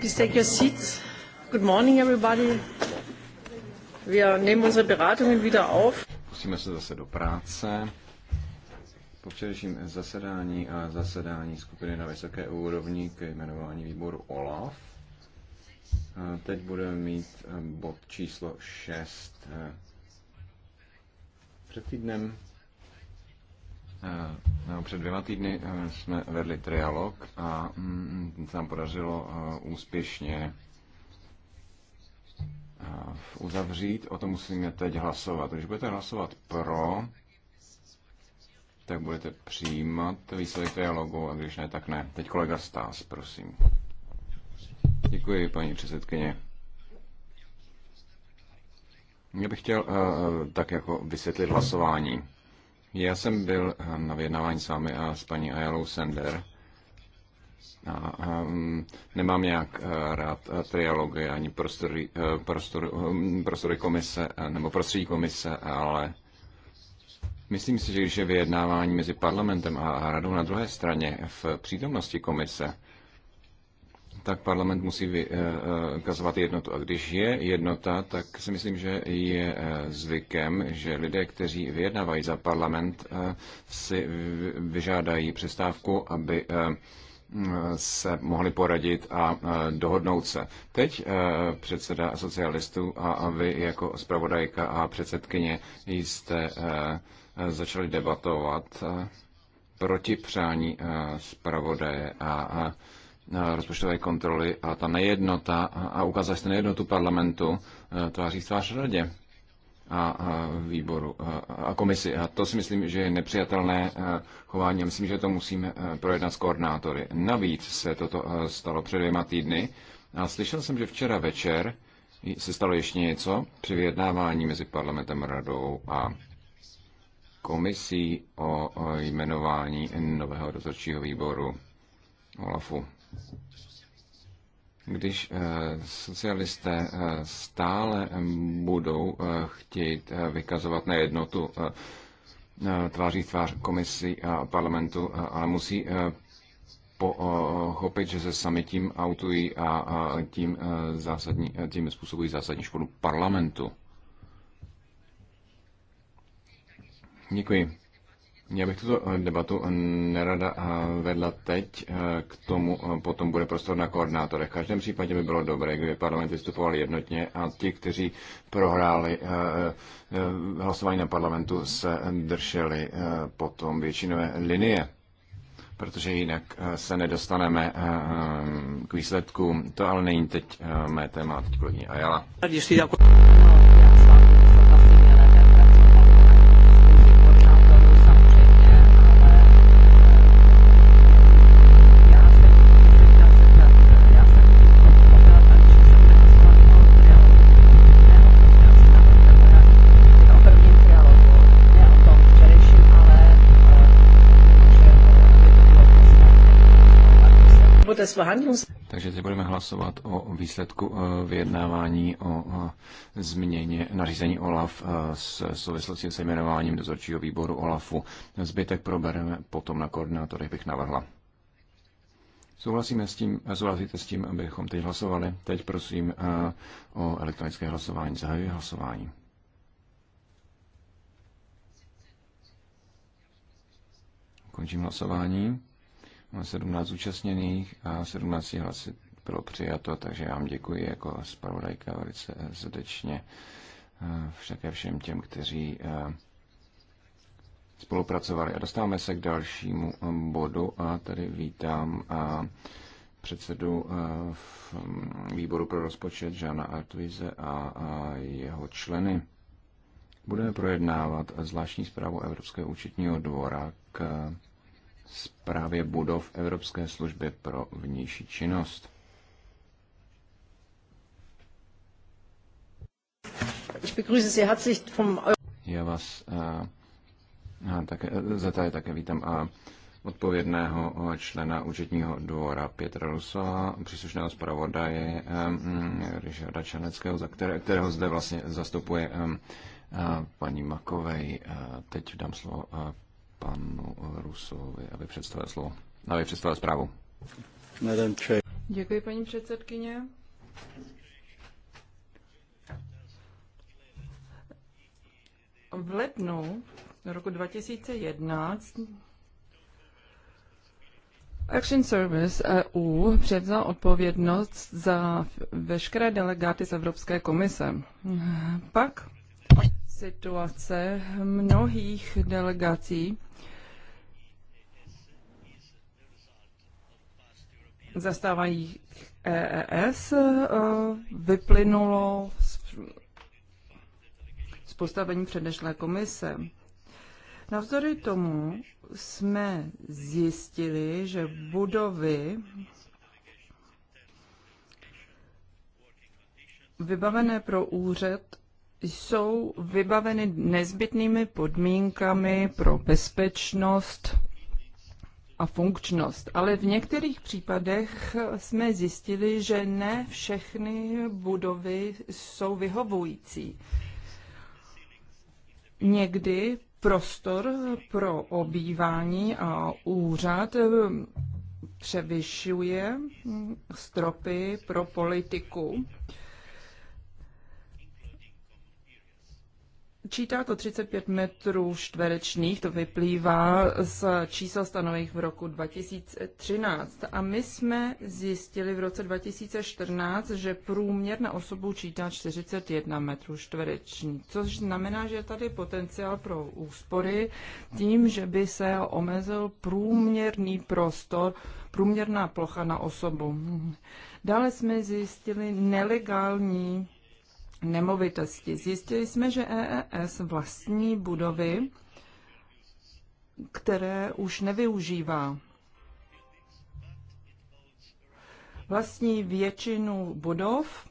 Please take your seats. Good morning, everybody. Wir nehmen unsere Beratungen wieder auf. Pustíme se zase do práce. Po včerejším zasedání a zasedání skupiny na vysoké úrovni ke jmenování výboru OLAF. Teď budeme mít eh, bod číslo 6. Eh, před týdnem Eh, no, před dvěma týdny eh, jsme vedli trialog a mm, se nám podařilo eh, úspěšně uzavřít. O tom musíme teď hlasovat. Když budete hlasovat pro, tak budete přijímat výsledek dialogu a když ne, tak ne. Teď kolega Stás, prosím. Děkuji, paní předsedkyně. Já bych chtěl uh, tak jako vysvětlit hlasování. Já jsem byl eh, na vyjednávání s vámi a s paní Ayalou Sender. A, um, nemám nějak uh, rád eh, trialogy ani prostory, uh, prostory, a, ehm, prostory komise uh, nebo prostředí komise, ale myslím si, že když je vyjednávání mezi parlamentem a radou na druhé straně v přítomnosti komise, tak parlament musí vykazovat eh, eh, jednotu. A když je jednota, tak si myslím, že je eh, zvykem, že lidé, kteří vyjednávají za parlament, si vyžádají přestávku, aby se mohli poradit a dohodnout se. Teď předseda socialistů a vy jako zpravodajka a předsedkyně jste začali debatovat proti přání zpravodaje a Eh, rozpočtové kontroly a ta nejednota a ukázali jste nejednotu parlamentu eh, tváří v tvář radě a výboru a komisi. A to si myslím, že je nepřijatelné eh, chování. Myslím, že to musíme projednat s koordinátory. Navíc se toto stalo před dvěma týdny a slyšel jsem, že včera večer se stalo ještě něco při vyjednávání mezi parlamentem, radou a komisí o jmenování nového dozorčího výboru Olafu když eh, socialisté eh, stále eh, budou chtít vykazovat na jednotu tváří tvář komisí a parlamentu, ale musí pochopit, že se sami tím autují a tím, zásadní, tím způsobují zásadní škodu parlamentu. Děkuji. Já bych tuto eh, debatu eh, nerada eh, vedla teď, k tomu potom bude prostor na koordinátorech. V každém případě by bylo dobré, kdyby parlament vystupoval jednotně a ti, kteří prohráli hlasování na parlamentu, se drželi potom většinové linie protože jinak se nedostaneme k výsledkům. To ale není teď mé téma, teď kolegyně Ajala. Takže teď budeme hlasovat o výsledku eh, vyjednávání o eh, změně nařízení OLAF eh, s souvislostí se jmenováním dozorčího výboru OLAFu. Zbytek probereme potom na koordinátorech, bych navrhla. Souhlasíme s tím, souhlasíte s tím, abychom teď hlasovali? Teď prosím o elektronické hlasování. Zahajuji hlasování. Končím hlasování. 17 zúčastněných a 17 hlasy bylo přijato, takže vám děkuji jako zpravodajka velice srdečně eh, však všem těm, kteří eh, spolupracovali. A dostáváme se k dalšímu eh, bodu a tady vítám předsedu v mm, výboru pro rozpočet Žana Artvize a jeho členy. Budeme projednávat zvláštní zprávu Evropského účetního dvora k zprávě budov Evropské služby pro vnější činnost. Já vás a, eh, a, eh, také, za tady také vítám a eh, odpovědného člena účetního dvora Pětra Rusova, příslušného zpravodaje mm, Ryšarda Čaneckého, za které, kterého zde vlastně zastupuje a, a, paní Makovej. A, Teď dám slovo panu Rusovi, aby představil slovo, aby představil zprávu. Děkuji, paní předsedkyně. V lednu roku 2011 Action Service EU převzal odpovědnost za veškeré delegáty z Evropské komise. Pak situace mnohých delegací zastávají EES eh, vyplynulo z postavení předešlé komise. Navzdory tomu jsme zjistili, že budovy vybavené pro úřad jsou vybaveny nezbytnými podmínkami pro bezpečnost a funkčnost. Ale v některých případech jsme zjistili, že ne všechny budovy jsou vyhovující. Někdy prostor pro obývání a úřad převyšuje stropy pro politiku. Čítá to 35 metrů čtverečných, to vyplývá z čísel stanových v roku 2013. A my jsme zjistili v roce 2014, že průměr na osobu čítá 41 metrů čtvereční, což znamená, že je tady potenciál pro úspory tím, že by se omezil průměrný prostor, průměrná plocha na osobu. Dále jsme zjistili nelegální nemovitosti. Zjistili jsme, že EES vlastní budovy, které už nevyužívá. Vlastní většinu budov,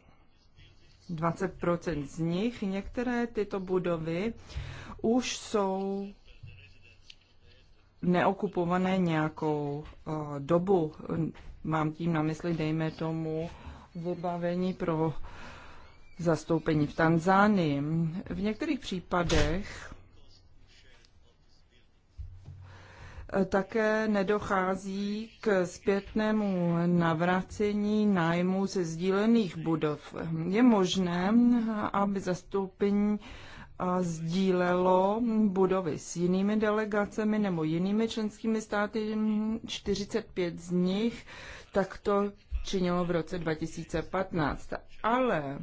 20 z nich, některé tyto budovy už jsou neokupované nějakou eh, dobu. Mám tím na mysli, dejme tomu, vybavení pro zastoupení v Tanzánii. V některých případech také nedochází k zpětnému navracení nájmu ze sdílených budov. Je možné, aby zastoupení sdílelo budovy s jinými delegacemi nebo jinými členskými státy. 45 z nich takto činilo v roce 2015. Ale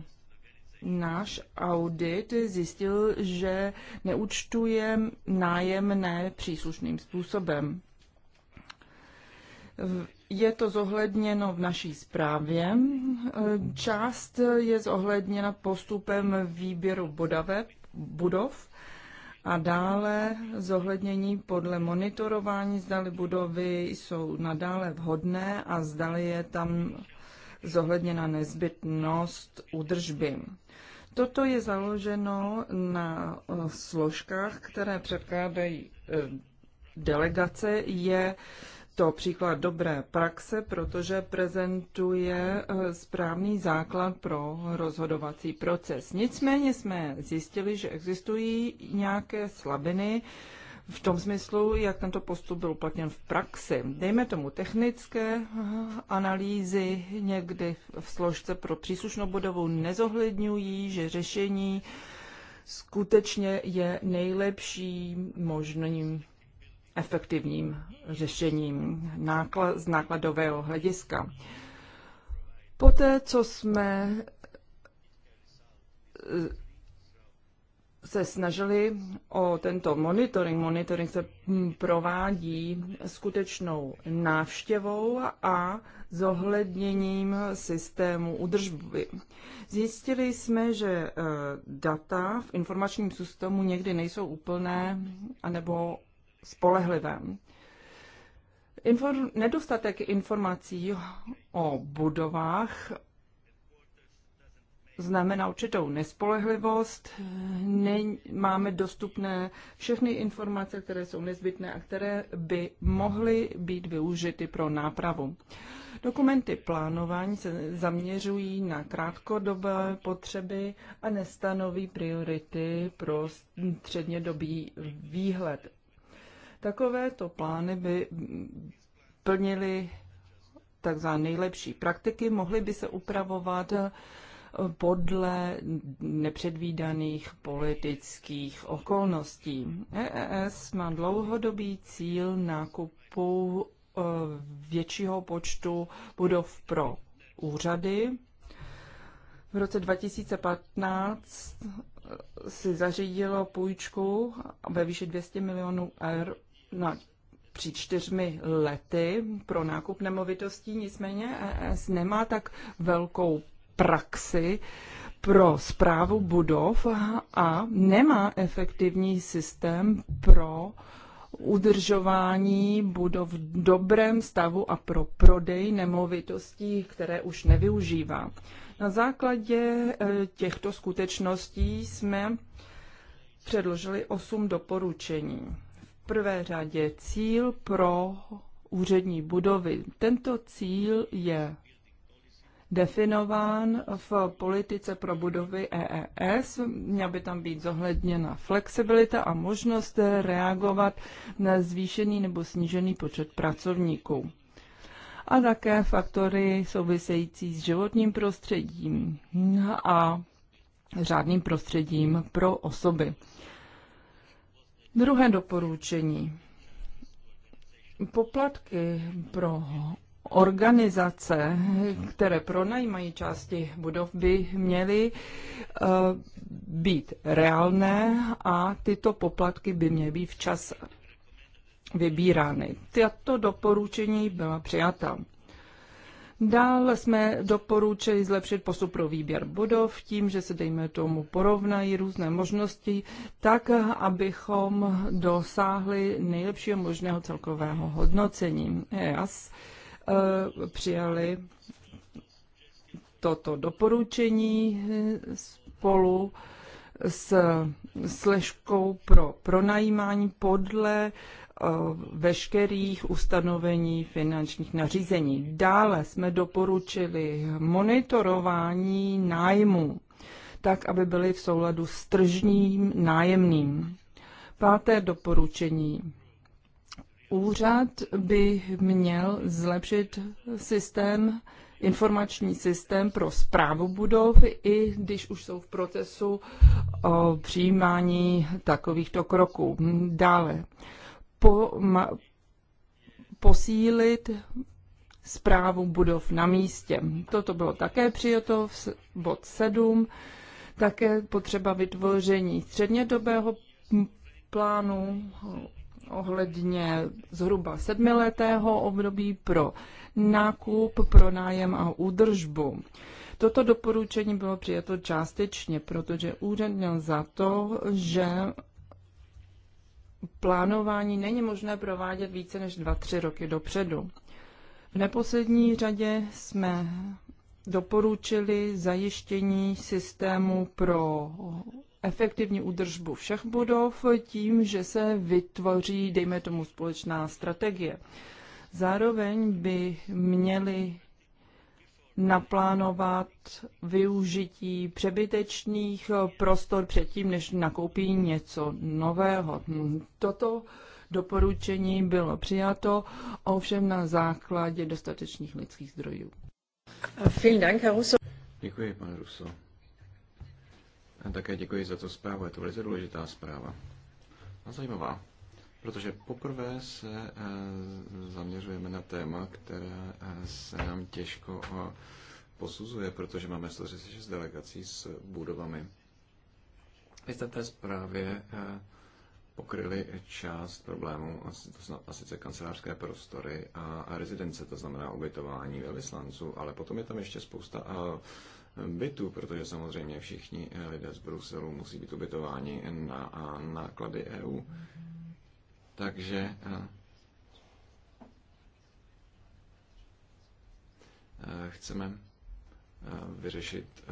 náš audit zjistil, že neúčtuje nájemné příslušným způsobem. Je to zohledněno v naší zprávě. Část je zohledněna postupem výběru bodave, budov a dále zohlednění podle monitorování, zdali budovy jsou nadále vhodné a zdali je tam zohledněna nezbytnost údržby. Toto je založeno na eh, složkách, které předkládají eh, delegace. Je to příklad dobré praxe, protože prezentuje eh, správný základ pro rozhodovací proces. Nicméně jsme zjistili, že existují nějaké slabiny v tom smyslu, jak tento postup byl uplatněn v praxi. Dejme tomu technické analýzy někdy v složce pro příslušnou budovu nezohledňují, že řešení skutečně je nejlepším možným efektivním řešením z nákladového hlediska. Poté, co jsme se snažili o tento monitoring. Monitoring se hm, provádí skutečnou návštěvou a zohledněním systému udržby. Zjistili jsme, že eh, data v informačním systému někdy nejsou úplné anebo spolehlivé. Inform- nedostatek informací o budovách znamená určitou nespolehlivost. Ne, máme dostupné všechny informace, které jsou nezbytné a které by mohly být využity pro nápravu. Dokumenty plánování se zaměřují na krátkodobé potřeby a nestanoví priority pro střednědobý výhled. Takovéto plány by plnily takzvané nejlepší praktiky, mohly by se upravovat podle nepředvídaných politických okolností. EES má dlouhodobý cíl nákupu e, většího počtu budov pro úřady. V roce 2015 e, si zařídilo půjčku ve výši 200 milionů eur na při čtyřmi lety pro nákup nemovitostí, nicméně ES e nemá tak velkou praxi pro zprávu budov a nemá efektivní systém pro udržování budov v dobrém stavu a pro prodej nemovitostí, které už nevyužívá. Na základě eh, těchto skutečností jsme předložili osm doporučení. V prvé řadě cíl pro úřední budovy. Tento cíl je definován v politice pro budovy EES. Měla by tam být zohledněna flexibilita a možnost reagovat na zvýšený nebo snížený počet pracovníků a také faktory související s životním prostředím a řádným prostředím pro osoby. Druhé doporučení. Poplatky pro organizace, které pronajímají části budov, by měly eh, být reálné a tyto poplatky by měly být včas vybírány. Tato doporučení byla přijata. Dále jsme doporučili zlepšit postup pro výběr budov tím, že se dejme tomu porovnají různé možnosti, tak abychom dosáhli nejlepšího možného celkového hodnocení. yes Eh, přijali toto doporučení spolu s složkou pro pronajímání podle eh, veškerých ustanovení finančních nařízení. Dále jsme doporučili monitorování nájmu, tak aby byly v souladu s tržním nájemným. Páté doporučení Úřad by měl zlepšit systém, informační systém pro zprávu budov, i když už jsou v procesu o přijímání takovýchto kroků. Dále po, ma, posílit zprávu budov na místě. Toto bylo také přijato v bod 7. Také potřeba vytvoření střednědobého plánu ohledně zhruba sedmiletého období pro nákup, pronájem a údržbu. Toto doporučení bylo přijato částečně, protože úřad měl za to, že plánování není možné provádět více než 2-3 roky dopředu. V neposlední řadě jsme doporučili zajištění systému pro efektivní údržbu všech budov tím, že se vytvoří, dejme tomu, společná strategie. Zároveň by měli naplánovat využití přebytečných prostor předtím, než nakoupí něco nového. Toto doporučení bylo přijato, ovšem na základě dostatečných lidských zdrojů. Vielen Dank, Herr Russo. Děkuji, pane Russo také děkuji za tu zprávu, je to velice důležitá zpráva a zajímavá, protože poprvé se eh, zaměřujeme na téma, které eh, se nám těžko eh, posuzuje, protože máme 136 delegací s budovami. Vy jste té zprávě pokryli část problémů, a sice kancelářské prostory a rezidence, to znamená ubytování velvyslanců, ale potom je tam ještě spousta bytu, protože samozřejmě všichni eh, lidé z Bruselu musí být ubytováni na náklady EU. Takže eh, chceme eh, vyřešit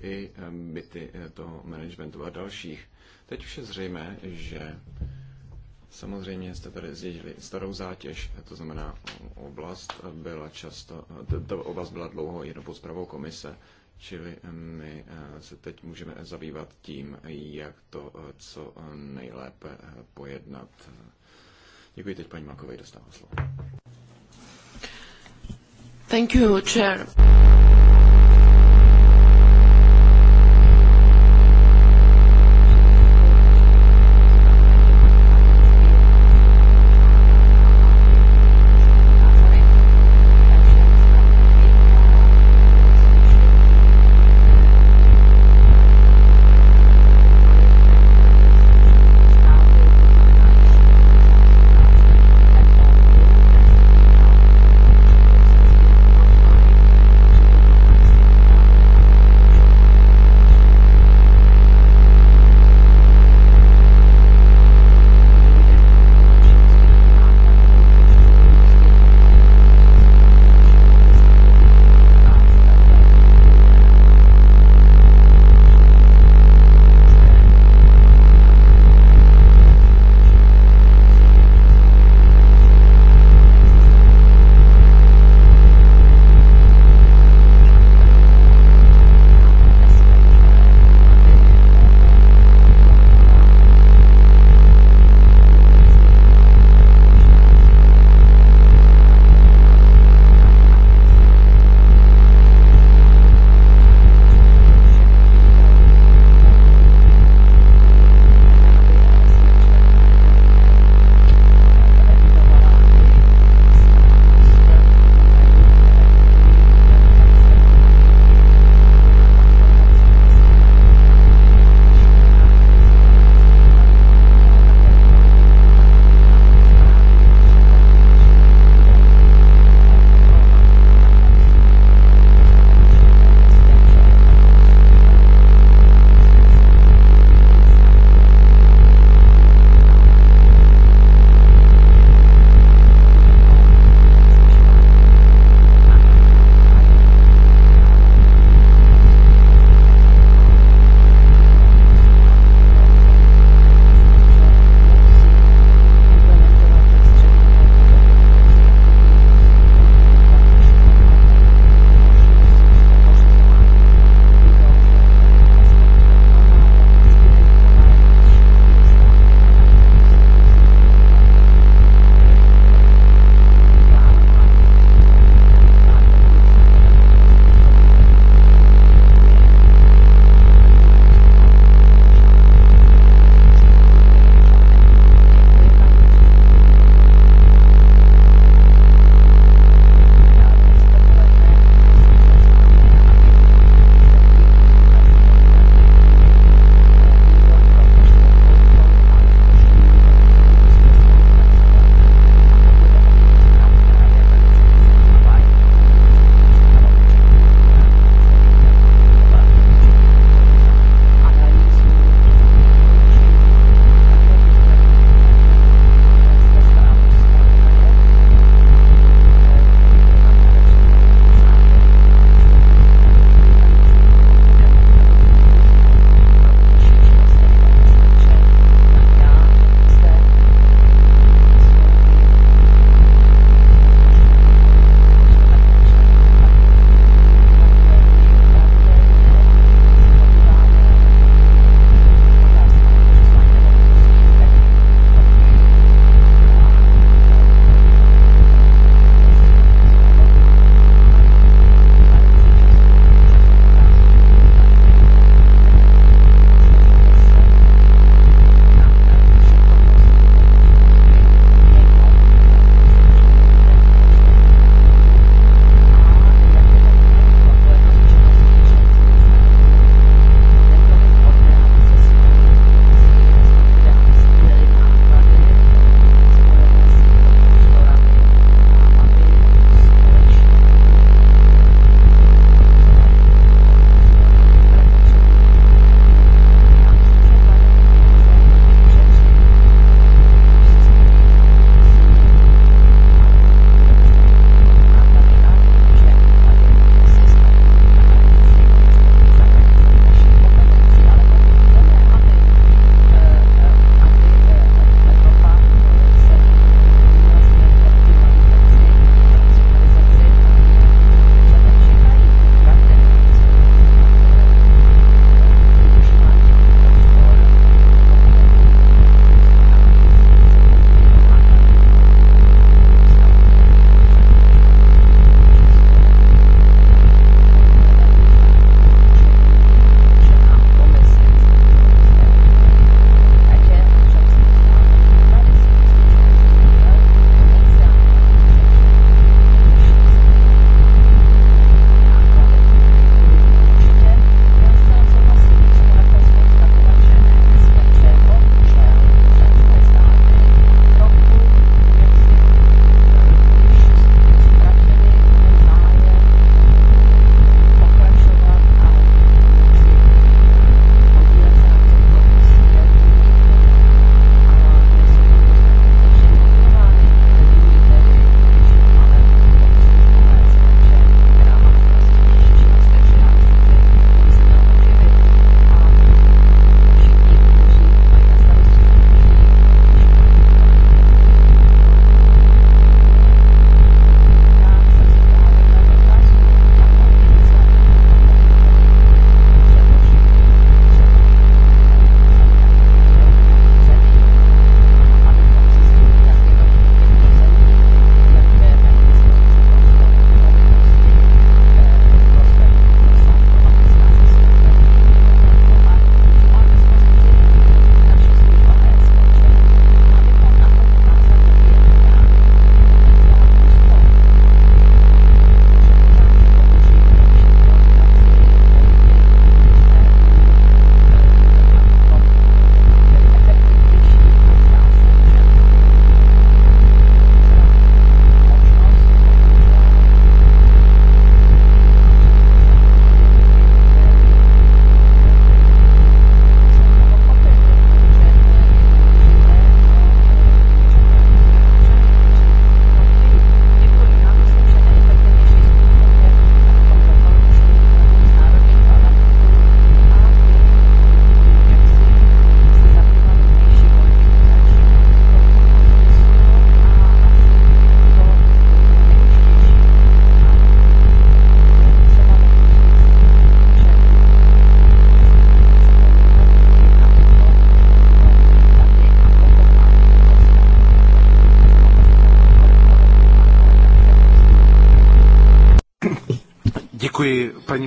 i byty toho managementu a dalších. Teď už je zřejmé, že samozřejmě jste tady zdědili starou zátěž, to znamená oblast byla často, ta oblast byla dlouho jednou pod komise Čili my eh, se teď můžeme zabývat tím, jak to eh, co eh, nejlépe pojednat. Děkuji teď paní Makové, dostávám slovo. Thank you, chair.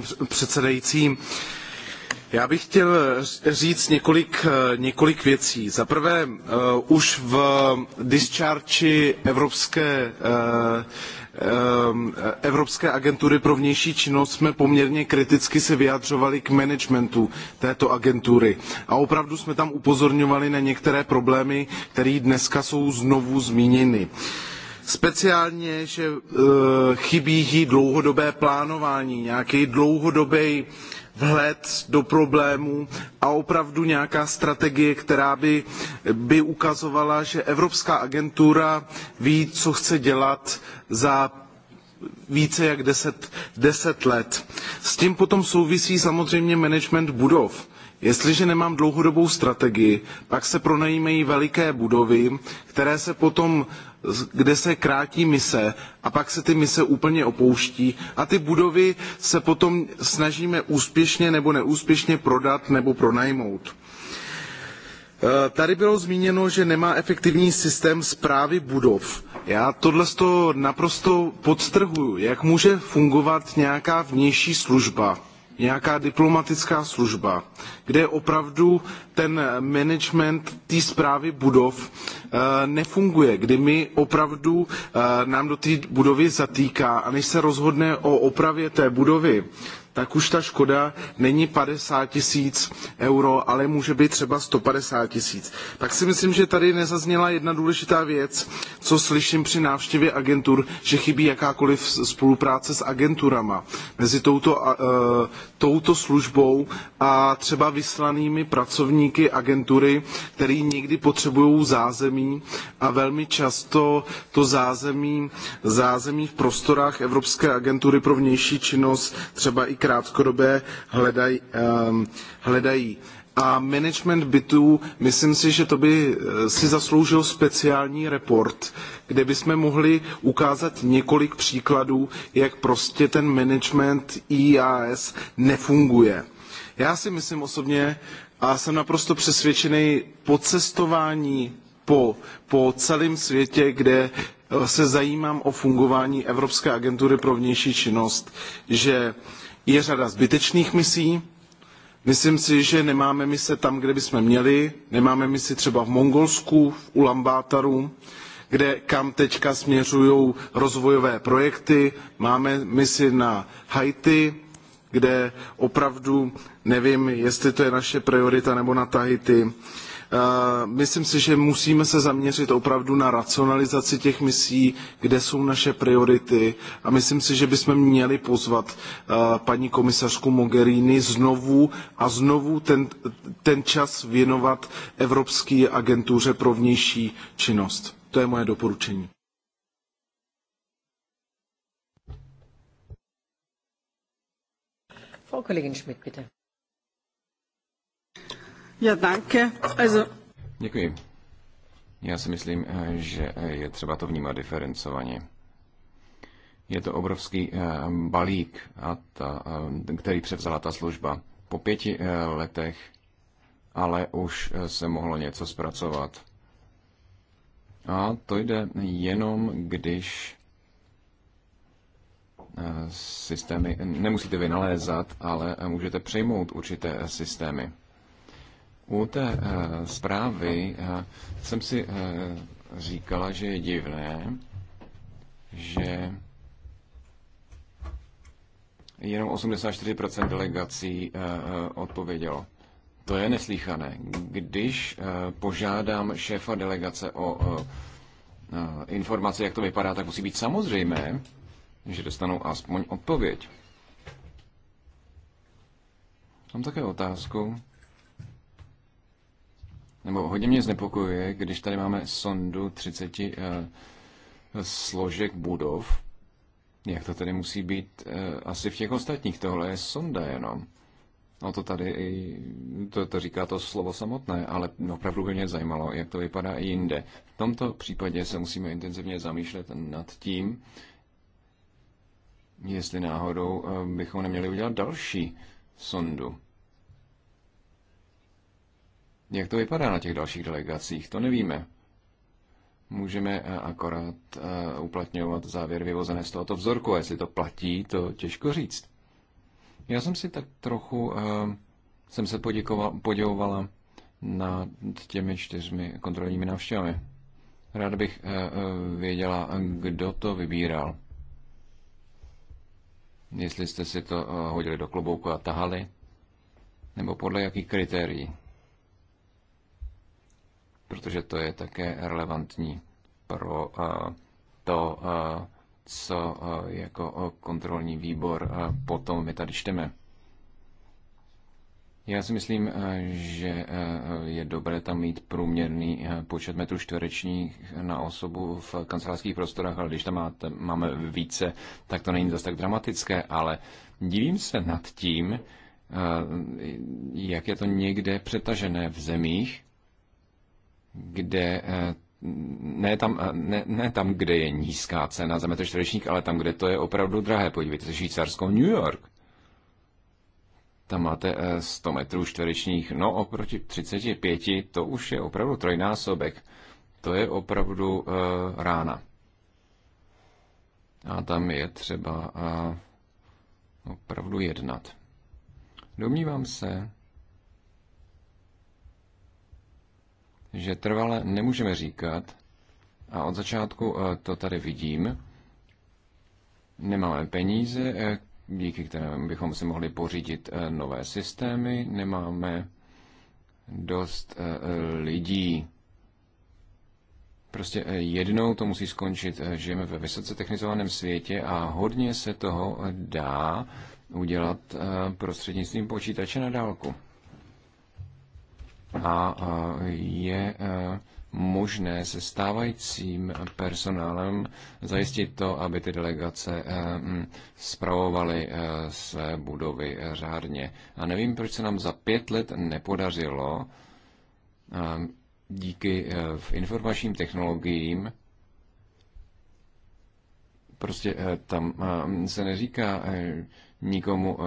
paní předsedající. Já bych chtěl říct několik, několik věcí. Za prvé, uh, už v discharge Evropské, uh, Evropské agentury pro vnější činnost jsme poměrně kriticky se vyjadřovali k managementu této agentury. A opravdu jsme tam upozorňovali na některé problémy, které dneska jsou znovu zmíněny. Uh, Speciálně, že eh, chybí jí dlouhodobé plánování, nějaký dlouhodobý vhled do problému a opravdu nějaká strategie, která by, by ukazovala, že Evropská agentura ví, co chce dělat za více jak deset deset let. S tím potom souvisí samozřejmě management budov. Jestliže nemám dlouhodobou strategii, pak se pronajímají veliké budovy, které se potom kde se krátí mise a pak se ty mise úplně opouští a ty budovy se potom snažíme úspěšně nebo neúspěšně prodat nebo pronajmout. E, tady bylo zmíněno, že nemá efektivní systém správy budov. Já tohle naprosto podtrhuju. Jak může fungovat nějaká vnější služba, nějaká diplomatická služba, kde opravdu ten management té správy budov eh, nefunguje, kdy my opravdu eh, nám do té budovy zatýká a než se rozhodne o opravě té budovy, tak už ta škoda není 50 tisíc euro, ale může být třeba 150 tisíc. Tak si myslím, že tady nezazněla jedna důležitá věc, co slyším při návštěvě agentur, že chybí jakákoliv spolupráce s agenturama mezi touto, uh, touto službou a třeba vyslanými pracovníky agentury, který někdy potřebují zázemí a velmi často to zázemí, zázemí v prostorách Evropské agentury pro vnější činnost, třeba i krátkodobé hledaj, ehm, hledají. A management bytů, myslím si, že to by eh, si zasloužil speciální report, kde bychom mohli ukázat několik příkladů, jak prostě ten management IAS nefunguje. Já si myslím osobně a jsem naprosto přesvědčený po cestování po, po celém světě, kde eh, se zajímám o fungování Evropské agentury pro vnější činnost, že uh, je řada zbytečných misí. Myslím si, že nemáme mise tam, kde bychom měli. Nemáme misi třeba v Mongolsku, v Ulambátaru, kde kam teďka směřují rozvojové projekty. Máme misi na Haiti, kde opravdu nevím, jestli to je naše priorita nebo na Tahiti. Uh, Eh, myslím si, že musíme se zaměřit opravdu na racionalizaci těch misí, kde jsou naše priority a myslím si, že bychom měli pozvat eh, paní komisařku Mogherini znovu a znovu ten, ten čas věnovat Evropské agentuře pro vnější činnost. To je moje doporučení. Frau Kollegin Schmidt, bitte. Ja, danke. Also... Děkuji. Já si myslím, eh, že eh, je třeba to vnímat diferencovaně. Je to obrovský eh, balík, a ta, který převzala ta služba. Po pěti letech ale už se mohlo něco zpracovat. A to jde jenom, když systémy nemusíte vynalézat, ale můžete přejmout určité systémy. U té eh, zprávy eh, jsem si eh, říkala, že je divné, že jenom 84% delegací odpovědělo. To je neslíchané. Když požádám šéfa delegace o informace, jak to vypadá, tak musí být samozřejmé, že dostanou aspoň odpověď. Mám také otázku, nebo hodně mě znepokojuje, když tady máme sondu 30 eh, složek budov, jak to tedy musí být eh, asi v těch ostatních? Tohle je sonda jenom. No to tady, to, to říká to slovo samotné, ale opravdu by mě zajímalo, jak to vypadá i jinde. V tomto případě se musíme intenzivně zamýšlet nad tím, jestli náhodou eh, bychom neměli udělat další sondu. Jak to vypadá na těch dalších delegacích, to nevíme. Můžeme eh, akorát eh, uplatňovat závěr vyvozené z tohoto vzorku a jestli to platí, to těžko říct. Já jsem si tak trochu, eh, jsem se poděkovala, nad těmi čtyřmi kontrolními návštěvami. Rád bych věděla, kdo to vybíral. Jestli jste si to hodili do klobouku a tahali, nebo podle jakých kritérií protože to je také relevantní pro eh, to, eh, co eh, jako kontrolní výbor potom my tady čteme. Já si myslím, že je dobré tam mít průměrný počet metrů čtverečních na osobu v kancelářských prostorách, ale když tam máte, máme více, tak to není zase tak dramatické, ale divím se nad tím, jak je to někde přetažené v zemích, kde eh, ne tam, eh, ne, ne tam, kde je nízká cena za metr čtverečník, ale tam, kde to je opravdu drahé. Podívejte se, Švýcarsko, New York. Tam máte 100 eh, metrů čtverečních, no oproti 35, to už je opravdu trojnásobek. To je opravdu uh, rána. A tam je třeba uh, opravdu jednat. Domnívám se, že trvale nemůžeme říkat, a od začátku eh, to tady vidím, nemáme peníze, eh, díky kterým bychom si mohli pořídit eh, nové systémy, nemáme dost lidí. Prostě jednou to musí skončit. Žijeme ve vysoce technizovaném světě a hodně se toho dá udělat prostřednictvím počítače na dálku a je e, možné se stávajícím personálem zajistit to, aby ty delegace zpravovaly e, e, své budovy řádně. A nevím, proč se nám za pět let nepodařilo díky informačním technologiím prostě tam se neříká nikomu,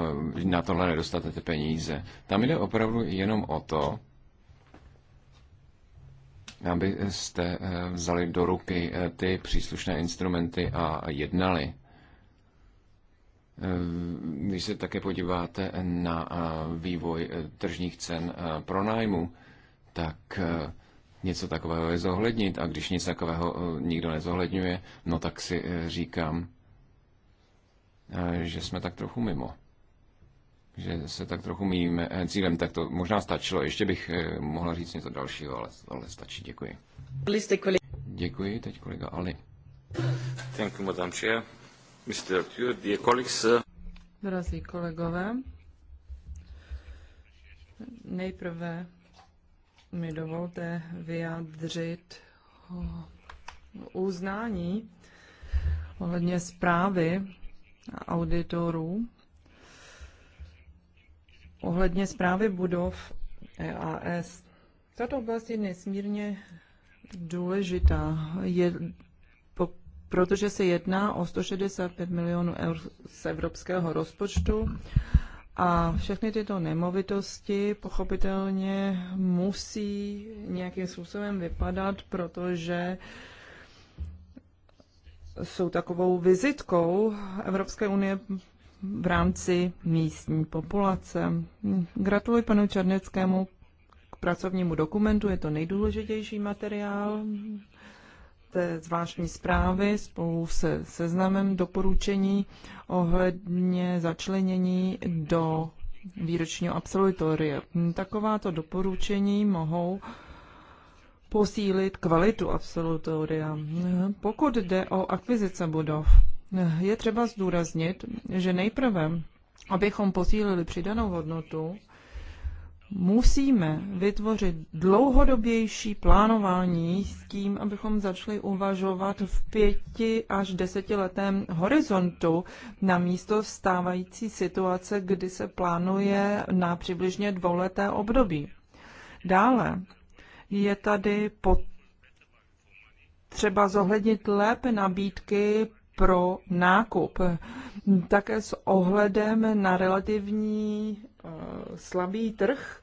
na tohle nedostatete peníze. Tam jde opravdu jenom o to, abyste eh, vzali do ruky eh, ty příslušné instrumenty a jednali. Když eh, se také podíváte na vývoj tržních cen pro nájmu, tak něco takového je zohlednit a když nic takového nikdo nezohledňuje, no tak si říkám, že jsme tak trochu mimo že se tak trochu mým eh, cílem, tak to možná stačilo. Ještě bych eh, mohla říct něco dalšího, ale, tohle stačí. Děkuji. Děkuji, teď kolega Ali. Thank you, Madam Chair. Mr. dear colleagues. Eh. Drazí kolegové, nejprve mi dovolte vyjádřit uznání ohledně zprávy auditorů ohledně zprávy budov EAS. Tato oblast je nesmírně důležitá, je, po, protože se jedná o 165 milionů eur z evropského rozpočtu a všechny tyto nemovitosti pochopitelně musí nějakým způsobem vypadat, protože jsou takovou vizitkou Evropské unie v rámci místní populace. Gratuluji panu Černeckému k pracovnímu dokumentu, je to nejdůležitější materiál té zvláštní zprávy spolu se seznamem doporučení ohledně začlenění do výročního absolutoria. Takováto doporučení mohou posílit kvalitu absolutoria. Pokud jde o akvizice budov, je třeba zdůraznit, že nejprve, abychom posílili přidanou hodnotu, musíme vytvořit dlouhodobější plánování s tím, abychom začali uvažovat v pěti až desetiletém horizontu na místo stávající situace, kdy se plánuje na přibližně dvouleté období. Dále je tady pot třeba zohlednit lépe nabídky pro nákup. Také s ohledem na relativní eh, slabý trh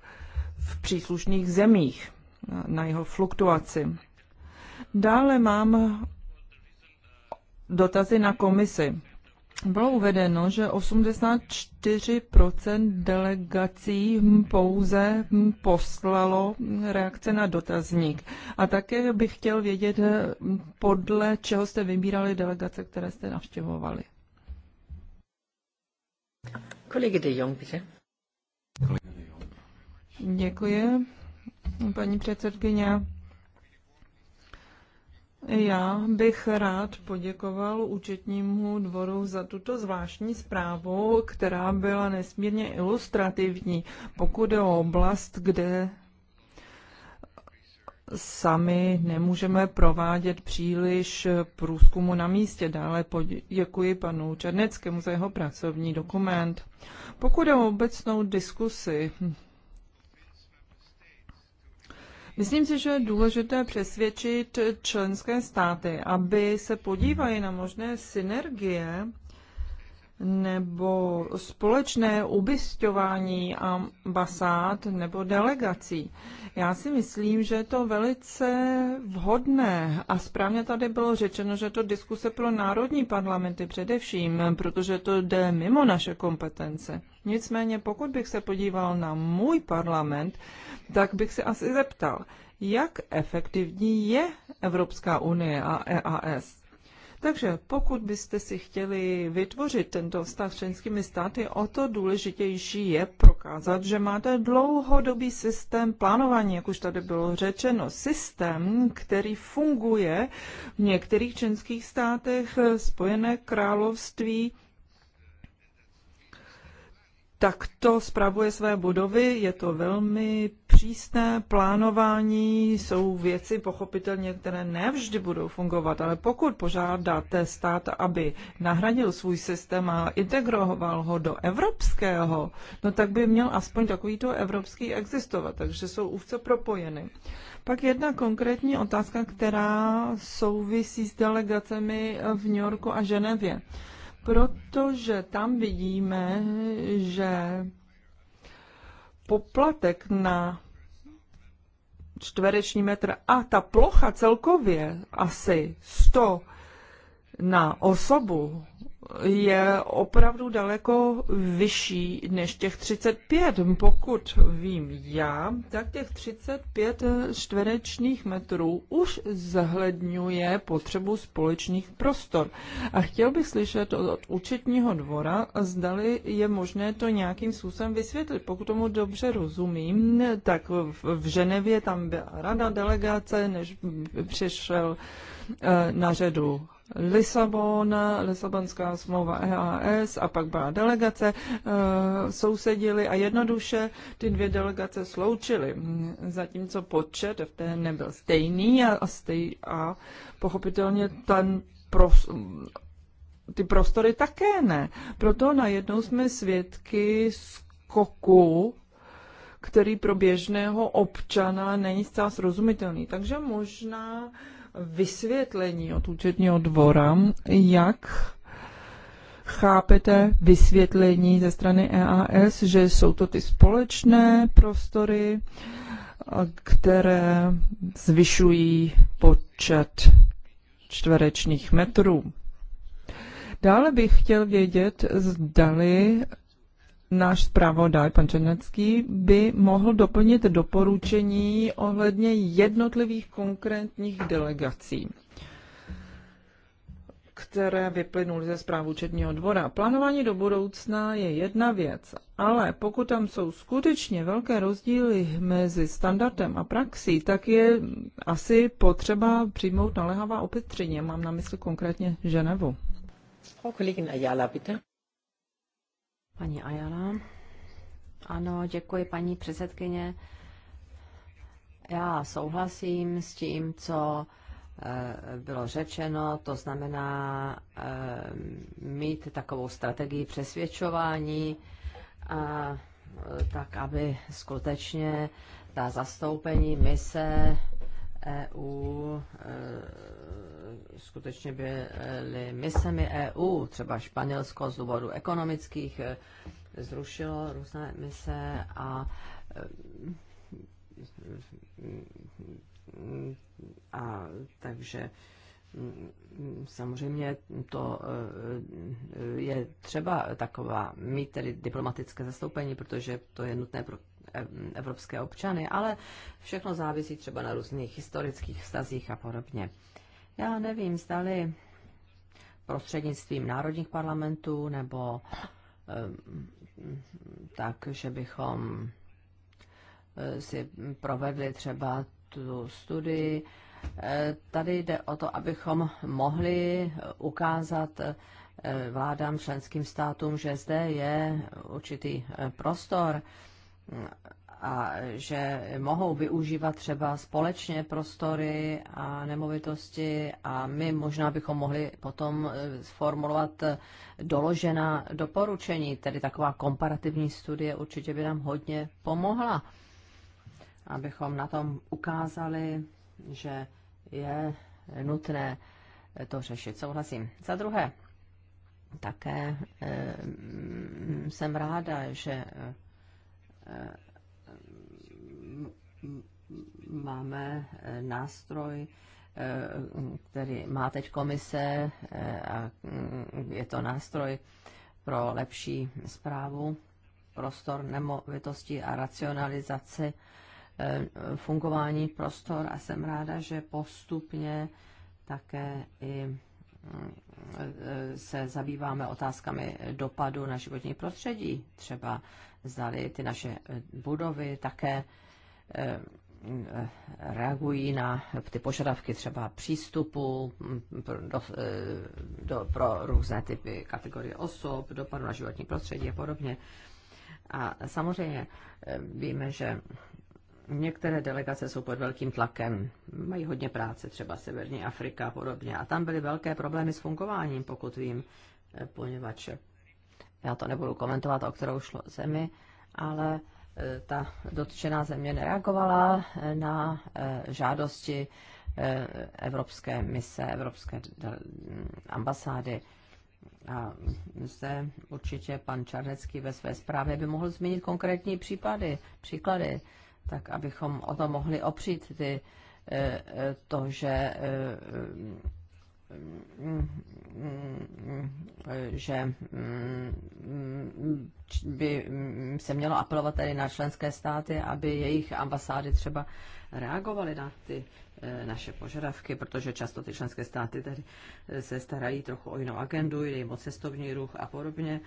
v příslušných zemích, eh, na jeho fluktuaci. Dále mám dotazy na komisi bylo uvedeno, že 84% delegací hm, pouze hm, poslalo reakce na dotazník. A také bych chtěl vědět, hm, podle čeho jste vybírali delegace, které jste navštěvovali. Kolegy de Jong, bitte. Děkuji, paní předsedkyně. Já bych rád poděkoval účetnímu dvoru za tuto zvláštní zprávu, která byla nesmírně ilustrativní, pokud je o oblast, kde sami nemůžeme provádět příliš průzkumu na místě. Dále poděkuji panu Černeckému za jeho pracovní dokument. Pokud je o obecnou diskusi, Myslím si, že je důležité přesvědčit členské státy, aby se podívali na možné synergie nebo společné ubysťování ambasád nebo delegací. Já si myslím, že je to velice vhodné a správně tady bylo řečeno, že to diskuse pro národní parlamenty především, protože to jde mimo naše kompetence. Nicméně, pokud bych se podíval na můj parlament, tak bych se asi zeptal, jak efektivní je Evropská unie a EAS. Takže pokud byste si chtěli vytvořit tento vztah s členskými státy, o to důležitější je prokázat, že máte dlouhodobý systém plánování, jak už tady bylo řečeno, systém, který funguje v některých členských státech, Spojené království, takto zpravuje své budovy, je to velmi přísné plánování, jsou věci pochopitelně, které nevždy budou fungovat, ale pokud požádáte stát, aby nahradil svůj systém a integroval ho do evropského, no tak by měl aspoň takovýto evropský existovat, takže jsou úzce propojeny. Pak jedna konkrétní otázka, která souvisí s delegacemi v New Yorku a Ženevě protože tam vidíme, že poplatek na čtvereční metr a ta plocha celkově asi 100 na osobu je opravdu daleko vyšší než těch 35. Pokud vím já, tak těch 35 čtverečních metrů už zahledňuje potřebu společných prostor. A chtěl bych slyšet od, účetního dvora, zdali je možné to nějakým způsobem vysvětlit. Pokud tomu dobře rozumím, tak v Ženevě tam byla rada delegace, než přišel eh, na řadu Lisabon, Lisabonská smlouva EAS a pak byla delegace, eh, sousedili a jednoduše ty dvě delegace sloučily, zatímco počet té nebyl stejný a, a, stej, a pochopitelně ten pros, ty prostory také ne. Proto najednou jsme svědky skoku který pro běžného občana není zcela srozumitelný. Takže možná uh, vysvětlení od účetního dvora, jak chápete vysvětlení ze strany EAS, že jsou to ty společné prostory, které zvyšují počet čtverečních metrů. Dále bych chtěl vědět, zdali náš zpravodaj, pan Černecký, by mohl doplnit doporučení ohledně jednotlivých konkrétních delegací které vyplynuly ze zprávu Četního dvora. Plánování do budoucna je jedna věc, ale pokud tam jsou skutečně velké rozdíly mezi standardem a praxí, tak je asi potřeba přijmout naléhavá opatření. Mám na mysli konkrétně Ženevu. Frau Kollegin Ayala, bitte. Paní Ajala. Ano, děkuji, paní předsedkyně. Já souhlasím s tím, co eh, bylo řečeno, to znamená eh, mít takovou strategii přesvědčování, a, eh, tak aby skutečně ta zastoupení mise EU skutečně byly misemi EU, třeba Španělsko z důvodu ekonomických eh, zrušilo různé mise a eh, a takže mm, samozřejmě to eh, je třeba taková mít tedy diplomatické zastoupení, protože to je nutné pro evropské občany, ale všechno závisí třeba na různých historických vztazích a podobně. Já nevím, zdali prostřednictvím národních parlamentů nebo tak, že bychom eh, si provedli třeba tu studii. Eh, tady jde o to, abychom mohli ukázat eh, vládám členským státům, že zde je určitý prostor a že mohou využívat třeba společně prostory a nemovitosti a my možná bychom mohli potom eh, sformulovat eh, doložená doporučení, tedy taková komparativní studie určitě by nám hodně pomohla, abychom na tom ukázali, že je nutné to řešit. Souhlasím. Za druhé, také e, jsem ráda, že máme eh, nástroj, eh, který má teď komise eh, a mm, je to nástroj pro lepší zprávu prostor nemovitosti a racionalizaci fungování prostor a jsem ráda, že postupně také i mm, se zabýváme otázkami dopadu na životní prostředí. Třeba zdali ty naše budovy také Eh, reagují na ty požadavky třeba přístupu mm, pro, do, eh, do, pro různé typy kategorie osob, dopadu na životní prostředí a podobně. A samozřejmě eh, víme, že některé delegace jsou pod velkým tlakem, mají hodně práce, třeba Severní Afrika a podobně. A tam byly velké problémy s fungováním, pokud vím, poněvadž já to nebudu komentovat, o kterou šlo zemi, ale Eh, ta dotčená země nereagovala eh, na eh, žádosti Evropské mise, Evropské ambasády. A zde určitě pan Čarnecký ve své zprávě by mohl zmínit konkrétní případy, příklady, tak abychom o to mohli opřít ty, to, že že mm, by se mělo apelovat tady na členské státy, aby jejich ambasády třeba reagovaly na ty eh, naše požadavky, protože často ty členské státy tady eh, se starají trochu o jinou agendu, jde jim o cestovní ruch a podobně.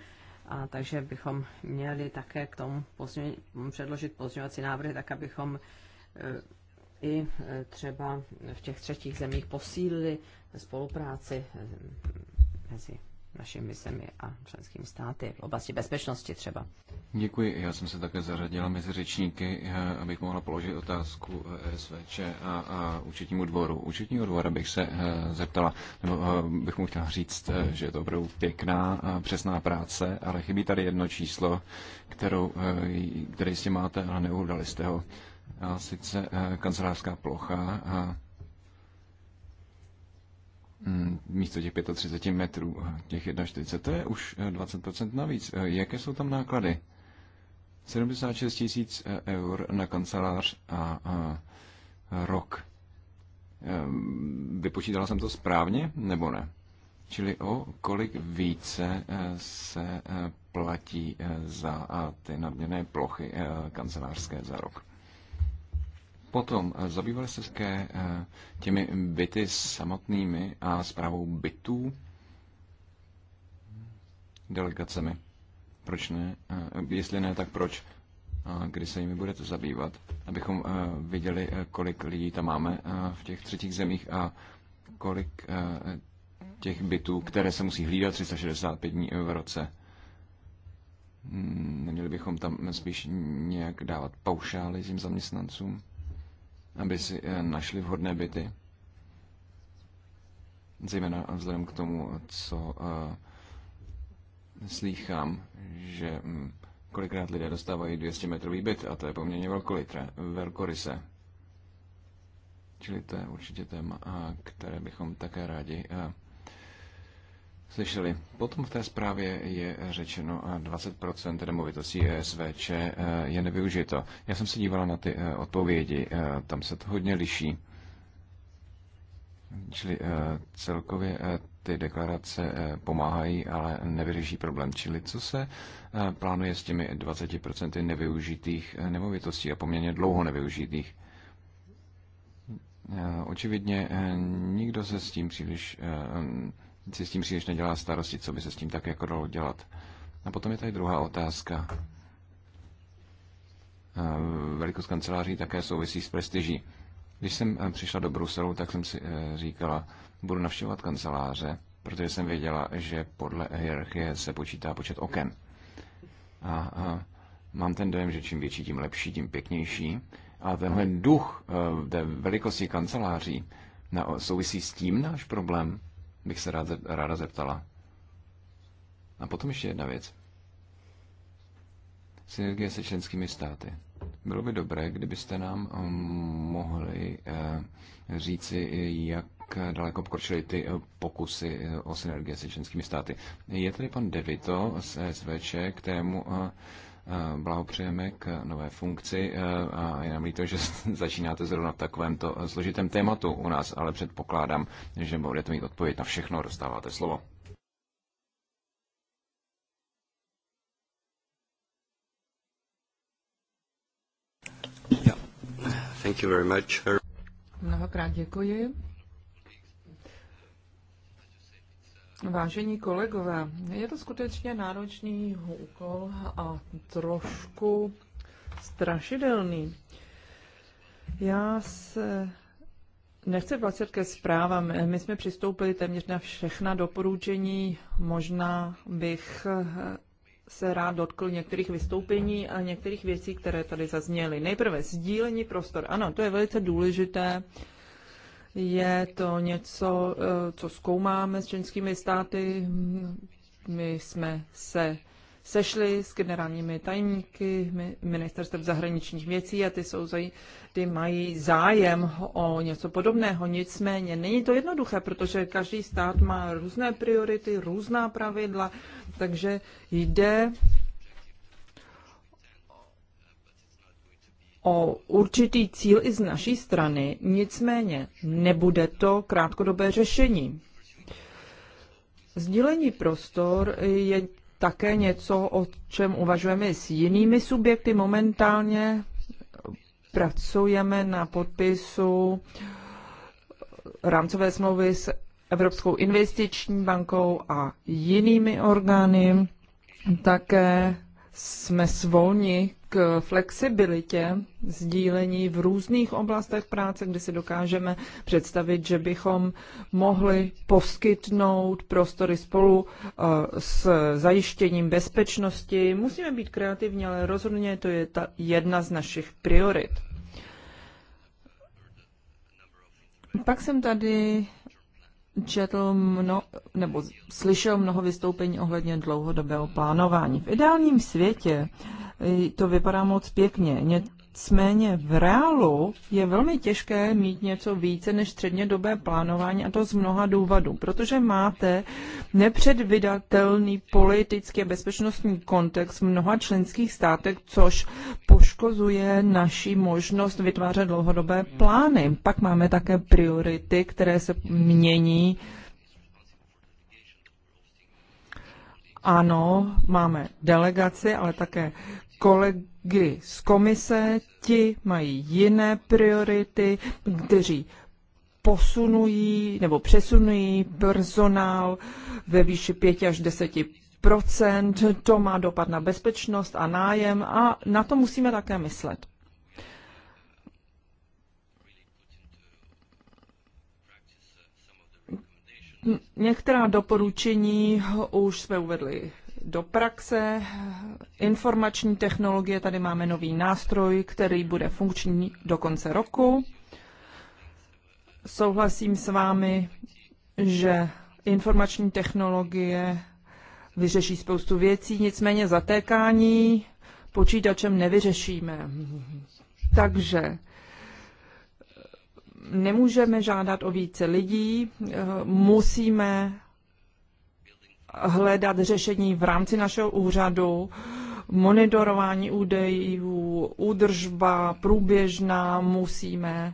A takže bychom měli také k tomu pozměň, předložit pozměňovací návrhy, tak abychom eh, i e, třeba v těch třetích zemích posílili spolupráci e, mezi našimi misemi a členskými státy v oblasti bezpečnosti třeba. Děkuji. Já jsem se také zařadila mezi řečníky, e, abych mohla položit otázku SVČ a, a účetnímu dvoru. Účetního dvora bych se zeptala, nebo bych mu chtěla říct, že je to opravdu pěkná, přesná práce, ale chybí tady jedno číslo, kterou, které jistě máte, ale neudali jste ho a sice eh, kancelářská plocha a eh, hm, místo těch 35 metrů, eh, těch 41, to je už 20% navíc. Jaké jsou tam náklady? 76 tisíc eur na kancelář a, a rok. Vypočítala jsem to správně, nebo ne? Čili o kolik více se platí za ty nadměrné plochy kancelářské za rok? Potom eh, zabývali jste se eh, těmi byty samotnými a zprávou bytů delegacemi. Proč ne? Eh, jestli ne, tak proč? Kdy se jimi budete zabývat? Abychom viděli, kolik lidí tam máme v těch třetích zemích a kolik těch bytů, které se musí hlídat 365 dní v roce. Hmm, neměli bychom tam spíš nějak dávat paušály zim zaměstnancům? aby si eh, našli vhodné byty. Zejména vzhledem k tomu, co eh, slýchám, že hm, kolikrát lidé dostávají 200 metrový byt a to je poměrně velkolitré, velkoryse. Čili to je určitě téma, eh, které bychom také rádi slyšeli. Potom v té zprávě je řečeno, 20% nemovitostí ESVČ je nevyužito. Já jsem se dívala na ty eh, odpovědi, eh, tam se to hodně liší. Čili eh, celkově ty deklarace pomáhají, ale nevyřeší problém. Čili co se plánuje s těmi 20% nevyužitých nemovitostí a poměrně dlouho nevyužitých? Očividně nikdo se s tím příliš si s tím příliš nedělá starosti, co by se s tím tak jako dalo dělat. A potom je tady druhá otázka. Velikost kanceláří také souvisí s prestiží. Když jsem eh, přišla do Bruselu, tak jsem si eh, říkala, budu navštěvovat kanceláře, protože jsem věděla, že podle hierarchie se počítá počet oken. A, a mám ten dojem, že čím větší, tím lepší, tím pěknější. A tenhle duch eh, té velikosti kanceláří na, souvisí s tím náš problém, bych se rád, ráda zeptala. A potom ještě jedna věc. Synergie se členskými státy. Bylo by dobré, kdybyste nám um, mohli eh, říci, jak daleko pokročily ty eh, pokusy eh, o synergie se členskými státy. Je tady pan Devito z SVČ, kterému Eh, blahopřejeme k nové funkci eh, a je nám líto, že začínáte zrovna v takovémto eh, složitém tématu u nás, ale předpokládám, že budete mít odpověď na všechno, dostáváte slovo. Thank you very much. Mnohokrát děkuji. Vážení kolegové, je to skutečně náročný úkol a trošku strašidelný. Já se nechci vracet ke zprávám. My jsme přistoupili téměř na všechna doporučení. Možná bych se rád dotkl některých vystoupení a některých věcí, které tady zazněly. Nejprve sdílení prostor. Ano, to je velice důležité je to něco, eh, co zkoumáme s členskými státy. My jsme se sešli s generálními tajemníky ministerstv zahraničních věcí a ty, jsou, ty mají zájem o něco podobného. Nicméně není to jednoduché, protože každý stát má různé priority, různá pravidla, takže jde o určitý cíl i z naší strany, nicméně nebude to krátkodobé řešení. Sdílení prostor je také něco, o čem uvažujeme s jinými subjekty. Momentálně pracujeme na podpisu rámcové smlouvy s Evropskou investiční bankou a jinými orgány. Také jsme svolni k flexibilitě sdílení v různých oblastech práce, kde si dokážeme představit, že bychom mohli poskytnout prostory spolu eh, s zajištěním bezpečnosti. Musíme být kreativní, ale rozhodně to je ta jedna z našich priorit. Pak jsem tady četl mno, nebo slyšel mnoho vystoupení ohledně dlouhodobého plánování. V ideálním světě eh, to vypadá moc pěkně. Nicméně v reálu je velmi těžké mít něco více než střednědobé plánování a to z mnoha důvodů, protože máte nepředvydatelný politický a bezpečnostní kontext v mnoha členských státech, což poškozuje naši možnost vytvářet dlouhodobé plány. Pak máme také priority, které se mění ano, máme delegaci, ale také kolegy kdy z komise ti mají jiné priority, kteří posunují nebo přesunují personál ve výši 5 až 10 procent, to má dopad na bezpečnost a nájem a na to musíme také myslet. Některá doporučení už jsme uvedli do praxe, informační technologie. Tady máme nový nástroj, který bude funkční do konce roku. Souhlasím s vámi, že informační technologie vyřeší spoustu věcí, nicméně zatékání počítačem nevyřešíme. Takže nemůžeme žádat o více lidí, musíme hledat řešení v rámci našeho úřadu, monitorování údajů, údržba průběžná, musíme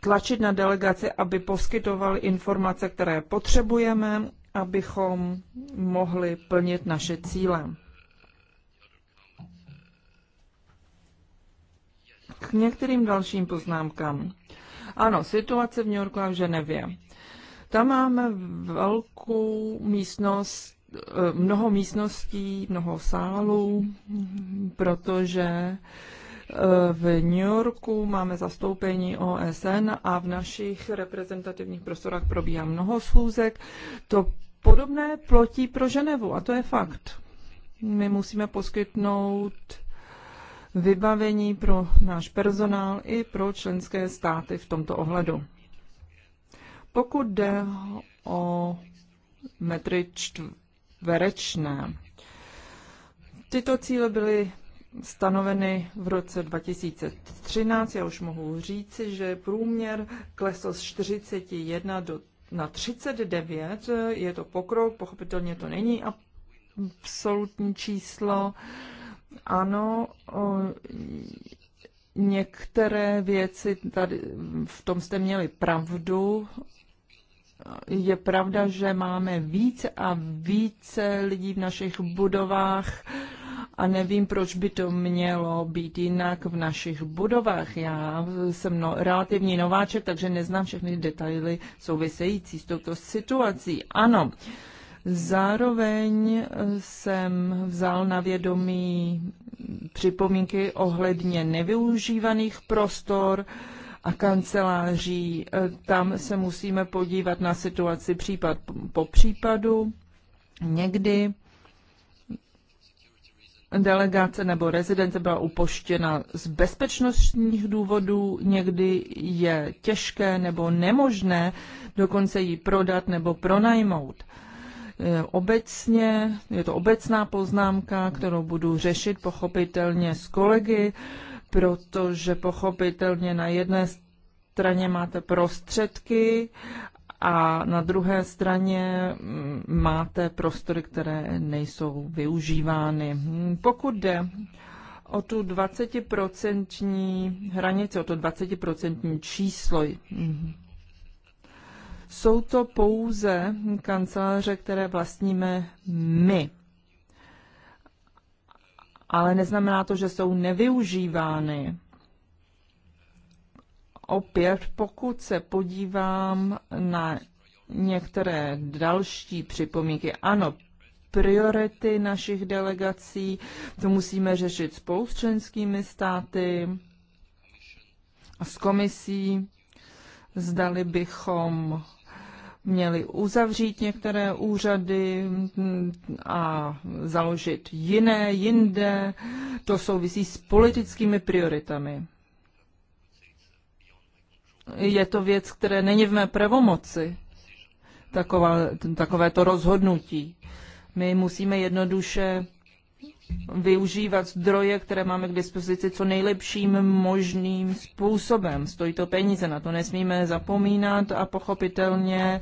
tlačit na delegaci, aby poskytovali informace, které potřebujeme, abychom mohli plnit naše cíle. K některým dalším poznámkám. Ano, situace v New Yorku a v Ženevě. Tam máme velkou místnost Eh, mnoho místností, mnoho sálů, protože eh, v New Yorku máme zastoupení OSN a v našich reprezentativních prostorách probíhá mnoho schůzek. To podobné plotí pro Ženevu a to je fakt. My musíme poskytnout vybavení pro náš personál i pro členské státy v tomto ohledu. Pokud jde o metry čtv- verečné. Tyto cíle byly stanoveny v roce 2013. Já už mohu říci, že průměr klesl z 41 do, na 39. Je to pokrok, pochopitelně to není absolutní číslo. Ano, o, některé věci tady v tom jste měli pravdu, je pravda, že máme více a více lidí v našich budovách a nevím, proč by to mělo být jinak v našich budovách. Já jsem no, relativní nováček, takže neznám všechny detaily související s touto situací. Ano, zároveň jsem vzal na vědomí připomínky ohledně nevyužívaných prostor, a kanceláří. E, tam se musíme podívat na situaci případ po případu. Někdy delegace nebo rezidence byla upoštěna z bezpečnostních důvodů, někdy je těžké nebo nemožné dokonce ji prodat nebo pronajmout. E, obecně, je to obecná poznámka, kterou budu řešit pochopitelně s kolegy, protože pochopitelně na jedné straně máte prostředky a na druhé straně máte prostory, které nejsou využívány. Pokud jde o tu 20% hranici, o to 20% číslo, jsou to pouze kanceláře, které vlastníme my ale neznamená to, že jsou nevyužívány. Opět, pokud se podívám na některé další připomínky, ano, priority našich delegací, to musíme řešit spolu s členskými státy a s komisí, zdali bychom měli uzavřít některé úřady a založit jiné, jinde. To souvisí s politickými prioritami. Je to věc, které není v mé pravomoci, takové, takové to rozhodnutí. My musíme jednoduše využívat zdroje, které máme k dispozici, co nejlepším možným způsobem. Stojí to peníze, na to nesmíme zapomínat a pochopitelně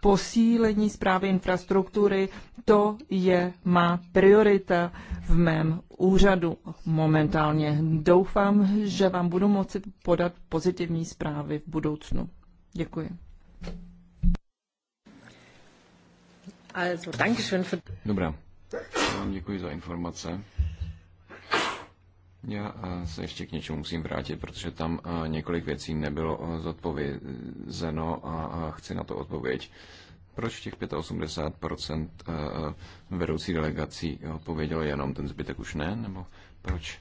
posílení zprávy infrastruktury, to je má priorita v mém úřadu momentálně. Doufám, že vám budu moci podat pozitivní zprávy v budoucnu. Děkuji. Dobrá, já vám děkuji za informace. Já eh, se ještě k něčemu musím vrátit, protože tam eh, několik věcí nebylo eh, zodpovězeno a chci na to odpověď. Proč těch 85% vedoucí delegací odpovědělo jenom, ten zbytek už ne? Nebo proč?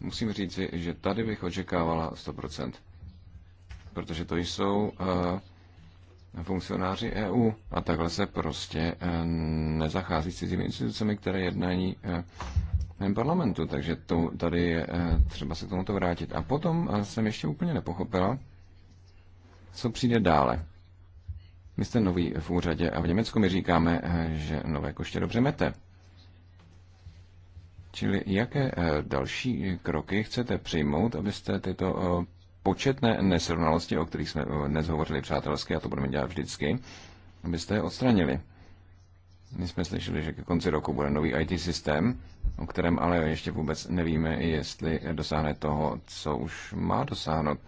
Musím říci, že tady bych očekávala 100%, protože to jsou funkcionáři EU. A takhle se prostě eh, nezachází s cizími institucemi, které jednají eh, parlamentu. Takže to, tady je eh, třeba se k tomuto vrátit. A potom jsem ještě úplně nepochopila, co přijde dále. My jste nový v úřadě a v Německu my říkáme, že nové koště dobře mete. Čili jaké další kroky chcete přijmout, abyste tyto početné nesrovnalosti, o kterých jsme eh, dnes hovořili přátelsky, a to budeme dělat vždycky, abyste je odstranili. My jsme slyšeli, že ke konci roku bude nový IT systém, o kterém ale ještě vůbec nevíme, jestli dosáhne toho, co už má dosáhnout.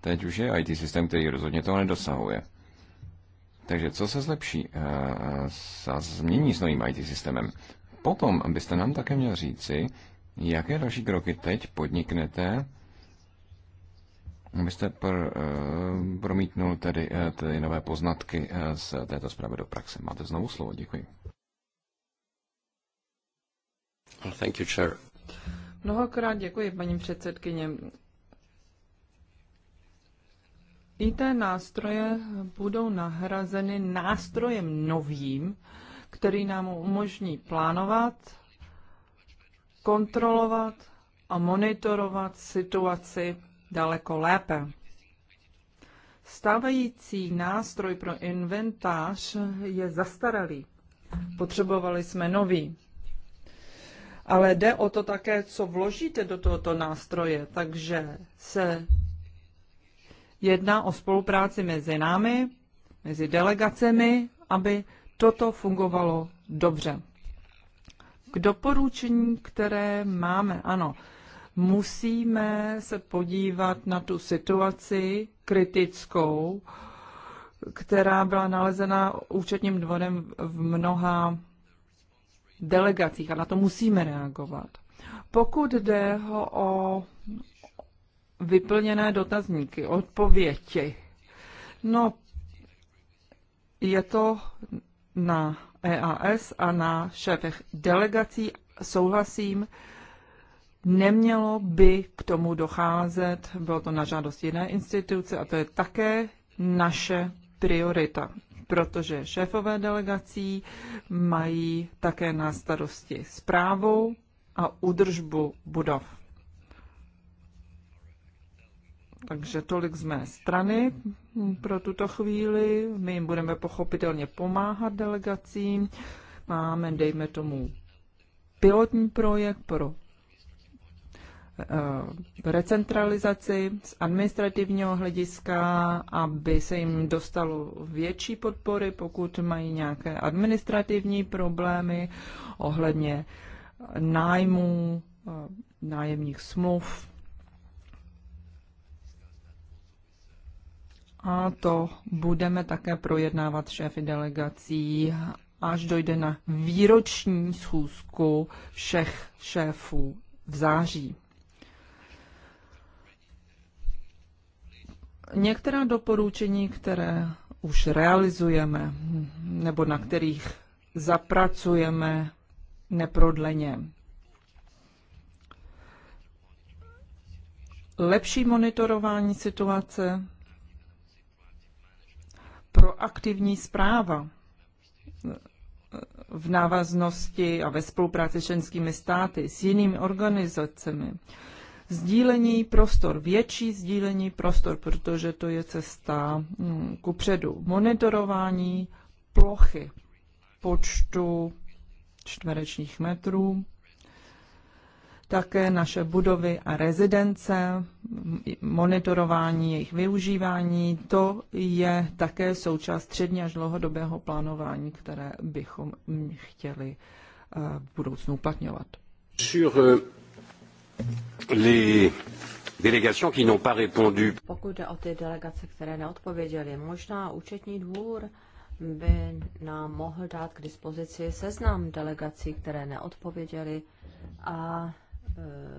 Teď už je IT systém, který rozhodně toho nedosahuje. Takže co se zlepší, a eh, změní s novým IT systémem. Potom byste nám také měl říci, jaké další kroky teď podniknete, vy jste pr, eh, promítnul tedy eh, ty nové poznatky eh, z této zprávy do praxe. Máte znovu slovo, děkuji. Thank you, chair. Mnohokrát děkuji, paní předsedkyně. IT nástroje budou nahrazeny nástrojem novým, který nám umožní plánovat, kontrolovat a monitorovat situaci daleko lépe. Stávající nástroj pro inventář je zastaralý. Potřebovali jsme nový. Ale jde o to také, co vložíte do tohoto nástroje. Takže se jedná o spolupráci mezi námi, mezi delegacemi, aby toto fungovalo dobře. K doporučení, které máme, ano, musíme se podívat na tu situaci kritickou, která byla nalezena účetním dvorem v mnoha delegacích a na to musíme reagovat. Pokud jde o vyplněné dotazníky, odpověti, no je to na EAS a na šéfech delegací, souhlasím, Nemělo by k tomu docházet, bylo to na žádost jiné instituce a to je také naše priorita, protože šéfové delegací mají také na starosti zprávu a údržbu budov. Takže tolik z mé strany pro tuto chvíli. My jim budeme pochopitelně pomáhat delegacím. Máme, dejme tomu, pilotní projekt pro Eh, recentralizaci z administrativního hlediska, aby se jim dostalo větší podpory, pokud mají nějaké administrativní problémy ohledně nájmů, eh, nájemních smluv. A to budeme také projednávat šéfy delegací, až dojde na výroční schůzku všech šéfů v září. některá doporučení, které už realizujeme nebo na kterých zapracujeme neprodleně. Lepší monitorování situace, proaktivní zpráva v návaznosti a ve spolupráci s členskými státy, s jinými organizacemi, sdílení prostor, větší sdílení prostor, protože to je cesta mm, ku předu. Monitorování plochy počtu čtverečních metrů, také naše budovy a rezidence, mm, monitorování jejich využívání, to je také součást střední až dlouhodobého plánování, které bychom chtěli eh, v budoucnu uplatňovat. Sure. Eh, pokud jde o ty delegace, které neodpověděly, možná účetní dvůr by nám mohl dát k dispozici seznam delegací, které neodpověděly a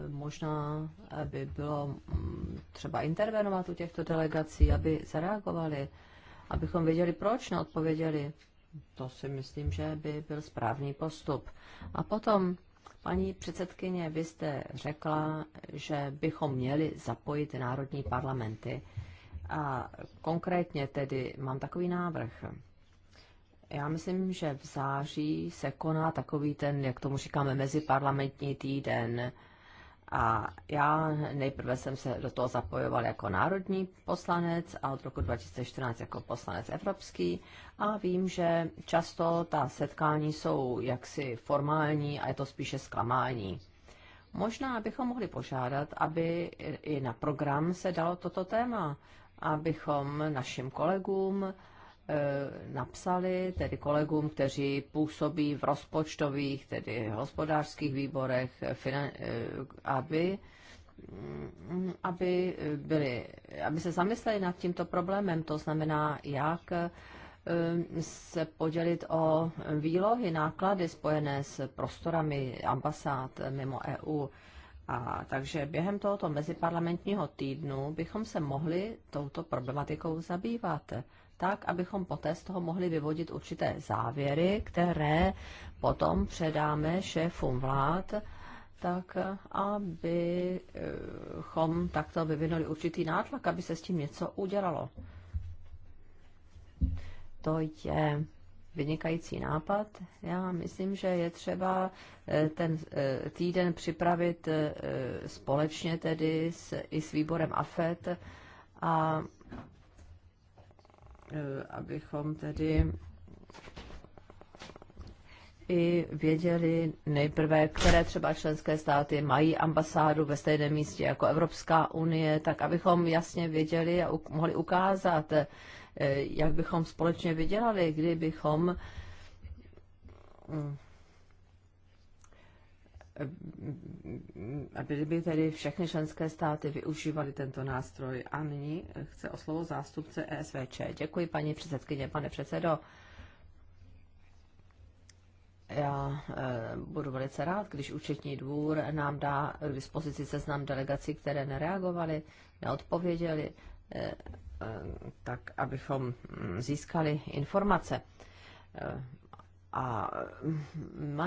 e, možná by bylo mm, třeba intervenovat u těchto delegací, aby zareagovali, abychom věděli, proč neodpověděli. To si myslím, že by byl správný postup. A potom Paní předsedkyně, vy jste řekla, že bychom měli zapojit národní parlamenty. A konkrétně tedy mám takový návrh. Já myslím, že v září se koná takový ten, jak tomu říkáme, meziparlamentní týden, a já nejprve jsem se do toho zapojoval jako národní poslanec a od roku 2014 jako poslanec evropský. A vím, že často ta setkání jsou jaksi formální a je to spíše zklamání. Možná bychom mohli požádat, aby i na program se dalo toto téma, abychom našim kolegům E, napsali, tedy kolegům, kteří působí v rozpočtových, tedy hospodářských výborech, e, e, aby mm, aby, byli, aby se zamysleli nad tímto problémem, to znamená, jak se podělit o výlohy, náklady spojené s prostorami ambasád mimo EU. A takže během tohoto meziparlamentního týdnu bychom se mohli touto problematikou zabývat tak, abychom poté z toho mohli vyvodit určité závěry, které potom předáme šéfům vlád, tak abychom takto vyvinuli určitý nátlak, aby se s tím něco udělalo. To je vynikající nápad. Já myslím, že je třeba eh, ten eh, týden připravit eh, společně tedy s, i s výborem AFET a Eh, abychom tedy i věděli nejprve, které třeba členské státy mají ambasádu ve stejném místě jako Evropská unie, tak abychom jasně věděli a mohli ukázat, eh, jak bychom společně vydělali, kdybychom mm, Eh, aby by tedy všechny členské státy využívaly tento nástroj. A nyní chce o slovo zástupce ESVČ. Děkuji, paní předsedkyně, pane předsedo. Já e, budu velice rád, když účetní dvůr nám dá k dispozici seznam delegací, které nereagovaly, neodpověděly, e, e, tak abychom hm, získali informace. E, a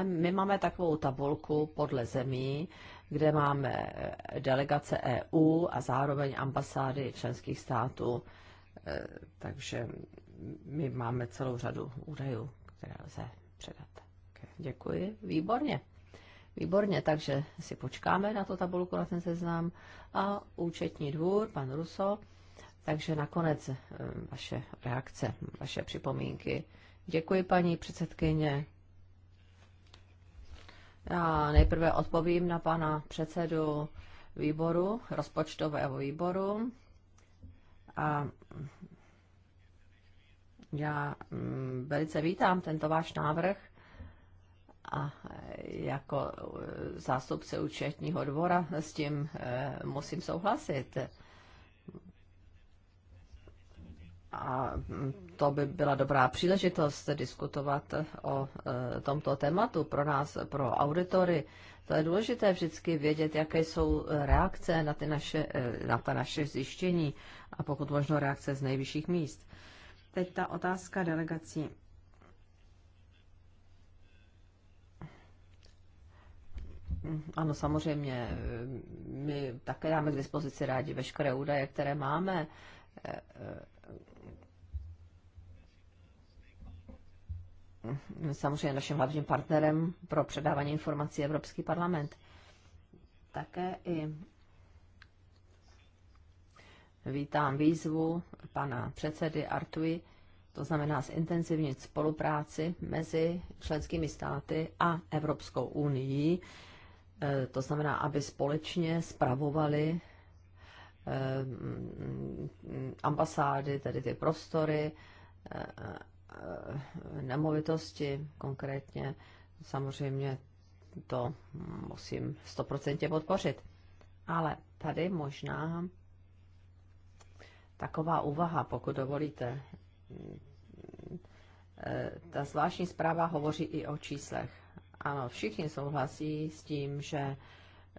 my máme takovou tabulku podle zemí, kde máme eh, delegace EU a zároveň ambasády členských států. Eh, takže my máme celou řadu údajů, které lze předat. Děkuji, výborně. Výborně, takže si počkáme na tu tabulku, na ten seznam. A účetní dvůr, pan Ruso. Takže nakonec eh, vaše reakce, vaše připomínky. Děkuji, paní předsedkyně. Já nejprve odpovím na pana předsedu výboru, rozpočtového výboru. A já mm, velice vítám tento váš návrh a jako e, zástupce účetního dvora s tím e, musím souhlasit a mm, to by byla dobrá příležitost diskutovat o e, tomto tématu pro nás, pro auditory. To je důležité vždycky vědět, jaké jsou reakce na, ty naše, e, na ta naše zjištění a pokud možno reakce z nejvyšších míst. Teď ta otázka delegací. Ano, samozřejmě, my také dáme k dispozici rádi veškeré údaje, které máme e, samozřejmě naším hlavním partnerem pro předávání informací Evropský parlament. Také i vítám výzvu pana předsedy Artui, to znamená zintenzivnit spolupráci mezi členskými státy a Evropskou unii, e, to znamená, aby společně spravovali e, ambasády, tedy ty prostory e, Eh, nemovitosti konkrétně, samozřejmě to musím stoprocentně podpořit. Ale tady možná taková úvaha, pokud dovolíte. Eh, ta zvláštní zpráva hovoří i o číslech. Ano, všichni souhlasí s tím, že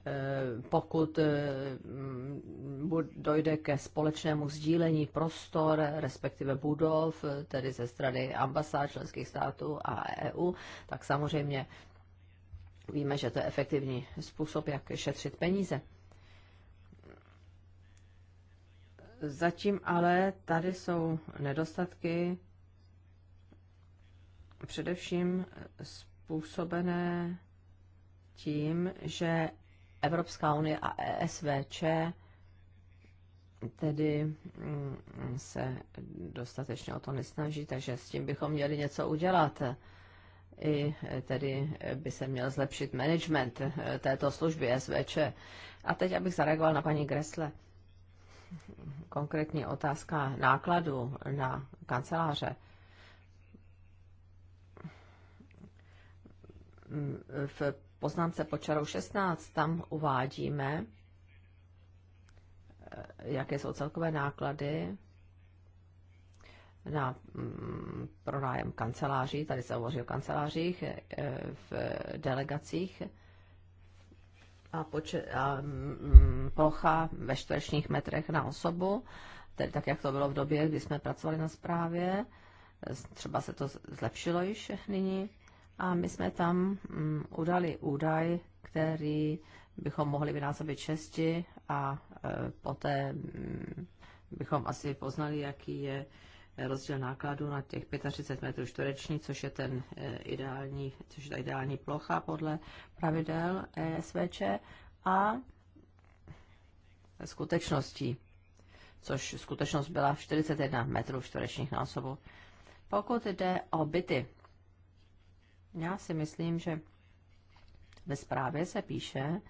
Eh, pokud eh, mm, dojde ke společnému sdílení prostor, respektive budov, eh, tedy ze strany ambasád členských států a EU, tak samozřejmě víme, že to je efektivní způsob, jak šetřit peníze. Zatím ale tady jsou nedostatky především způsobené tím, že Evropská unie a ESVČ tedy mm, se dostatečně o to nesnaží, takže s tím bychom měli něco udělat. I e, tedy by se měl zlepšit management e, této služby e SVČ. A teď, abych zareagoval na paní Gresle. Konkrétní otázka nákladu na kanceláře. Mm, v poznámce pod čarou 16 tam uvádíme, eh, jaké jsou celkové náklady na mm, pronájem kanceláří, tady se hovoří o kancelářích, eh, v delegacích a, počet, a mm, plocha ve čtverečních metrech na osobu, tedy tak, jak to bylo v době, kdy jsme pracovali na zprávě, třeba se to zlepšilo již nyní, a my jsme tam mm, udali údaj, který bychom mohli vynásobit šesti a e, poté mm, bychom asi poznali, jaký je rozdíl nákladů na těch 35 metrů čtvereční, což je, ten e, ideální, což je ta ideální plocha podle pravidel ESVČ a skutečností, což skutečnost byla 41 metrů čtverečních na osobu. Pokud jde o byty, já si myslím, že ve zprávě se píše,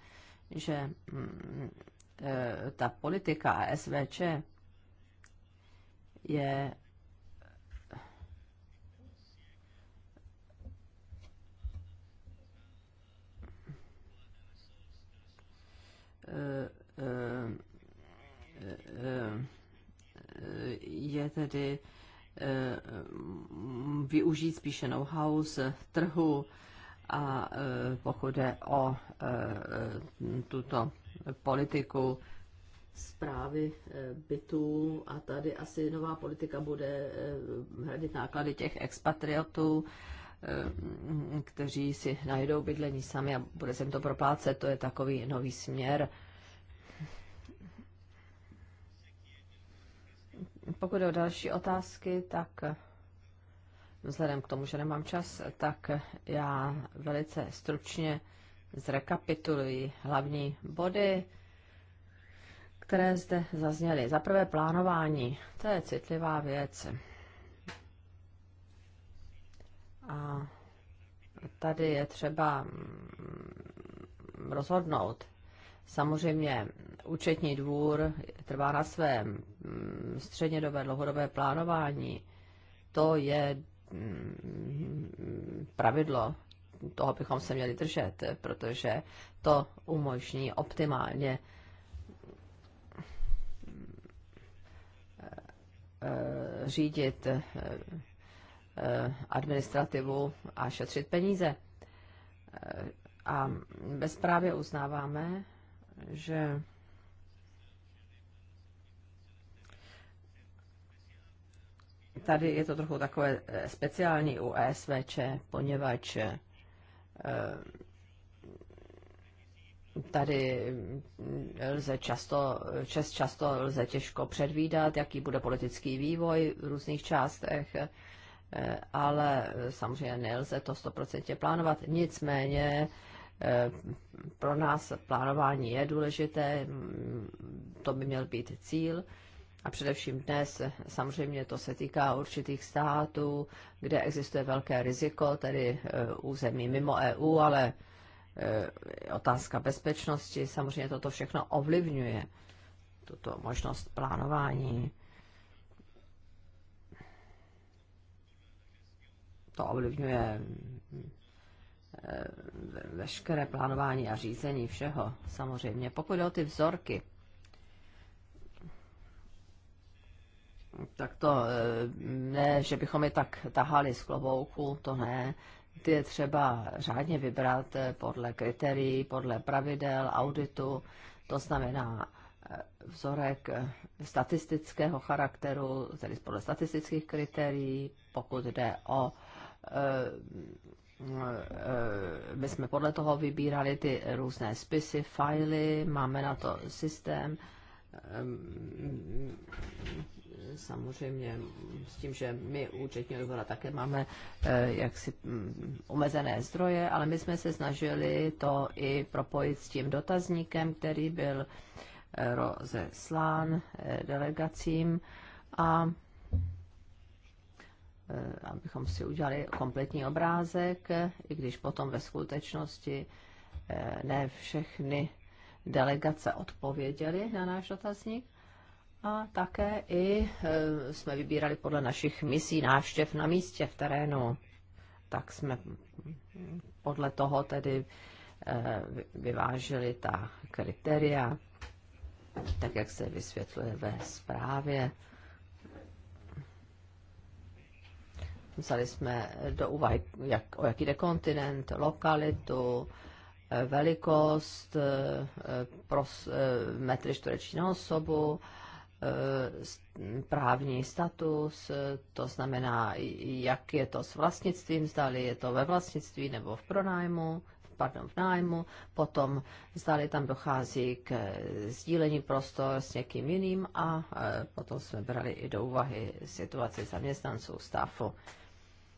že mm, e, ta politika SVČ je e, e, je tedy Eh, využít spíše know-how z trhu a eh, pokud jde o eh, tuto politiku zprávy bytů a tady asi nová politika bude hradit náklady těch expatriotů, kteří si najdou bydlení sami a bude se jim to proplácet. To je takový nový směr Pokud o další otázky, tak eh, vzhledem k tomu, že nemám čas, tak eh, já velice stručně zrekapituluji hlavní body, které zde zazněly. Za prvé plánování, to je citlivá věc. A tady je třeba mm, rozhodnout, Samozřejmě účetní dvůr trvá na svém mm, střednědobé dlouhodobé plánování. To je mm, pravidlo, toho bychom se měli držet, protože to umožní optimálně eh, řídit eh, eh, administrativu a šetřit peníze. A bezprávě uznáváme, že tady je to trochu takové eh, speciální u ESVČ, poněvadž eh, tady mm, lze často, čas často lze těžko předvídat, jaký bude politický vývoj v různých částech, eh, ale samozřejmě nelze to stoprocentně plánovat. Nicméně Eh, pro nás plánování je důležité, mm, to by měl být cíl. A především dnes samozřejmě to se týká určitých států, kde existuje velké riziko, tedy eh, území mimo EU, ale eh, otázka bezpečnosti, samozřejmě toto všechno ovlivňuje tuto možnost plánování. To ovlivňuje mm, Eh, veškeré plánování a řízení všeho, samozřejmě. Pokud jde o ty vzorky, tak to eh, ne, že bychom je tak tahali z klobouku, to ne. Ty je třeba řádně vybrat eh, podle kritérií, podle pravidel, auditu, to znamená vzorek statistického charakteru, tedy podle statistických kritérií, pokud jde o Eh, my jsme podle toho vybírali ty různé spisy, fajly, máme na to systém. Ehm, samozřejmě s tím, že my účetní dvora také máme eh, jaksi mm, omezené zdroje, ale my jsme se snažili to i propojit s tím dotazníkem, který byl eh, rozeslán delegacím a Eh, abychom si udělali kompletní obrázek, i když potom ve skutečnosti eh, ne všechny delegace odpověděly na náš dotazník. A také i eh, jsme vybírali podle našich misí návštěv na místě v terénu. Tak jsme podle toho tedy vyvážili ta kritéria, tak jak se vysvětluje ve zprávě. Vzali jsme do úvahy, jak, o jaký jde kontinent, lokalitu, eh, velikost, eh, pros, eh, metry čtvereční na osobu, právní status, to znamená, jak je to s vlastnictvím, zdali je to ve vlastnictví nebo v pronájmu, pardon, v nájmu, potom zdali tam dochází k sdílení prostor s někým jiným a potom jsme brali i do úvahy situaci zaměstnanců, stafu.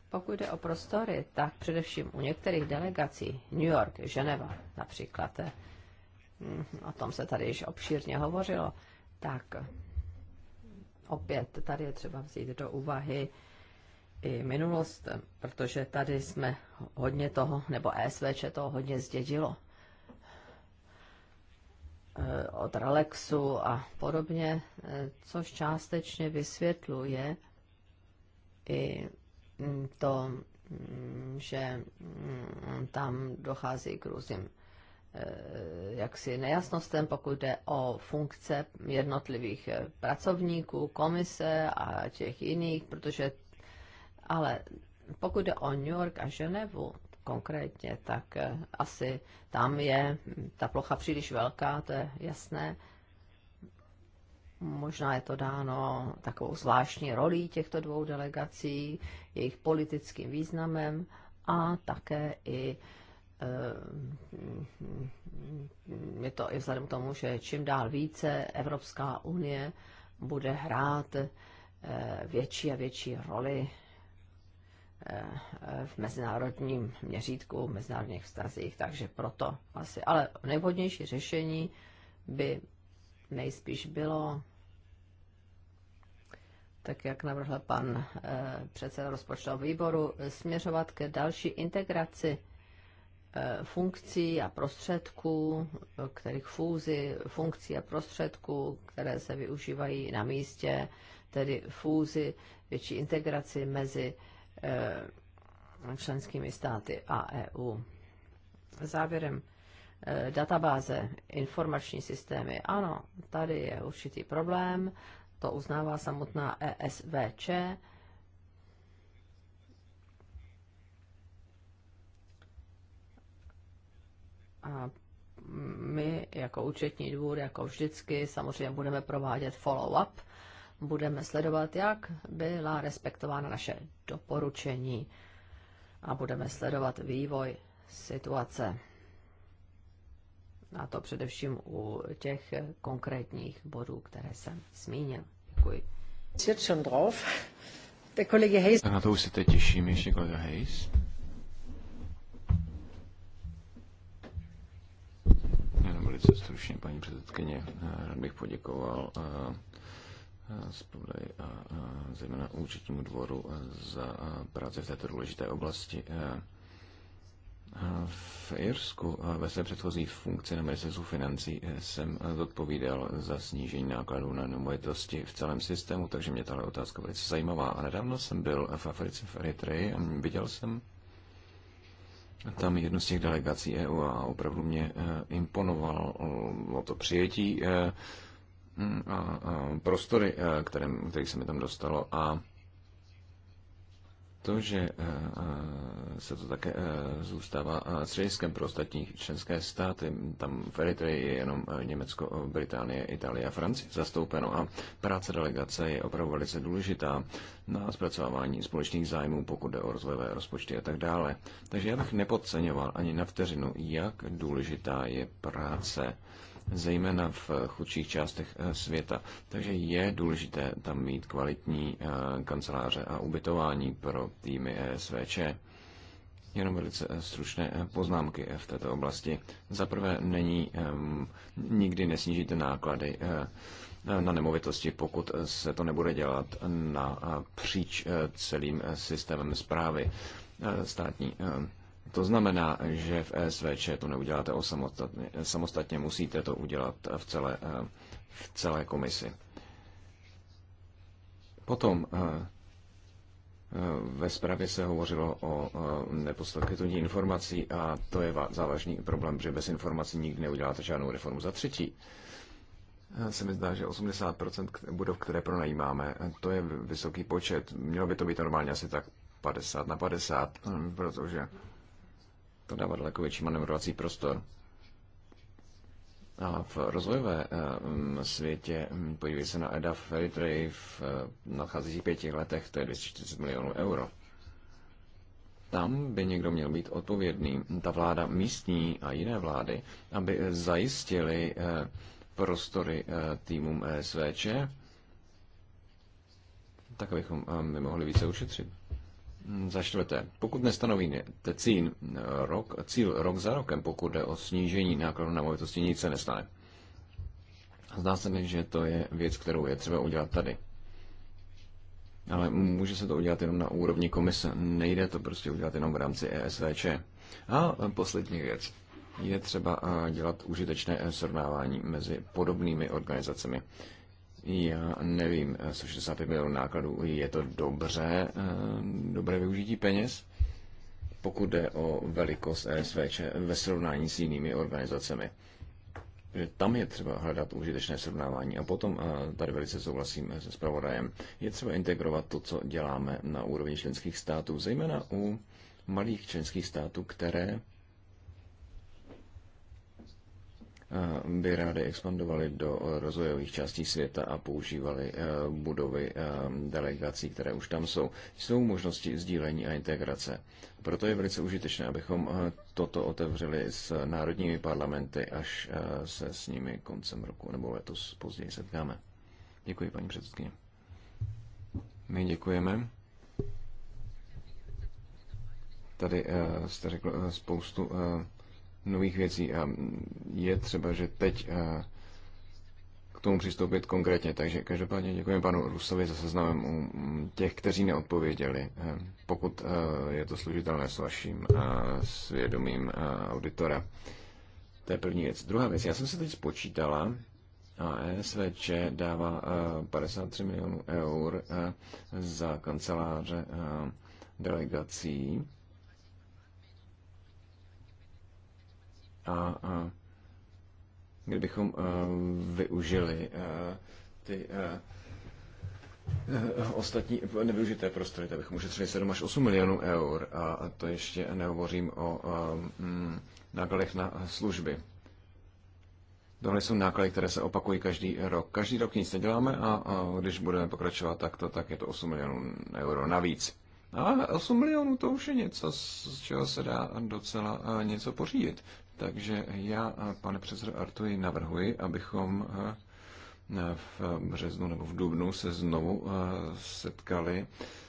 Pokud jde o prostory, tak především u některých delegací, New York, Ženeva například, eh, hm, o tom se tady již obšírně hovořilo, tak opět tady je třeba vzít do úvahy i minulost, protože tady jsme hodně toho, nebo ESVČ toho hodně zdědilo eh, od Ralexu a podobně, eh, což částečně vysvětluje i to, mm, že mm, tam dochází k různým eh, jaksi nejasnostem, pokud jde o funkce jednotlivých eh, pracovníků, komise a těch jiných, protože ale pokud jde o New York a Ženevu konkrétně, tak eh, asi tam je mm, ta plocha příliš velká, to je jasné. Možná je to dáno takovou zvláštní rolí těchto dvou delegací, jejich politickým významem a také i eh, je to i vzhledem k tomu, že čím dál více Evropská unie bude hrát eh, větší a větší roli eh, v mezinárodním měřítku, v mezinárodních vztazích, takže proto asi. Ale nejvhodnější řešení by nejspíš bylo tak jak navrhl pan eh, předseda rozpočtového výboru, směřovat ke další integraci eh, funkcí a prostředků, kterých fúzy funkcí a prostředků, které se využívají na místě, tedy fúzy, větší integraci mezi eh, členskými státy a EU. Závěrem databáze, informační systémy. Ano, tady je určitý problém to uznává samotná ESVČ. A my jako účetní dvůr, jako vždycky, samozřejmě budeme provádět follow-up, budeme sledovat, jak byla respektována naše doporučení a budeme sledovat vývoj situace a to především u těch konkrétních bodů, které jsem zmínil. Děkuji. A na to už se teď těším, ještě kolega Hayes. Jenom velice stručně, paní předsedkyně, rád bych poděkoval eh, eh, zpravodaj a, a eh, zejména účetnímu dvoru za práci v této důležité oblasti. A, v Irsku ve své předchozí funkci na ministerstvu financí eh, jsem eh, zodpovídal za snížení nákladů na nemovitosti v celém systému, takže mě tahle otázka velice zajímavá. A nedávno jsem byl v Africe v Eritreji a viděl jsem tam jednu z těch delegací EU a opravdu mě eh, imponovalo to přijetí hm, a prostory, kterým, který se mi tam dostalo a že eh, eh, se to také eh, zůstává střediskem pro ostatní členské státy. Tam v Eritreji je jenom Německo, Británie, Itálie a Francie zastoupeno a práce delegace je opravdu velice důležitá na zpracování společných zájmů, pokud jde o rozvojové rozpočty a tak dále. Takže já bych nepodceňoval ani na vteřinu, jak důležitá je práce zejména v eh, chudších částech eh, světa. Takže je důležité tam mít kvalitní eh, kanceláře a ubytování pro týmy e SVČ. Jenom velice stručné poznámky v této oblasti. Za prvé, není, ehm, nikdy nesnížíte náklady na nemovitosti, pokud se to nebude dělat na příč celým systémem zprávy státní. To znamená, že v ESVČ to neuděláte samostatně, samostatně, musíte to udělat v celé, eh, v celé komisi. Potom eh, eh, ve zprávě se hovořilo o neposkytnutí informací a to je závažný problém, protože bez informací nikdy neuděláte žádnou reformu. Za třetí, se mi zdá, že 80% budov, které pronajímáme, to je vysoký počet. Mělo by to být normálně asi tak 50 na 50, protože to dává daleko větší manevrovací prostor. A v rozvojové eh, světě, hm, podívej se na EDA v Eritreji eh, v nadcházejících pěti letech, to je 240 milionů euro. Tam by někdo měl být odpovědný, ta vláda místní a jiné vlády, aby zajistili eh, prostory týmům e SVČ, tak abychom my mohli více ušetřit. Za čtvrté, pokud nestanovíte cíl rok, cíl rok za rokem, pokud jde o snížení nákladů na movitosti, nic se nestane. Zdá se mi, že to je věc, kterou je třeba udělat tady. Ale může se to udělat jenom na úrovni komise. Nejde to prostě udělat jenom v rámci ESVČ. A poslední věc. Je třeba eh, dělat užitečné srovnávání mezi podobnými organizacemi. Já nevím, 165 eh, milionů nákladů, je to dobře, eh, dobré využití peněz? Pokud jde o velikost ESVČ ve srovnání s jinými organizacemi. Že tam je třeba hledat užitečné srovnávání. A potom, eh, tady velice souhlasím se zpravodajem, je třeba integrovat to, co děláme na úrovni členských států, zejména u malých členských států, které Eh, by rádi expandovali do eh, rozvojových částí světa a používali eh, budovy delegací, které už tam jsou. Jsou možnosti sdílení a integrace. Proto je velice užitečné, abychom toto otevřeli s národními parlamenty, až se s nimi koncem roku nebo letos později setkáme. Děkuji, paní předsedkyně. My děkujeme. Tady jste řekl spoustu nových věcí a je třeba, že teď eh, k tomu přistoupit konkrétně. Takže každopádně děkujeme panu Rusovi za seznamem mm, těch, kteří neodpověděli. Eh, pokud eh, je to služitelné s vaším svědomím auditora. To je první věc. Druhá věc, já jsem se teď spočítala, a ESVČ dává 53 milionů eur za kanceláře delegací a, a kdybychom a, využili a, ty a, ostatní nevyužité prostory, tak bychom ušetřili 7 až 8 milionů eur a to ještě nehovořím o um, nákladech na služby. Tohle jsou náklady, které se opakují každý rok. Každý rok nic neděláme a, a když budeme pokračovat takto, tak je to 8 milionů euro navíc. A 8 milionů to už je něco, z čeho se dá docela něco pořídit. Takže já, pane předsedo Artuji, navrhuji, abychom v březnu nebo v dubnu se znovu setkali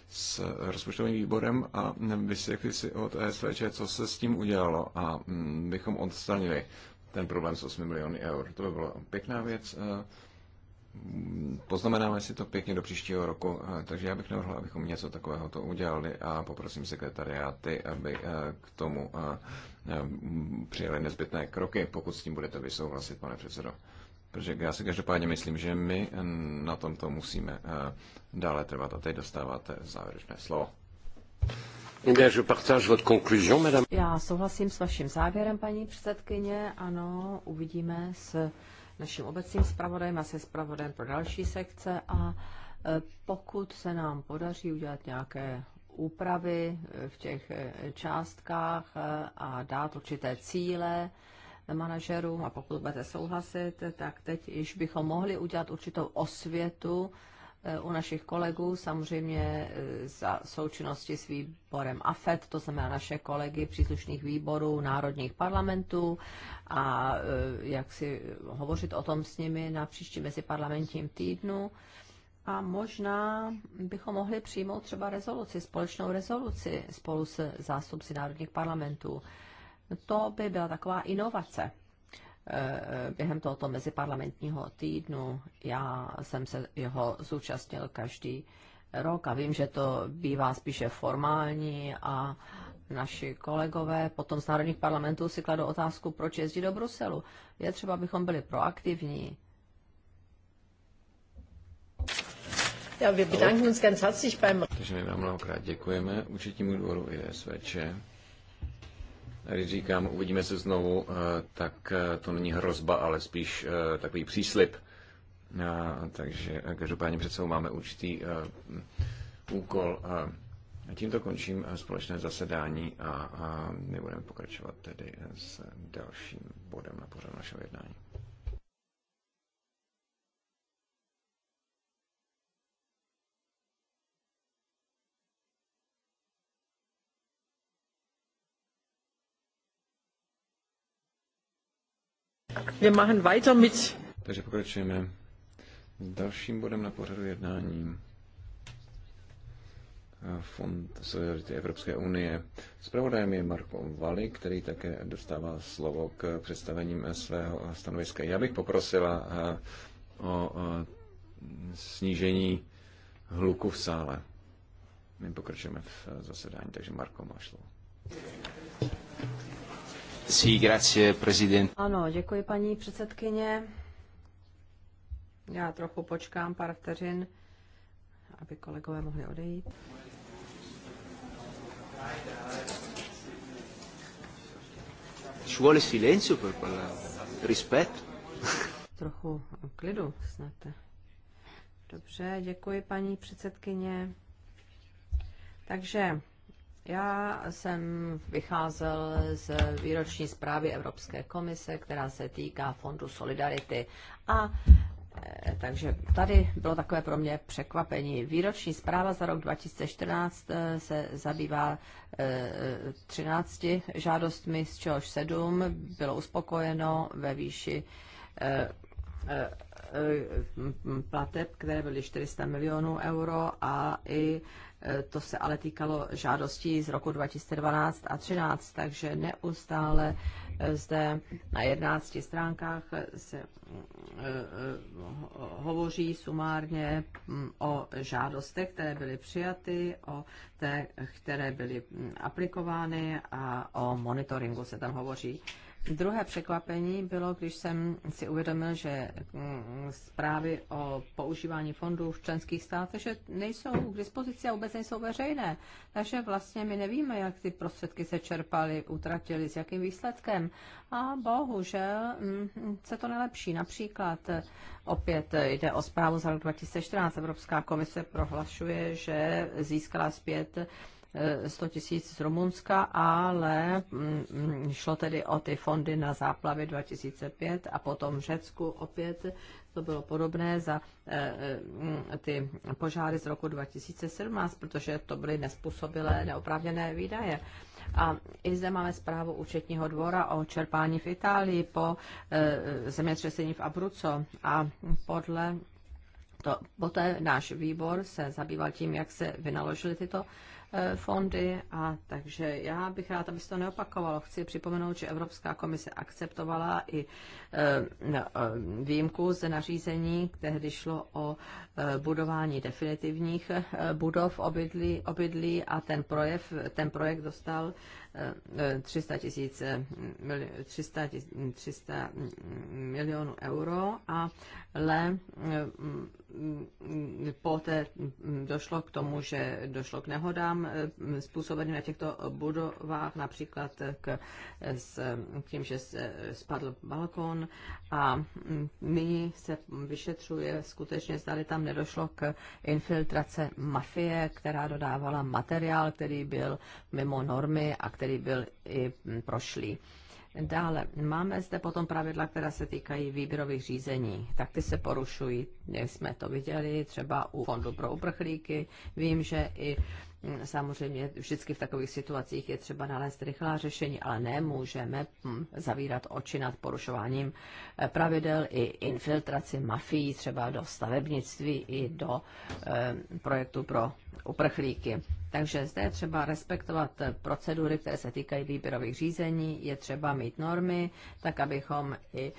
s rozpočtovým výborem a vysvětlit si od SVČ, co se s tím udělalo a bychom odstranili ten problém s 8 miliony eur. To by byla pěkná věc poznamenáme si to pěkně do příštího roku, eh, takže já bych navrhl, abychom něco takového to udělali a poprosím sekretariáty, aby eh, k tomu eh, přijeli nezbytné kroky, pokud s tím budete vysouhlasit, pane předsedo. Protože já si každopádně myslím, že my na tomto musíme dále trvat a teď dostáváte závěrečné slovo. Já souhlasím s vaším závěrem, paní předsedkyně. Ano, uvidíme s naším obecným zpravodajem a se zpravodajem pro další sekce a e, pokud se nám podaří udělat nějaké úpravy e, v těch e, částkách a dát určité cíle manažerům a pokud budete souhlasit, tak teď již bychom mohli udělat určitou osvětu u našich kolegů, samozřejmě e, za součinnosti s výborem AFET, to znamená naše kolegy příslušných výborů národních parlamentů a e, jak si hovořit o tom s nimi na příští meziparlamentním týdnu. A možná bychom mohli přijmout třeba rezoluci, společnou rezoluci spolu s zástupci národních parlamentů. To by byla taková inovace Eh, eh, během tohoto meziparlamentního týdnu. Já jsem se jeho zúčastnil každý rok a vím, že to bývá spíše formální a naši kolegové potom z národních parlamentů si kladou otázku, proč jezdí do Bruselu. Je třeba, abychom byli proaktivní. Takže my vám mnohokrát děkujeme. Učitímu dvoru i SVČ. Když říkám, uvidíme se znovu, eh, tak eh, to není hrozba, ale spíš eh, takový příslip. Takže každopádně před sebou máme určitý úkol. A tímto končím společné zasedání a, my budeme pokračovat tedy s dalším bodem na pořadu našeho jednání. Wir machen weiter mit... Takže pokračujeme s dalším bodem na pořadu jednání. Fond Solidarity Evropské unie. Spravodajem je Marko Vali, který také dostává slovo k představením svého stanoviska. Já bych poprosila eh, o eh, snížení hluku v sále. My pokračujeme v zasedání, takže Marko má slovo. Sí, grazie, prezident. Ano, děkuji paní předsedkyně. Já trochu počkám pár vteřin, aby kolegové mohli odejít. Ci vuole silenzio per parlare, rispetto. Trochu klidu snad. Dobře, děkuji paní předsedkyně. Takže já jsem vycházel z výroční zprávy Evropské komise, která se týká Fondu Solidarity. A eh, takže tady bylo takové pro mě překvapení. Výroční zpráva za rok 2014 eh, se zabývá 13 eh, žádostmi, z čehož 7 bylo uspokojeno ve výši Eh, plateb, které byly 400 milionů euro a i eh, to se ale týkalo žádostí z roku 2012 a 2013, takže neustále eh, zde na 11 stránkách se hovoří sumárně hm, o žádostech, které byly přijaty, o té, které byly hm, aplikovány a o monitoringu se tam hovoří. Druhé překvapení bylo, když jsem si uvědomil, že mm, zprávy o používání fondů v členských státech že nejsou k dispozici a vůbec nejsou veřejné. Takže vlastně my nevíme, jak ty prostředky se čerpaly, utratily, s jakým výsledkem. A bohužel mm, se to nelepší. Například eh, opět jde o zprávu za rok 2014. Evropská komise prohlašuje, že získala zpět 100 eh, tisíc z Rumunska, ale mm, šlo tedy o ty fondy na záplavy 2005 a potom v Řecku opět to bylo podobné za eh, eh, ty požáry z roku 2017, protože to byly nespůsobilé neoprávněné výdaje. A i zde máme zprávu účetního dvora o čerpání v Itálii po zemětřesení v Abruco a podle to, poté náš výbor se zabýval tím, jak se vynaložily tyto Eh, fondy a takže já bych rád, aby se to neopakovalo. Chci připomenout, že Evropská komise akceptovala i eh, eh, výjimku ze nařízení, tehdy šlo o budování definitivních budov obydlí, obydlí a ten, projev, ten projekt dostal 300 tisíc 300, 300 mm, mm, milionů euro, a ale poté došlo k tomu, že došlo k nehodám eh, způsobeným na těchto budovách, například k, s tím, že se spadl balkon a nyní se vyšetřuje skutečně, zda tam nedošlo k infiltrace mafie, která dodávala materiál, který byl mimo normy a který byl i prošlý. Dále máme zde potom pravidla, která se týkají výběrových řízení. Tak ty se porušují. Jsme to viděli třeba u Fondu pro uprchlíky. Vím, že i Samozřejmě vždycky v takových situacích je třeba nalézt rychlá řešení, ale nemůžeme hm, zavírat oči nad porušováním eh, pravidel i infiltraci mafií třeba do stavebnictví i do eh, projektu pro uprchlíky. Takže zde je třeba respektovat eh, procedury, které se týkají výběrových řízení, je třeba mít normy, tak abychom i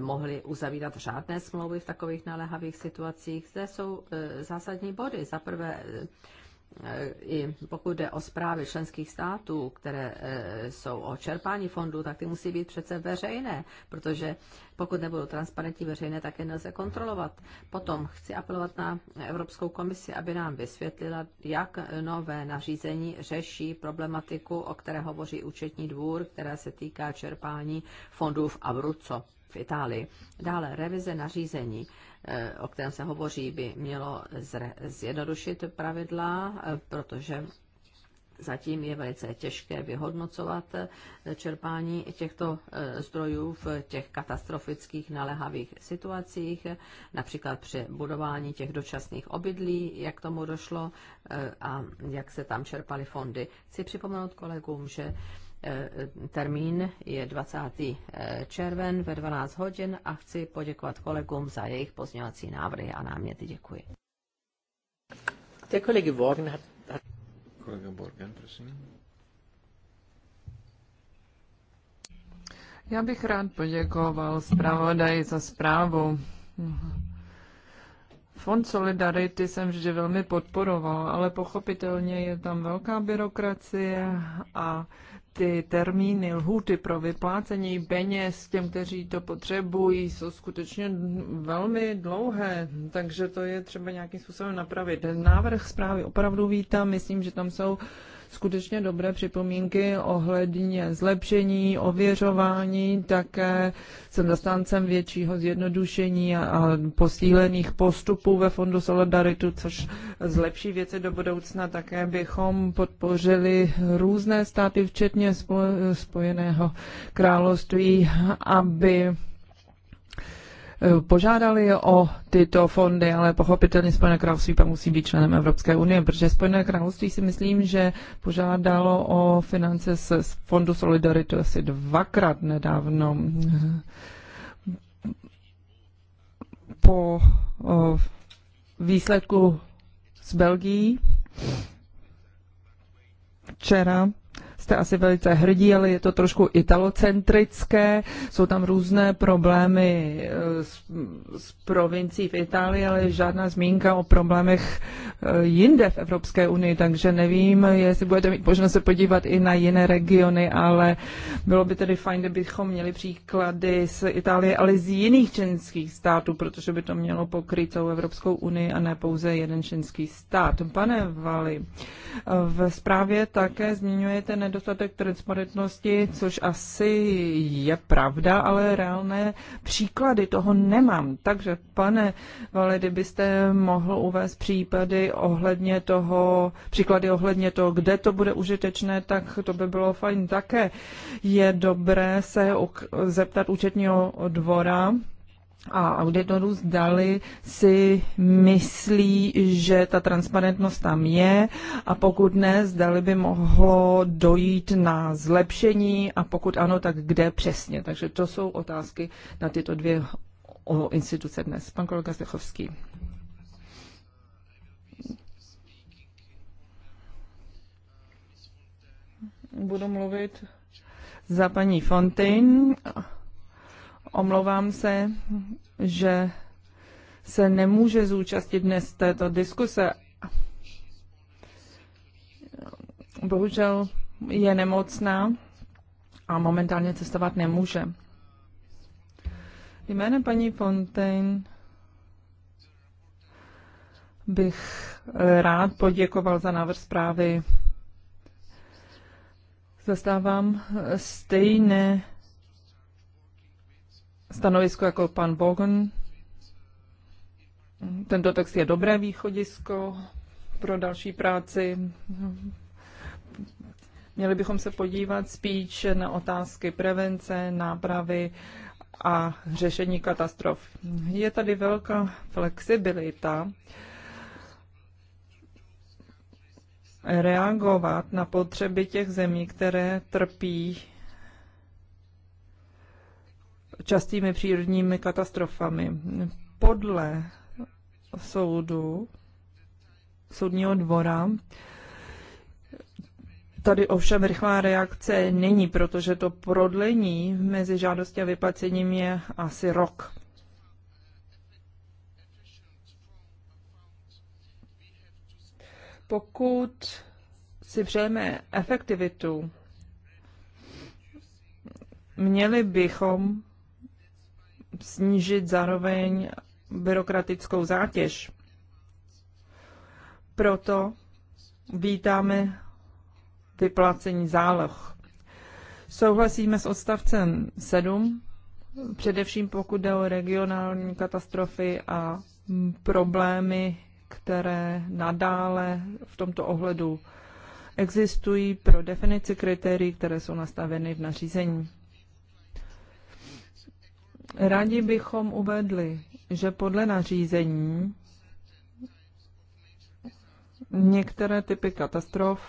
mohli uzavírat řádné smlouvy v takových naléhavých situacích. Zde jsou zásadní body. Za prvé, Eh, i pokud jde o zprávy členských států, které eh, jsou o čerpání fondů, tak ty musí být přece veřejné, protože pokud nebudou transparentní veřejné, tak je nelze kontrolovat. Potom chci apelovat na Evropskou komisi, aby nám vysvětlila, jak nové nařízení řeší problematiku, o které hovoří účetní dvůr, která se týká čerpání fondů v Abruzzo v Itálii. Dále revize nařízení Eh, o kterém se hovoří, by mělo zjednodušit pravidla, eh, protože Zatím je velice těžké vyhodnocovat eh, čerpání těchto zdrojů v těch katastrofických nalehavých situacích, například při budování těch dočasných obydlí, jak tomu došlo a jak se tam čerpaly fondy. Chci připomenout kolegům, že Eh, termín je 20. Eh, červen ve 12 hodin a chci poděkovat kolegům za jejich pozněvací návrhy a náměty. Děkuji. Der Borgen Kolega Borgen, prosím. Já bych rád poděkoval zpravodaji za zprávu. Fond Solidarity jsem vždy velmi podporoval, ale pochopitelně je tam velká byrokracie a ty termíny, lhuty pro vyplácení peněz těm, kteří to potřebují, jsou skutečně velmi dlouhé, takže to je třeba nějakým způsobem napravit. Návrh zprávy opravdu vítám, myslím, že tam jsou skutečně dobré připomínky ohledně zlepšení, ověřování, také jsem zastáncem většího zjednodušení a posílených postupů ve Fondu Solidaritu, což zlepší věci do budoucna. Také bychom podpořili různé státy, včetně Spojeného království, aby Eh, požádali o tyto fondy, ale pochopitelně Spojené království pak musí být členem Evropské unie, protože Spojené království si myslím, že požádalo o finance z Fondu Solidarity asi dvakrát nedávno. Po výsledku z Belgii včera jste asi velice hrdí, ale je to trošku italocentrické. Jsou tam různé problémy eh, s, s provincií v Itálii, ale žádná zmínka o problémech eh, jinde v Evropské unii, takže nevím, jestli budete mít možnost se podívat i na jiné regiony, ale bylo by tedy fajn, kdybychom měli příklady z Itálie, ale z jiných členských států, protože by to mělo pokryt celou Evropskou unii a ne pouze jeden členský stát. Pane Vali, v zprávě také zmiňujete nedostatek nedostatek transparentnosti, což asi je pravda, ale reálné příklady toho nemám. Takže, pane Vale, kdybyste mohl uvést případy ohledně toho, příklady ohledně toho, kde to bude užitečné, tak to by bylo fajn také. Je dobré se zeptat účetního dvora, a auditorů, zdali si myslí, že ta transparentnost tam je a pokud ne, zdali by mohlo dojít na zlepšení a pokud ano, tak kde přesně. Takže to jsou otázky na tyto dvě instituce dnes. Pan kolega Zdechovský. Budu mluvit za paní Fontaine. Omlouvám se, že se nemůže zúčastnit dnes této diskuse. Bohužel je nemocná a momentálně cestovat nemůže. Jménem paní Fontaine bych rád poděkoval za návrh zprávy. Zastávám stejné stanovisko jako pan Bogen. Tento text je dobré východisko pro další práci. Měli bychom se podívat spíš na otázky prevence, nápravy a řešení katastrof. Je tady velká flexibilita reagovat na potřeby těch zemí, které trpí častými přírodními katastrofami. Podle soudu, soudního dvora, Tady ovšem rychlá reakce není, protože to prodlení mezi žádostí a vyplacením je asi rok. Pokud si přejeme efektivitu, měli bychom snížit zároveň byrokratickou zátěž. Proto vítáme vyplácení záloh. Souhlasíme s odstavcem 7, především pokud jde o regionální katastrofy a problémy, které nadále v tomto ohledu existují pro definici kritérií, které jsou nastaveny v nařízení. Rádi bychom uvedli, že podle nařízení některé typy katastrof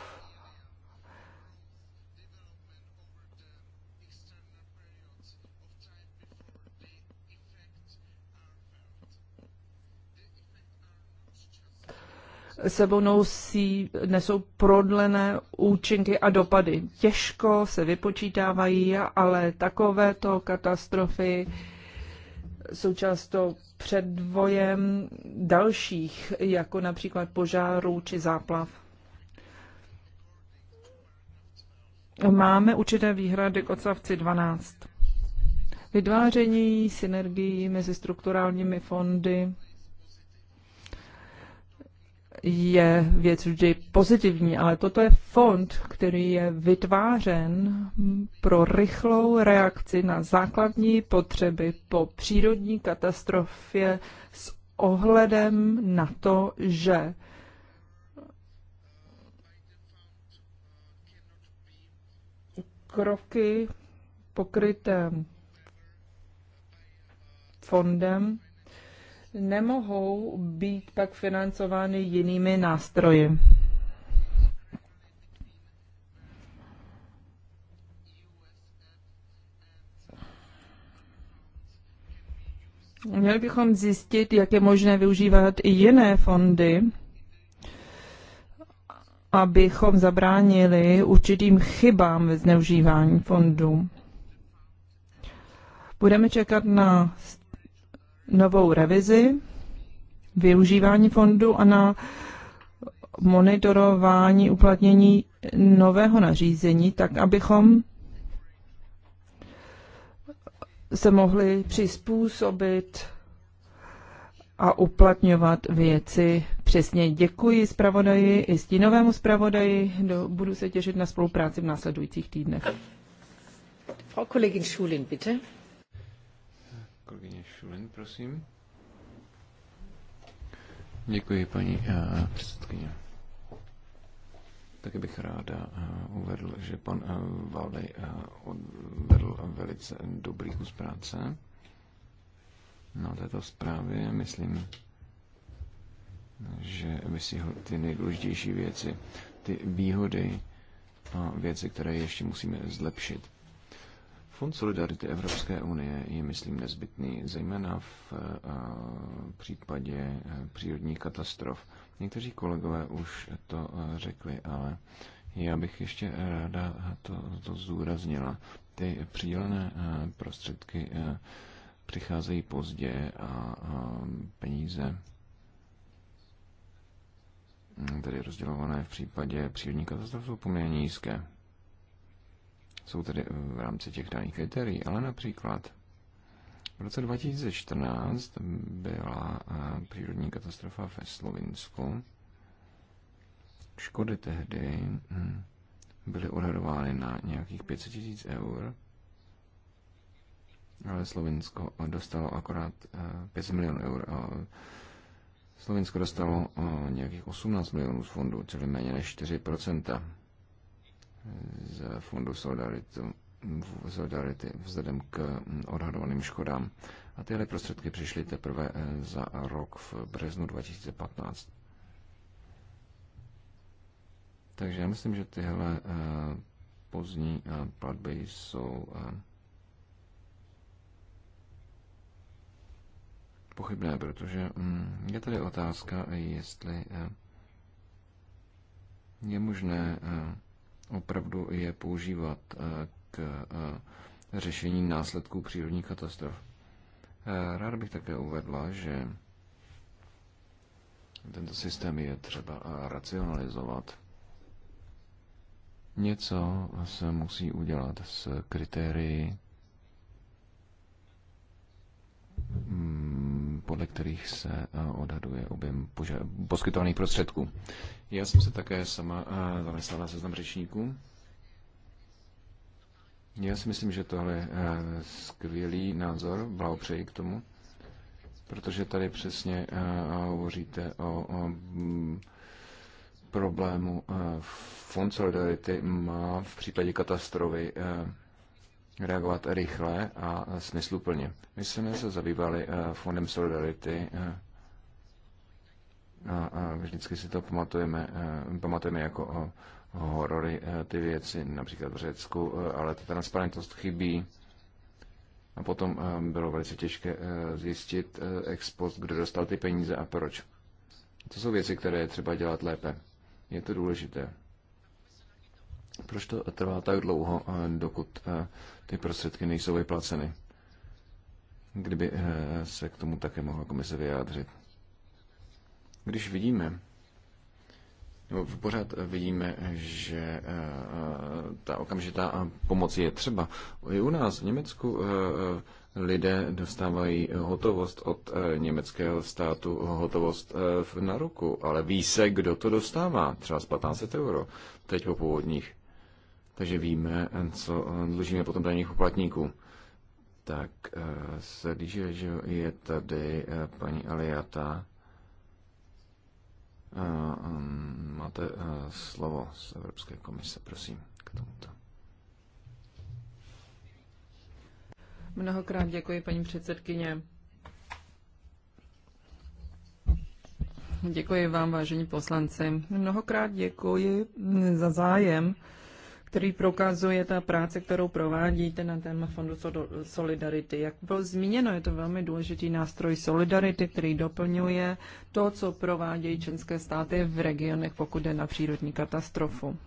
sebou nosí, nesou prodlené účinky a dopady. Těžko se vypočítávají, ale takovéto katastrofy součást to předvojem dalších, jako například požárů či záplav. Máme určité výhrady k odstavci 12. Vytváření synergií mezi strukturálními fondy je věc vždy pozitivní, ale toto je fond, který je vytvářen pro rychlou reakci na základní potřeby po přírodní katastrofě s ohledem na to, že kroky pokryté fondem nemohou být pak financovány jinými nástroji. Měli bychom zjistit, jak je možné využívat i jiné fondy, abychom zabránili určitým chybám ve zneužívání fondů. Budeme čekat na novou revizi využívání fondu a na monitorování uplatnění nového nařízení, tak abychom se mohli přizpůsobit a uplatňovat věci přesně. Děkuji zpravodaji i stínovému zpravodaji. Do, budu se těšit na spolupráci v následujících týdnech. Frau Kollegin Schulin, bitte. Kolegyně Šulin, prosím. Děkuji, paní uh, předsedkyně. Taky bych ráda uh, uvedl, že pan uh, eh, Valej uh, odvedl velice dobrý kus práce na této zprávě. Myslím, že si ty nejdůležitější věci, ty výhody a věci, které ještě musíme zlepšit. Fond Solidarity Evropské unie je, myslím, nezbytný, zejména v eh, případě eh, přírodních katastrof. Někteří kolegové už to eh, řekli, ale já bych ještě ráda to, to zúraznila. Ty přidělené prostředky přicházejí pozdě a peníze tedy rozdělované v případě přírodní katastrof jsou poměrně nízké jsou tedy v rámci těch daných kritérií, ale například v roce 2014 byla eh, přírodní katastrofa ve Slovinsku. Škody tehdy hm, byly odhadovány na nějakých 500 tisíc eur, ale Slovinsko dostalo akorát 5 eh, milionů eur. Slovinsko dostalo eh, nějakých 18 milionů z fondu, čili méně než 4 z Fondu solidarity Solidarity vzhledem k odhadovaným škodám. A tyhle prostředky přišly teprve eh, za rok v březnu 2015. Takže já myslím, že tyhle eh, pozdní eh, platby jsou pochybné, protože hm, je tady otázka, jestli je možné opravdu je používat eh, k eh, řešení následků přírodních katastrof. Eh, rád bych také uvedla, že tento systém je třeba racionalizovat. Něco se musí udělat s kritérii mm, podle kterých se eh, odhaduje objem poskytovaných prostředků. Já jsem se také sama eh, zamyslela na seznam řečníků. Já si myslím, že tohle je eh, skvělý názor, blahopřeji k tomu, protože tady přesně hovoříte o, o mm, problému. Fond Solidarity má v případě katastrofy reagovat rychle a smysluplně. My jsme se zabývali eh, Fondem Solidarity eh, a vždycky si to pamatujeme, eh, pamatujeme jako horory ty věci, například v Řecku, ale ta transparentnost chybí. A potom bylo velice těžké zjistit ex post, kdo dostal ty peníze a proč. To jsou věci, které je třeba dělat lépe. Je to důležité. Proč to trvá tak dlouho, eh, dokud eh, ty prostředky nejsou vyplaceny? Kdyby eh, se k tomu také mohla komise vyjádřit. Když vidíme, nebo pořád vidíme, že ta okamžitá pomoc je třeba. I u nás v Německu lidé dostávají hotovost od německého státu, hotovost na ruku, ale ví se, kdo to dostává, třeba z 15 euro, teď po původních takže víme, co eh, dlužíme potom daných poplatníků. Tak eh, se líže, že je tady eh, paní Aliata. Máte slovo z Evropské komise, prosím, k tomuto. Mnohokrát děkuji, paní předsedkyně. Děkuji vám, vážení poslanci. Mnohokrát děkuji za zájem který prokazuje ta práce, kterou provádíte na téma Fondu Solidarity. Jak bylo zmíněno, je to velmi důležitý nástroj Solidarity, který doplňuje to, co provádějí členské státy v regionech, pokud jde na přírodní katastrofu.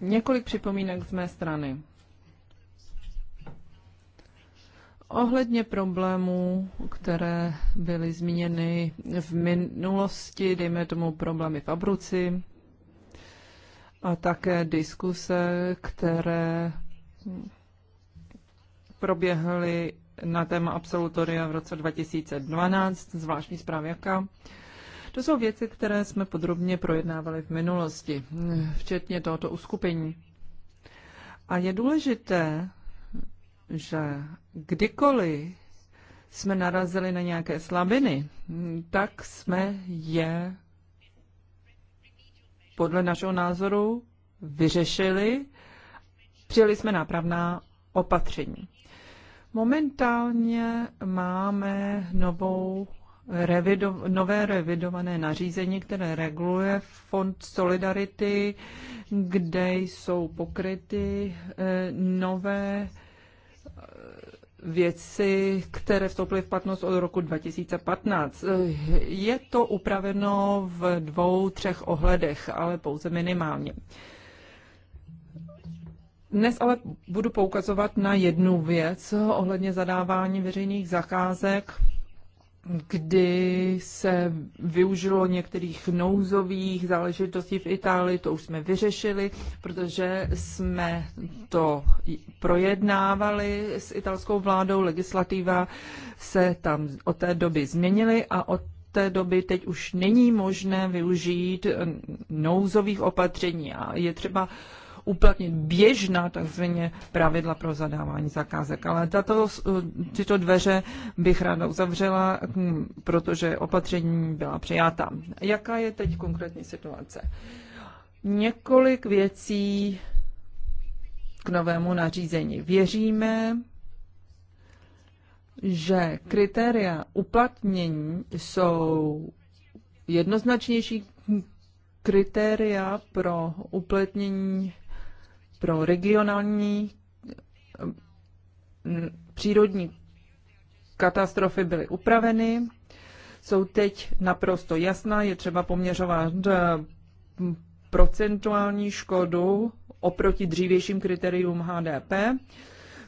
několik připomínek z mé strany. Ohledně problémů, které byly zmíněny v minulosti, dejme tomu problémy v Abruci a také diskuse, které proběhly na téma absolutoria v roce 2012, zvláštní zprávy jaká. To jsou věci, které jsme podrobně projednávali v minulosti, včetně tohoto uskupení. A je důležité že kdykoliv jsme narazili na nějaké slabiny, tak jsme je podle našeho názoru vyřešili, přijeli jsme nápravná opatření. Momentálně máme novou revido, nové revidované nařízení, které reguluje Fond Solidarity, kde jsou pokryty eh, nové věci, které vstoupily v platnost od roku 2015. Je to upraveno v dvou, třech ohledech, ale pouze minimálně. Dnes ale budu poukazovat na jednu věc ohledně zadávání veřejných zakázek kdy se využilo některých nouzových záležitostí v Itálii, to už jsme vyřešili, protože jsme to projednávali s italskou vládou, legislativa se tam od té doby změnily a od té doby teď už není možné využít nouzových opatření a je třeba uplatnit běžná takzvaně pravidla pro zadávání zakázek. Ale tato, eh, tyto dveře bych ráda uzavřela, hm, protože opatření byla přijata. Jaká je teď konkrétní situace? Několik věcí k novému nařízení. Věříme, že kritéria uplatnění jsou jednoznačnější kritéria pro uplatnění pro regionální přírodní katastrofy byly upraveny, jsou teď naprosto jasná, je třeba poměřovat eh, procentuální škodu oproti dřívějším kritériům HDP.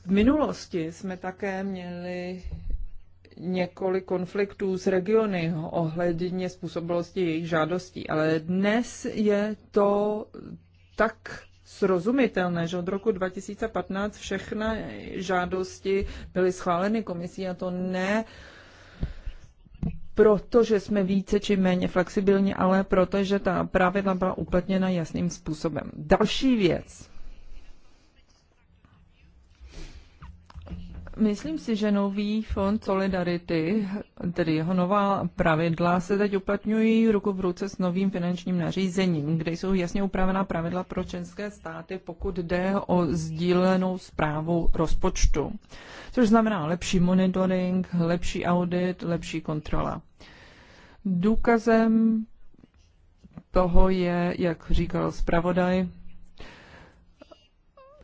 V minulosti jsme také měli několik konfliktů s regiony ohledně způsobilosti jejich žádostí, ale dnes je to tak srozumitelné, že od roku 2015 všechny žádosti byly schváleny komisí a to ne protože jsme více či méně flexibilní, ale protože ta pravidla byla uplatněna jasným způsobem. Další věc, Myslím si, že nový fond Solidarity, tedy jeho nová pravidla, se teď uplatňují ruku v ruce s novým finančním nařízením, kde jsou jasně upravená pravidla pro české státy, pokud jde o sdílenou zprávu rozpočtu. Což znamená lepší monitoring, lepší audit, lepší kontrola. Důkazem toho je, jak říkal zpravodaj,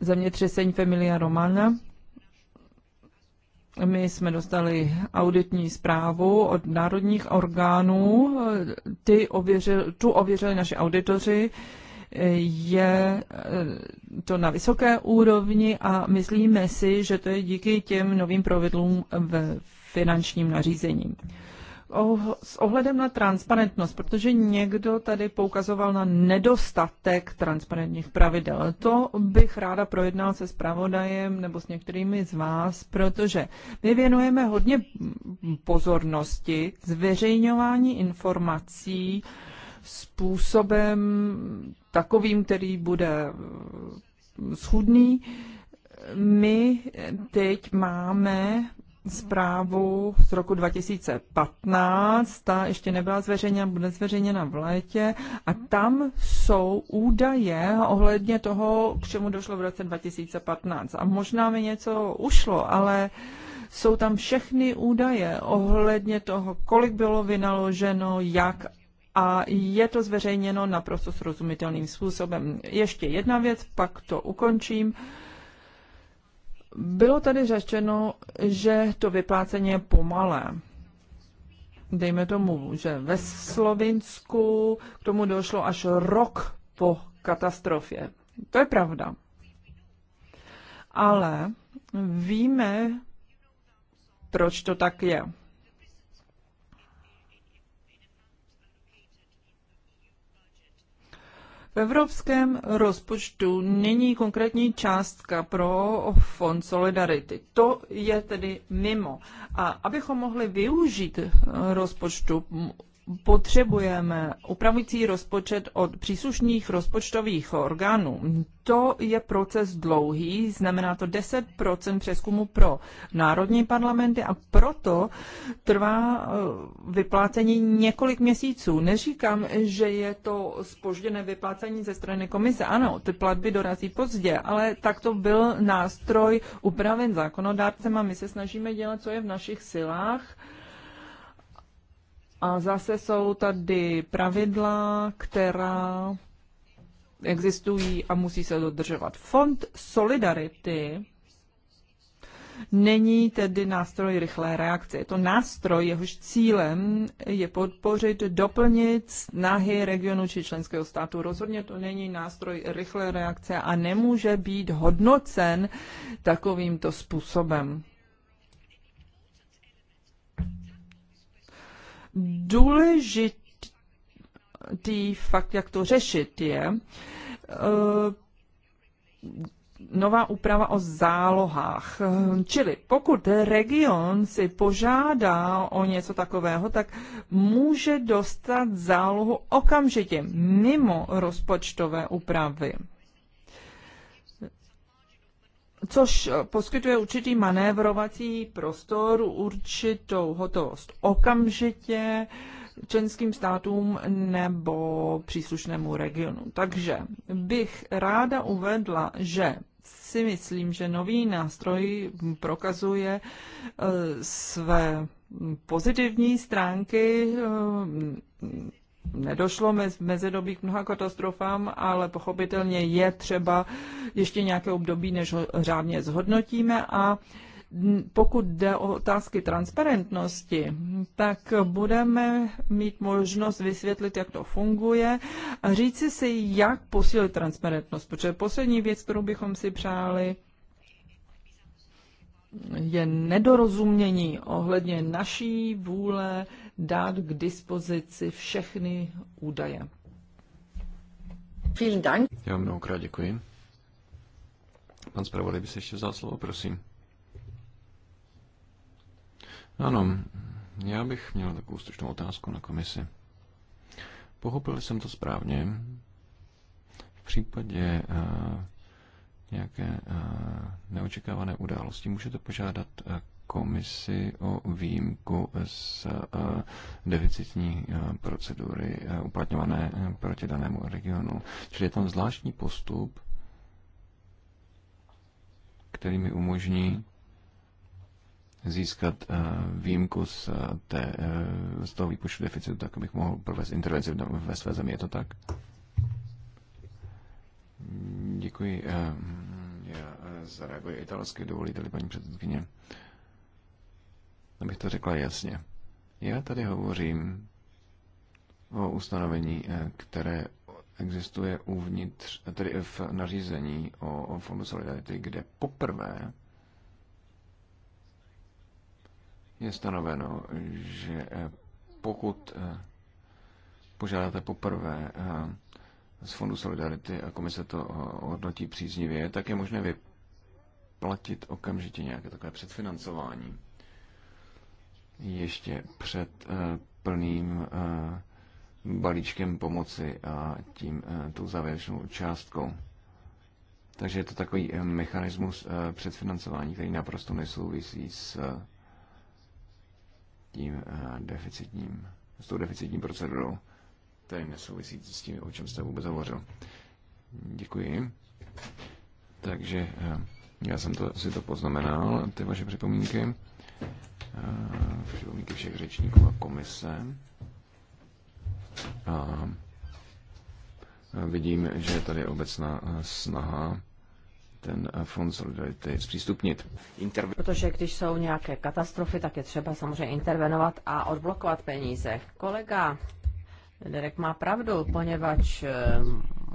zemětřesení Familia Romana, my jsme dostali auditní zprávu od národních orgánů, ty ověřil, tu ověřili naši auditoři, je eh, to na vysoké úrovni a myslíme si, že to je díky těm novým pravidlům v finančním nařízení s ohledem na transparentnost, protože někdo tady poukazoval na nedostatek transparentních pravidel. To bych ráda projednal se zpravodajem nebo s některými z vás, protože my věnujeme hodně pozornosti zveřejňování informací způsobem takovým, který bude eh, schudný. My teď máme zprávu z roku 2015, ta ještě nebyla zveřejněna, bude zveřejněna v létě a tam jsou údaje ohledně toho, k čemu došlo v roce 2015. A možná mi něco ušlo, ale jsou tam všechny údaje ohledně toho, kolik bylo vynaloženo, jak a je to zveřejněno naprosto srozumitelným způsobem. Ještě jedna věc, pak to ukončím. Bylo tady řečeno, že to vyplácení je pomalé. Dejme tomu, že ve Slovinsku k tomu došlo až rok po katastrofě. To je pravda. Ale víme, proč to tak je. V evropském rozpočtu není konkrétní částka pro fond Solidarity. To je tedy mimo. A abychom mohli využít rozpočtu, potřebujeme upravující rozpočet od příslušných rozpočtových orgánů. To je proces dlouhý, znamená to 10 přeskumu pro národní parlamenty a proto trvá eh, vyplácení několik měsíců. Neříkám, že je to spožděné vyplácení ze strany komise. Ano, ty platby dorazí pozdě, ale takto byl nástroj upraven zákonodárcem a my se snažíme dělat, co je v našich silách a zase jsou tady pravidla, která existují a musí se dodržovat. Fond Solidarity není tedy nástroj rychlé reakce. Je to nástroj, jehož cílem je podpořit, doplnit snahy regionu či členského státu. Rozhodně to není nástroj rychlé reakce a nemůže být hodnocen takovýmto způsobem. důležitý fakt, jak to řešit, je eh, nová úprava o zálohách. Čili pokud region si požádá o něco takového, tak může dostat zálohu okamžitě mimo rozpočtové úpravy což eh, poskytuje určitý manévrovací prostor, určitou hotovost okamžitě členským státům nebo příslušnému regionu. Takže bych ráda uvedla, že si myslím, že nový nástroj prokazuje eh, své pozitivní stránky eh, nedošlo mez, mezidobí k mnoha katastrofám, ale pochopitelně je třeba ještě nějaké období, než ho řádně zhodnotíme a pokud jde o otázky transparentnosti, tak budeme mít možnost vysvětlit, jak to funguje a říci si, jak posílit transparentnost, protože poslední věc, kterou bychom si přáli, je nedorozumění ohledně naší vůle dát k dispozici všechny údaje. Vielen Dank. Já mnohokrát děkuji. Pan zpravodaj by se ještě vzal slovo, prosím. Ano, já bych měl takovou stručnou otázku na komisi. Pochopil jsem to správně. V případě uh, nějaké uh, neočekávané události můžete požádat uh, komisi o výjimku z eh, deficitní eh, procedury eh, uplatňované proti danému regionu. Čili je tam zvláštní postup, který mi umožní získat výjimku z, té, z toho výpočtu deficitu, tak abych mohl provést intervenci ve své zemi. Je to tak? Děkuji. Já zareaguji italsky, dovolíte-li paní předsedkyně abych to řekla jasně. Já tady hovořím o ustanovení, eh, které existuje uvnitř, tedy v nařízení o, o Fondu Solidarity, kde poprvé je stanoveno, že eh, pokud eh, požádáte poprvé z Fondu Solidarity a komise to hodnotí příznivě, tak je možné vyplatit okamžitě nějaké takové předfinancování ještě před eh, plným eh, balíčkem pomoci a tím eh, tou závěrečnou částkou. Takže je to takový mechanismus předfinancování, který naprosto nesouvisí s tím deficitním, s tou deficitní procedurou. Tady nesouvisí s tím, o čem jste vůbec hovořil. Děkuji. Takže já jsem to, si to poznamenal, ty vaše připomínky. Eh, připomínky všech řečníků a komise. A eh, vidím, že je tady obecná eh, snaha ten fond solidarity zpřístupnit. Interve- Protože když jsou nějaké katastrofy, tak je třeba samozřejmě intervenovat a odblokovat peníze. Kolega Derek má pravdu, poněvadž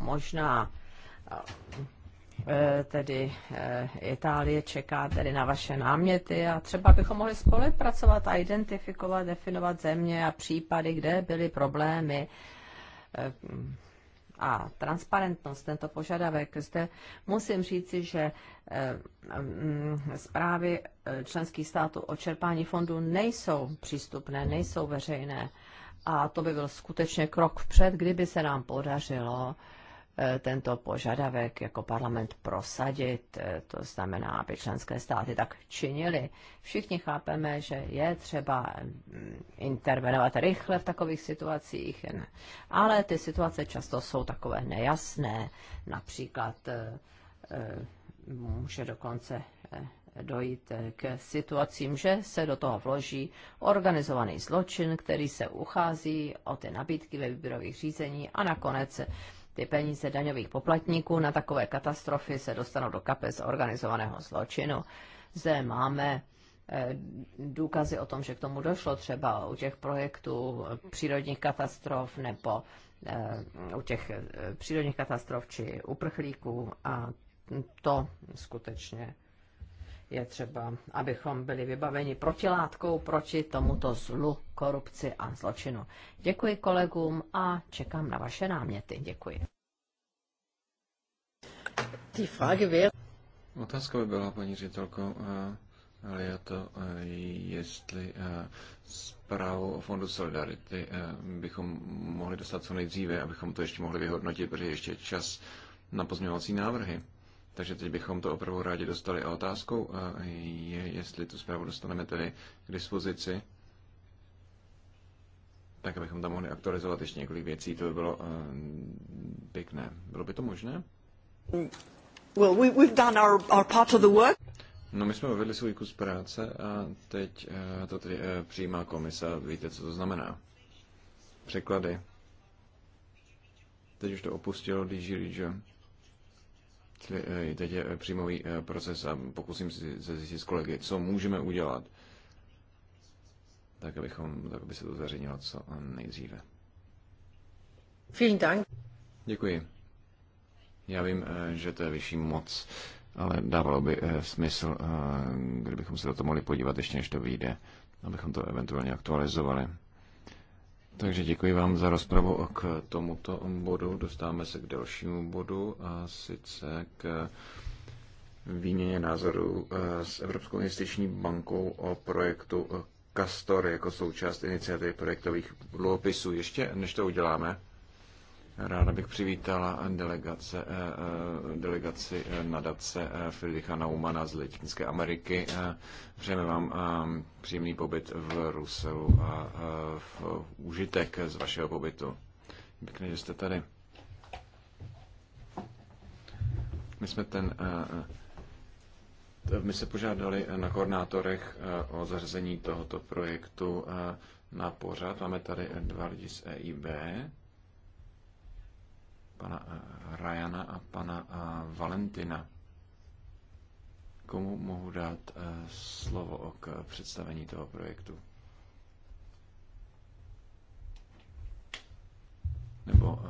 možná Eh, tedy eh, Itálie čeká tedy na vaše náměty a třeba bychom mohli spolupracovat a identifikovat, definovat země a případy, kde byly problémy eh, a transparentnost, tento požadavek. Zde musím říci, že mm, zprávy členských států o čerpání fondů nejsou přístupné, nejsou veřejné. A to by byl skutečně krok vpřed, kdyby se nám podařilo E, tento požadavek jako parlament prosadit, e, to znamená, aby členské státy tak činili. Všichni chápeme, že je třeba intervenovat rychle v takových situacích, ale ty situace často jsou takové nejasné. Například e, může dokonce dojít k situacím, že se do toho vloží organizovaný zločin, který se uchází o ty nabídky ve výběrových řízení a nakonec ty peníze daňových poplatníků na takové katastrofy se dostanou do kapes organizovaného zločinu. Zde máme eh, důkazy o tom, že k tomu došlo třeba u těch projektů eh, přírodních katastrof nebo eh, u těch přírodních katastrof či uprchlíků a to skutečně je třeba, abychom byli vybaveni protilátkou proti tomuto zlu, korupci a zločinu. Děkuji kolegům a čekám na vaše náměty. Děkuji. Otázka by byla, paní ředitelko, ale já to, jestli eh, zprávu o Fondu Solidarity eh, bychom mohli dostat co nejdříve, abychom to ještě mohli vyhodnotit, protože ještě čas na pozměňovací návrhy. Takže teď bychom to opravdu rádi dostali. A otázkou eh, je, jestli tu zprávu dostaneme tedy k dispozici, tak abychom tam mohli aktualizovat ještě několik věcí. To by bylo uh, pěkné. Bylo by to možné? Well, we, we've done our, our part of the work. No my jsme uvedli svůj kus práce a teď uh, to tedy uh, přijímá komisa. Víte, co to znamená? Překlady. Teď už to opustilo DG Region Čili eh, teď je eh, příjmový eh, proces a pokusím se zjistit s kolegy, co můžeme udělat, tak, abychom, tak aby se to zařenilo co nejdříve. Vielen Dank. Děkuji. Já vím, že to je vyšší moc, ale dávalo by smysl, kdybychom se do toho mohli podívat ještě, než to vyjde, abychom to eventuálně aktualizovali. Takže děkuji vám za rozpravu k tomuto bodu. Dostáváme se k dalšímu bodu a sice k výměně názorů e, s Evropskou investiční bankou o projektu e, Castor jako součást iniciativy projektových dluhopisů. Ještě než to uděláme, Ráda bych přivítala delegace, eh, eh, delegaci eh, nadace Friedricha Naumana z Latinské Ameriky. Přejeme vám příjemný pobyt v Ruselu a v užitek z vašeho pobytu. Pěkně, že jste tady. My jsme ten my se požádali na koordinátorech o zařazení tohoto projektu na pořad. Máme tady dva lidi z EIB pana eh, Rajana a pana eh, Valentina. Komu mohu dát eh, slovo k představení toho projektu? Nebo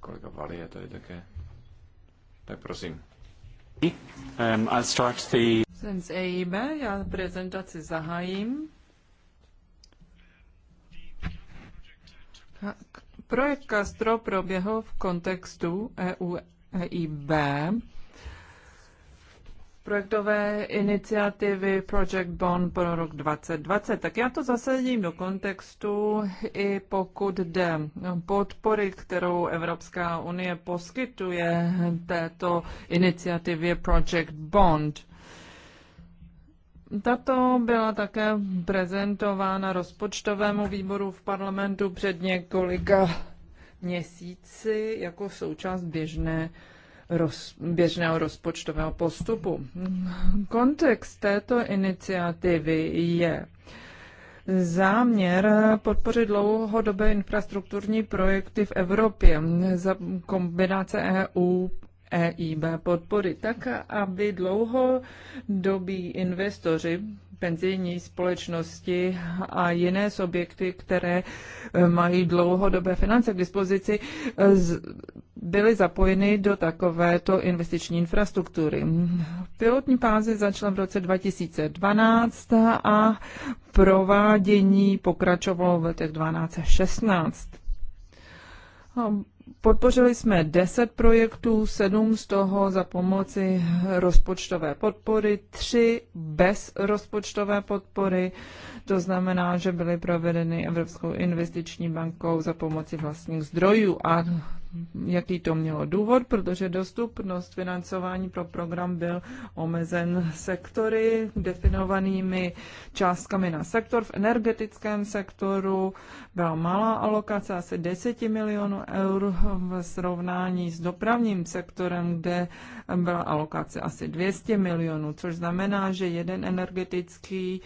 kolega Vali je tady také. Tak prosím. Um, I'll start the... Jsem z EIB, já prezentaci zahájím. Projekt Castro proběhl v kontextu EU EIB, projektové iniciativy Project Bond pro rok 2020. Tak já to zasadím do kontextu, i pokud jde podpory, kterou Evropská unie poskytuje této iniciativě Project Bond. Tato byla také prezentována rozpočtovému výboru v parlamentu před několika měsíci jako součást běžné roz, běžného rozpočtového postupu. Kontext této iniciativy je záměr podpořit dlouhodobé infrastrukturní projekty v Evropě za kombinace EU EIB podpory, tak aby dlouhodobí investoři, penzijní společnosti a jiné subjekty, které eh, mají dlouhodobé finance k dispozici, eh, byly zapojeny do takovéto investiční infrastruktury. Pilotní fáze začala v roce 2012 a provádění pokračovalo v letech 12 a 16. Podpořili jsme 10 projektů, 7 z toho za pomoci rozpočtové podpory, 3 bez rozpočtové podpory. To znamená, že byly provedeny Evropskou investiční bankou za pomoci vlastních zdrojů a jaký to mělo důvod, protože dostupnost financování pro program byl omezen sektory definovanými částkami na sektor. V energetickém sektoru byla malá alokace asi 10 milionů eur v srovnání s dopravním sektorem, kde byla alokace asi 200 milionů, což znamená, že jeden energetický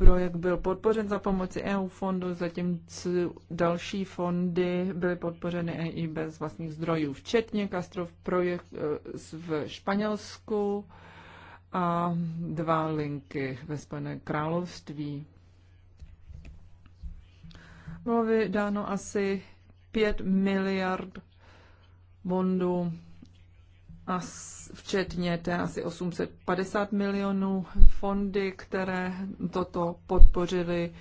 Projekt byl podpořen za pomoci EU fondu, zatímco další fondy byly podpořeny e i bez vlastních zdrojů, včetně Castrov projekt e, v Španělsku a dva linky ve Spojené království. Bylo vydáno asi 5 miliard bondů a včetně té asi 850 milionů fondy, které toto podpořily.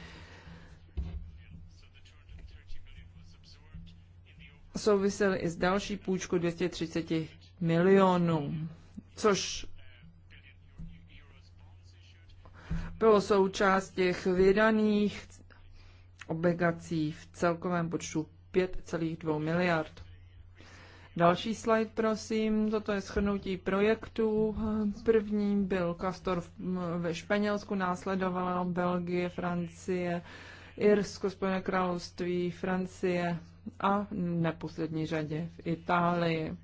Souvisely i s další půjčku 230 milionů, což bylo součást těch vydaných obligací v celkovém počtu 5,2 miliard. Další slide, prosím. Toto je schrnutí projektů. První byl Castor ve Španělsku, následovala Belgie, Francie, Irsko, Spojené království, Francie a neposlední řadě v Itálii.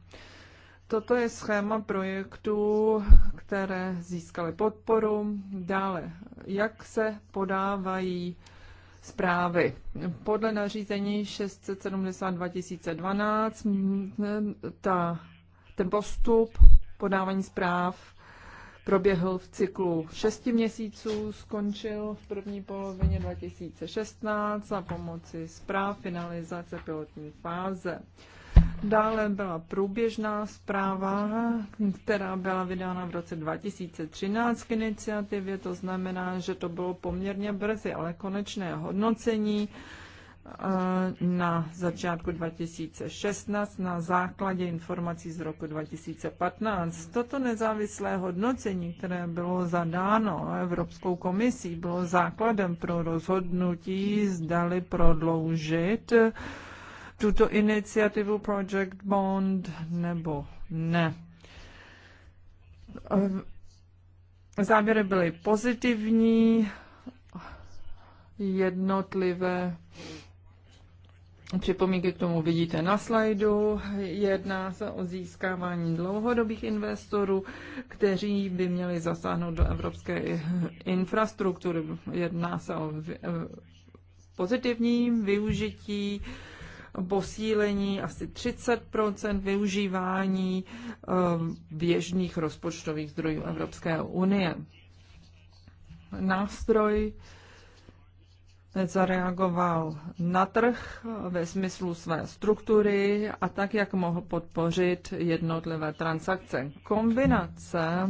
Toto je schéma projektů, které získaly podporu. Dále, jak se podávají zprávy. Podle nařízení 672 2012 ta, ten postup podávání zpráv proběhl v cyklu 6 měsíců, skončil v první polovině 2016 za pomoci zpráv finalizace pilotní fáze. Dále byla průběžná zpráva, která byla vydána v roce 2013 k iniciativě, to znamená, že to bylo poměrně brzy, ale konečné hodnocení eh, na začátku 2016 na základě informací z roku 2015. Toto nezávislé hodnocení, které bylo zadáno Evropskou komisí, bylo základem pro rozhodnutí, zdali prodloužit tuto iniciativu Project Bond nebo ne. Eh, závěry byly pozitivní, jednotlivé Připomínky k tomu vidíte na slajdu. Jedná se o získávání dlouhodobých investorů, kteří by měli zasáhnout do evropské infrastruktury. Jedná se o eh, pozitivním využití posílení asi 30 využívání um, běžných rozpočtových zdrojů Evropské unie. Nástroj zareagoval na trh ve smyslu své struktury a tak, jak mohl podpořit jednotlivé transakce. Kombinace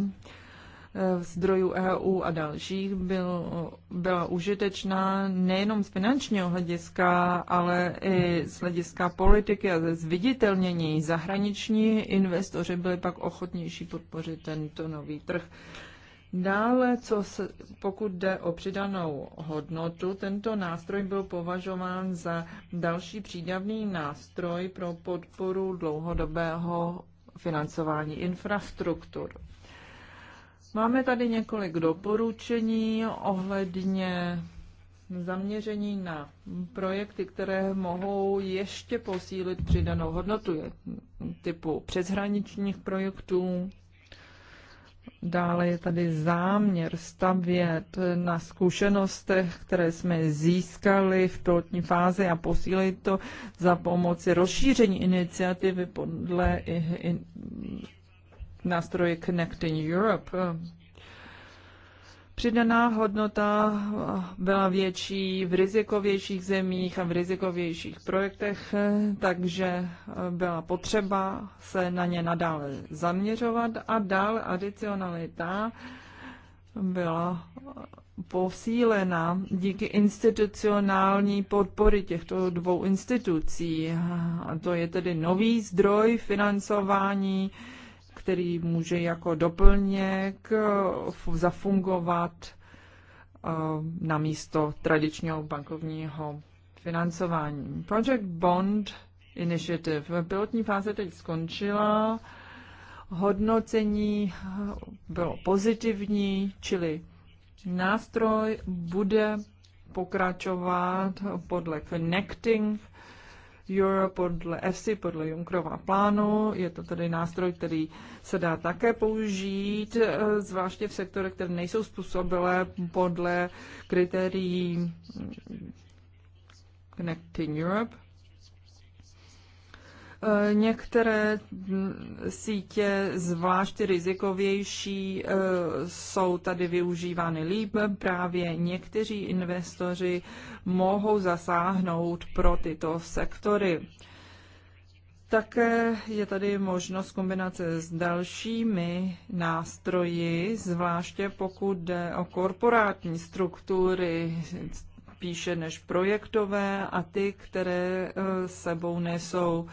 zdrojů EU a dalších byl, byla užitečná nejenom z finančního hlediska, ale i z hlediska politiky a ze zviditelnění. Zahraniční investoři byli pak ochotnější podpořit tento nový trh. Dále, co se, pokud jde o přidanou hodnotu, tento nástroj byl považován za další přídavný nástroj pro podporu dlouhodobého financování infrastruktur. Máme tady několik doporučení ohledně zaměření na projekty, které mohou ještě posílit přidanou hodnotu je typu přeshraničních projektů. Dále je tady záměr stavět na zkušenostech, které jsme získali v pilotní fázi a posílit to za pomoci rozšíření iniciativy podle nástroji Connecting Europe. Přidaná hodnota byla větší v rizikovějších zemích a v rizikovějších projektech, takže byla potřeba se na ně nadále zaměřovat a dál adicionalita byla posílena díky institucionální podpory těchto dvou institucí. A to je tedy nový zdroj financování který může jako doplněk eh, zafungovat eh, na místo tradičního bankovního financování. Project Bond Initiative. v Pilotní fáze teď skončila. Hodnocení eh, bylo pozitivní, čili nástroj bude pokračovat podle connecting Euro podle EFSI, podle Junkrova plánu. Je to tedy nástroj, který se dá také použít, eh, zvláště v sektorech, které nejsou způsobilé podle kritérií mm, Connecting Europe. Eh, některé hm, sítě, zvlášť rizikovější, eh, jsou tady využívány líp. Právě někteří investoři mohou zasáhnout pro tyto sektory. Také je tady možnost kombinace s dalšími nástroji, zvláště pokud jde o korporátní struktury, spíše než projektové a ty, které eh, sebou nesou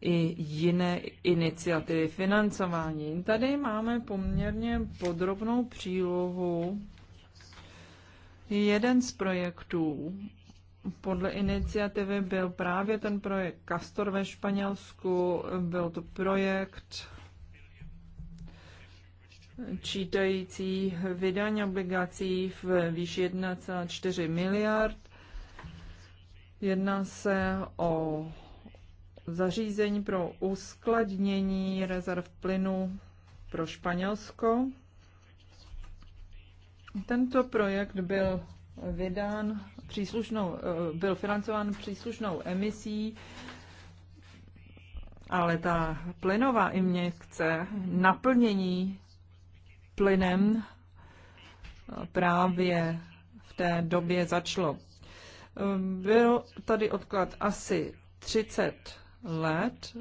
i jiné iniciativy financování. Tady máme poměrně podrobnou přílohu. Jeden z projektů podle iniciativy byl právě ten projekt Castor ve Španělsku. Byl to projekt čítající vydání obligací v výši 1,4 miliard. Jedná se o zařízení pro uskladnění rezerv plynu pro Španělsko. Tento projekt byl vydán příslušnou, eh, byl financován příslušnou emisí, ale ta plynová injekce, naplnění plynem eh, právě v té době začalo. Eh, byl tady odklad asi 30 let,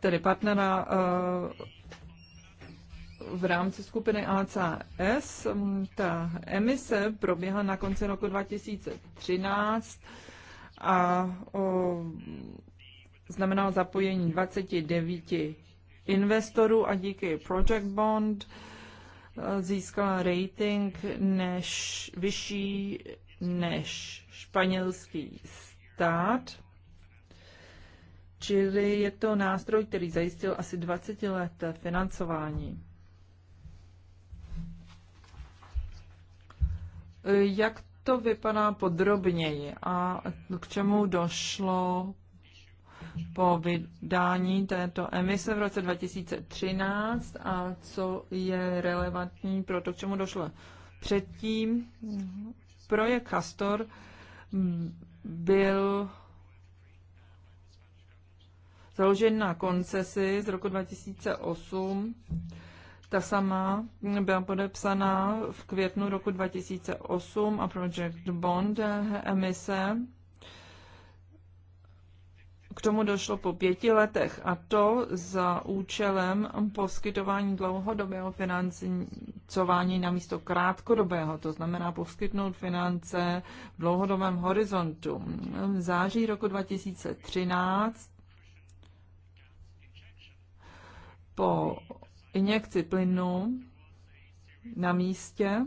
tedy partnera eh, v rámci skupiny ACS. Mm, ta emise proběhla na konci roku 2013 a o, znamenalo zapojení 29 investorů a díky Project Bond eh, získala rating než, vyšší než španělský stát, čili je to nástroj, který zajistil asi 20 let financování. Jak to vypadá podrobněji a k čemu došlo po vydání této emise v roce 2013 a co je relevantní pro to, k čemu došlo předtím. Projekt Castor byl založen na koncesi z roku 2008. Ta sama byla podepsaná v květnu roku 2008 a Project Bond eh, emise k tomu došlo po pěti letech a to za účelem poskytování dlouhodobého financování na místo krátkodobého, to znamená poskytnout finance v dlouhodobém horizontu. V září roku 2013 po injekci plynu na místě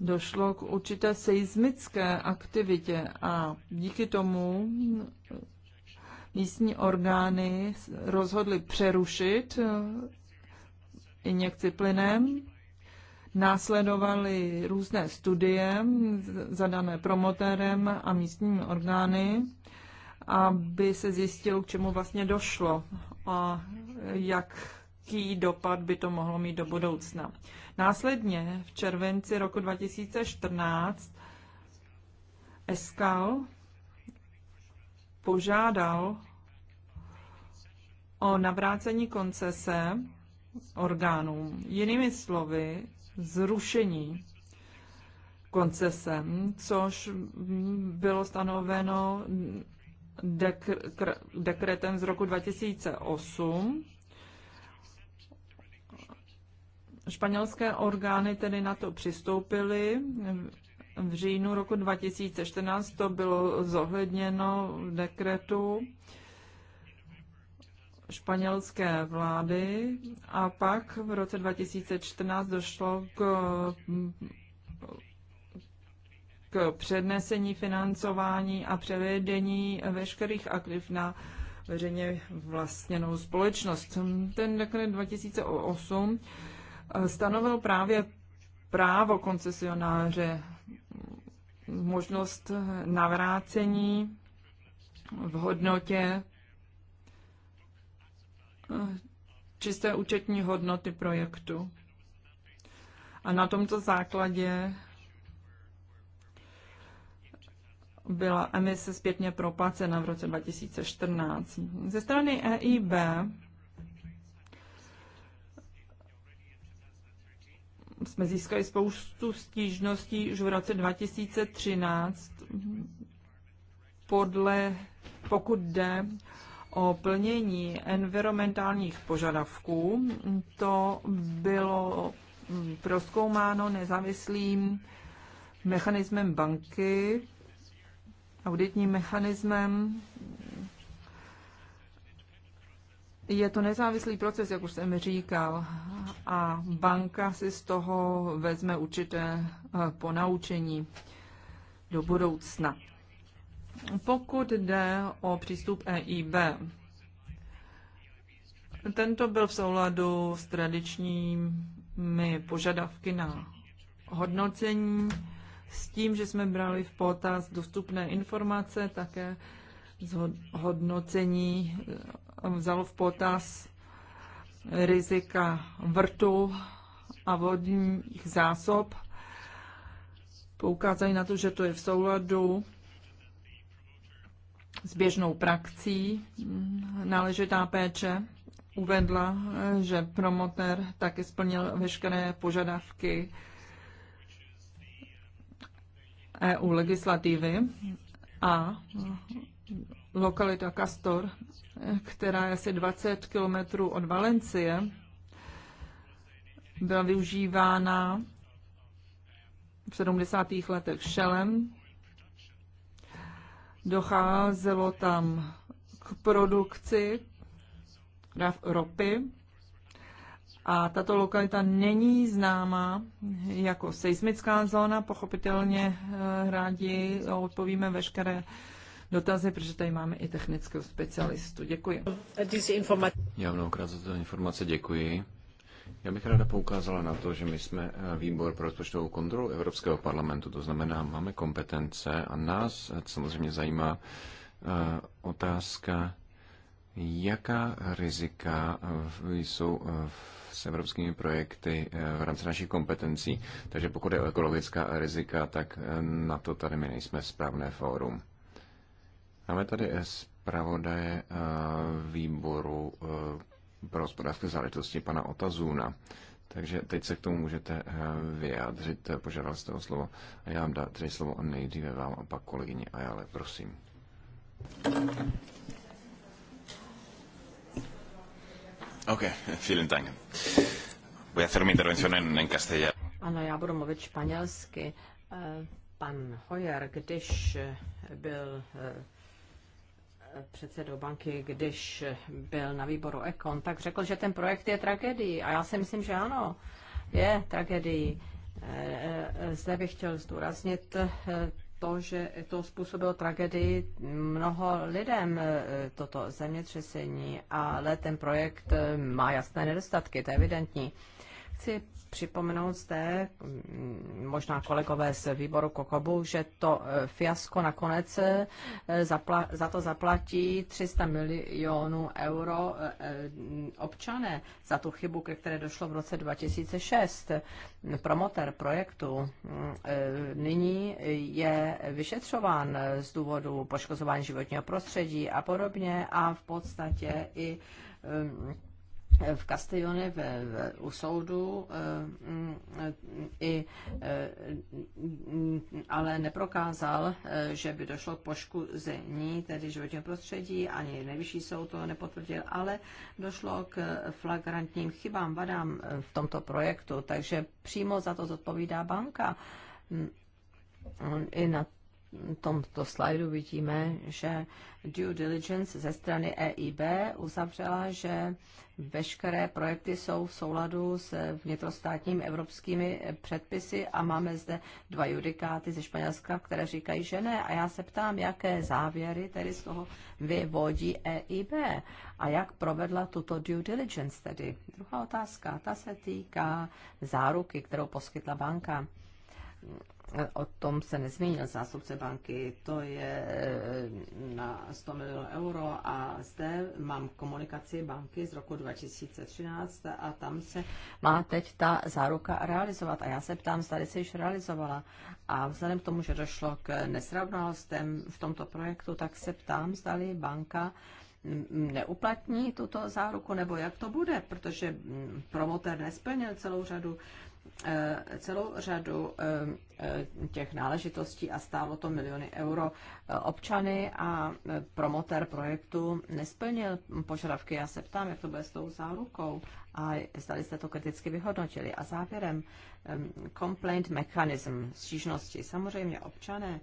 došlo k určité seismické aktivitě a díky tomu Místní orgány rozhodly přerušit eh, injekci plynem. Následovaly různé studie zadané promotérem a místními orgány, aby se zjistilo, k čemu vlastně došlo a jak jaký dopad by to mohlo mít do budoucna. Následně v červenci roku 2014 ESCAL požádal o navrácení koncese orgánům. Jinými slovy, zrušení koncese, což bylo stanoveno dekr- dekretem z roku 2008. Španělské orgány tedy na to přistoupily, v říjnu roku 2014 to bylo zohledněno v dekretu španělské vlády a pak v roce 2014 došlo k, k přednesení financování a převedení veškerých aktiv na veřejně vlastněnou společnost. Ten dekret 2008 eh, stanovil právě právo koncesionáře možnost navrácení v hodnotě eh, čisté účetní hodnoty projektu. A na tomto základě byla emise zpětně proplacena v roce 2014. Ze strany EIB jsme získali spoustu stížností už v roce 2013 podle, pokud jde o plnění environmentálních požadavků. To bylo mm, proskoumáno nezávislým mechanismem banky, auditním mechanismem je to nezávislý proces, jak už jsem říkal, a banka si z toho vezme určité eh, ponaučení do budoucna. Pokud jde o přístup EIB, tento byl v souladu s tradičními požadavky na hodnocení, s tím, že jsme brali v potaz dostupné informace, také zhodnocení eh, vzalo v potaz rizika vrtu a vodních zásob. Poukázali na to, že to je v souladu s běžnou praxí náležitá péče. Uvedla, že promotér také splnil veškeré požadavky EU legislativy a lokalita Castor, která je asi 20 kilometrů od Valencie, byla využívána v 70. letech šelem. Docházelo tam k produkci ropy a tato lokalita není známá jako seismická zóna. Pochopitelně eh, rádi odpovíme veškeré dotazy, protože tady máme i technického specialistu. Děkuji. Já mnohokrát za tyto informace děkuji. Já bych ráda poukázala na to, že my jsme eh, výbor pro rozpočtovou kontrolu Evropského parlamentu, to znamená, máme kompetence a nás eh, samozřejmě zajímá eh, otázka, jaká rizika jsou s evropskými projekty v rámci našich kompetencí. Takže pokud je o ekologická rizika, tak na to tady my nejsme správné fórum. Máme tady eh, zpravodaje eh, výboru eh, pro hospodářské záležitosti pana Otazuna. Takže teď se k tomu můžete vyjádřit, požádal jste o slovo. A já vám dám tedy slovo a nejdříve vám a pak kolegyně ale prosím. Ok, vielen Dank. Voy a hacer mi intervención en, en castellano. Ano, já budu mluvit španělsky. Pan Hoyer, když byl předsedou banky, když byl na výboru Econ, tak řekl, že ten projekt je tragédií. A já si myslím, že ano, je tragédií. Eh, eh, zde bych chtěl zdůraznit eh, to, že to způsobilo tragédii mnoho lidem, toto zemětřesení, ale ten projekt má jasné nedostatky, to je evidentní. Chci připomenout zde, mm, možná kolegové z výboru Kokobu, že to e, fiasko nakonec e, za to zaplatí 300 milionů euro e, občané za tu chybu, ke které došlo v roce 2006. Promoter projektu mm, nyní je vyšetřován z důvodu poškozování životního prostředí a podobně a v podstatě i mm, v Castellone v, v, u soudu eh, mm, eh, i, eh, ale neprokázal, že by došlo k poškození, tedy životního prostředí, ani nejvyšší soud to nepotvrdil, ale došlo k flagrantním chybám, vadám v tomto projektu, takže přímo za to zodpovídá banka. Mm, I na tomto slajdu vidíme, že due diligence ze strany EIB uzavřela, že Veškeré projekty jsou v souladu s vnitrostátními evropskými předpisy a máme zde dva judikáty ze Španělska, které říkají, že ne. A já se ptám, jaké závěry tedy z toho vyvodí EIB a jak provedla tuto due diligence tedy. Druhá otázka, ta se týká záruky, kterou poskytla banka o tom se nezmínil zástupce banky, to je eh, na 100 milionů euro a zde mám komunikaci banky z roku 2013 a tam se má teď ta záruka realizovat a já se ptám, zda se již realizovala a vzhledem k tomu, že došlo k nesrovnalostem v tomto projektu, tak se ptám, zda banka mm, mm, neuplatní tuto záruku, nebo jak to bude, protože mm, promotér nesplnil celou řadu Eh, celou řadu eh, těch náležitostí a stálo to miliony euro eh, občany a promotér projektu nesplnil požadavky. Já se ptám, jak to bude s tou zárukou a zda jste to kriticky vyhodnotili. A závěrem complaint mechanism, stížnosti. Samozřejmě občané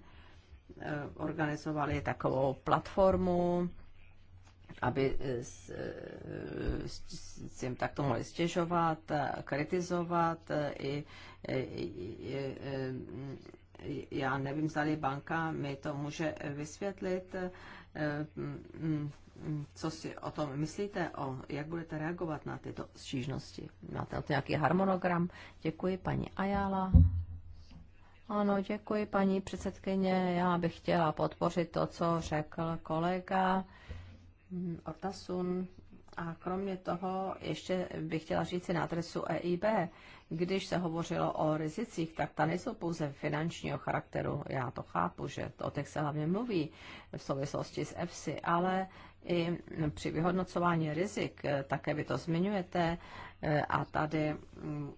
organizovali takovou platformu aby eh, eh, s jim takto mohli stěžovat, eh, kritizovat i, i, i, i já nevím, zda banka mi to může vysvětlit, mm, co si o tom myslíte, o, jak budete reagovat na tyto stížnosti? Máte na to nějaký harmonogram? Děkuji, paní Ajala. Ano, děkuji, paní předsedkyně. Já bych chtěla podpořit to, co řekl kolega. Mm, Ortasun. A kromě toho ještě bych chtěla říct si na adresu EIB, když se hovořilo o rizicích, tak ta nejsou pouze finančního charakteru, já to chápu, že o těch se hlavně mluví v souvislosti s EFSI, ale i při vyhodnocování rizik, eh, také vy to zmiňujete, eh, a tady mm,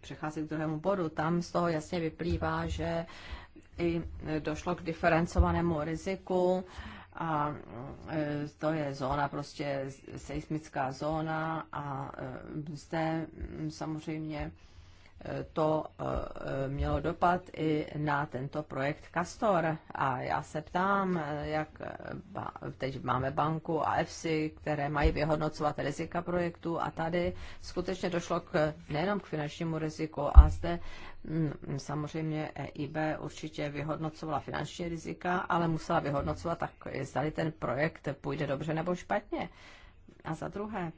přechází k druhému bodu, tam z toho jasně vyplývá, že i došlo k diferencovanému riziku, a e, to je zóna, prostě seismická zóna a e, zde samozřejmě to eh, eh, mělo dopad i na tento projekt Castor. A já se ptám, eh, jak teď máme banku a FC, které mají vyhodnocovat rizika projektu a tady skutečně došlo k, nejenom k finančnímu riziku a zde mm, samozřejmě EIB určitě vyhodnocovala finanční rizika, ale musela vyhodnocovat, tak zdali ten projekt půjde dobře nebo špatně. A za druhé,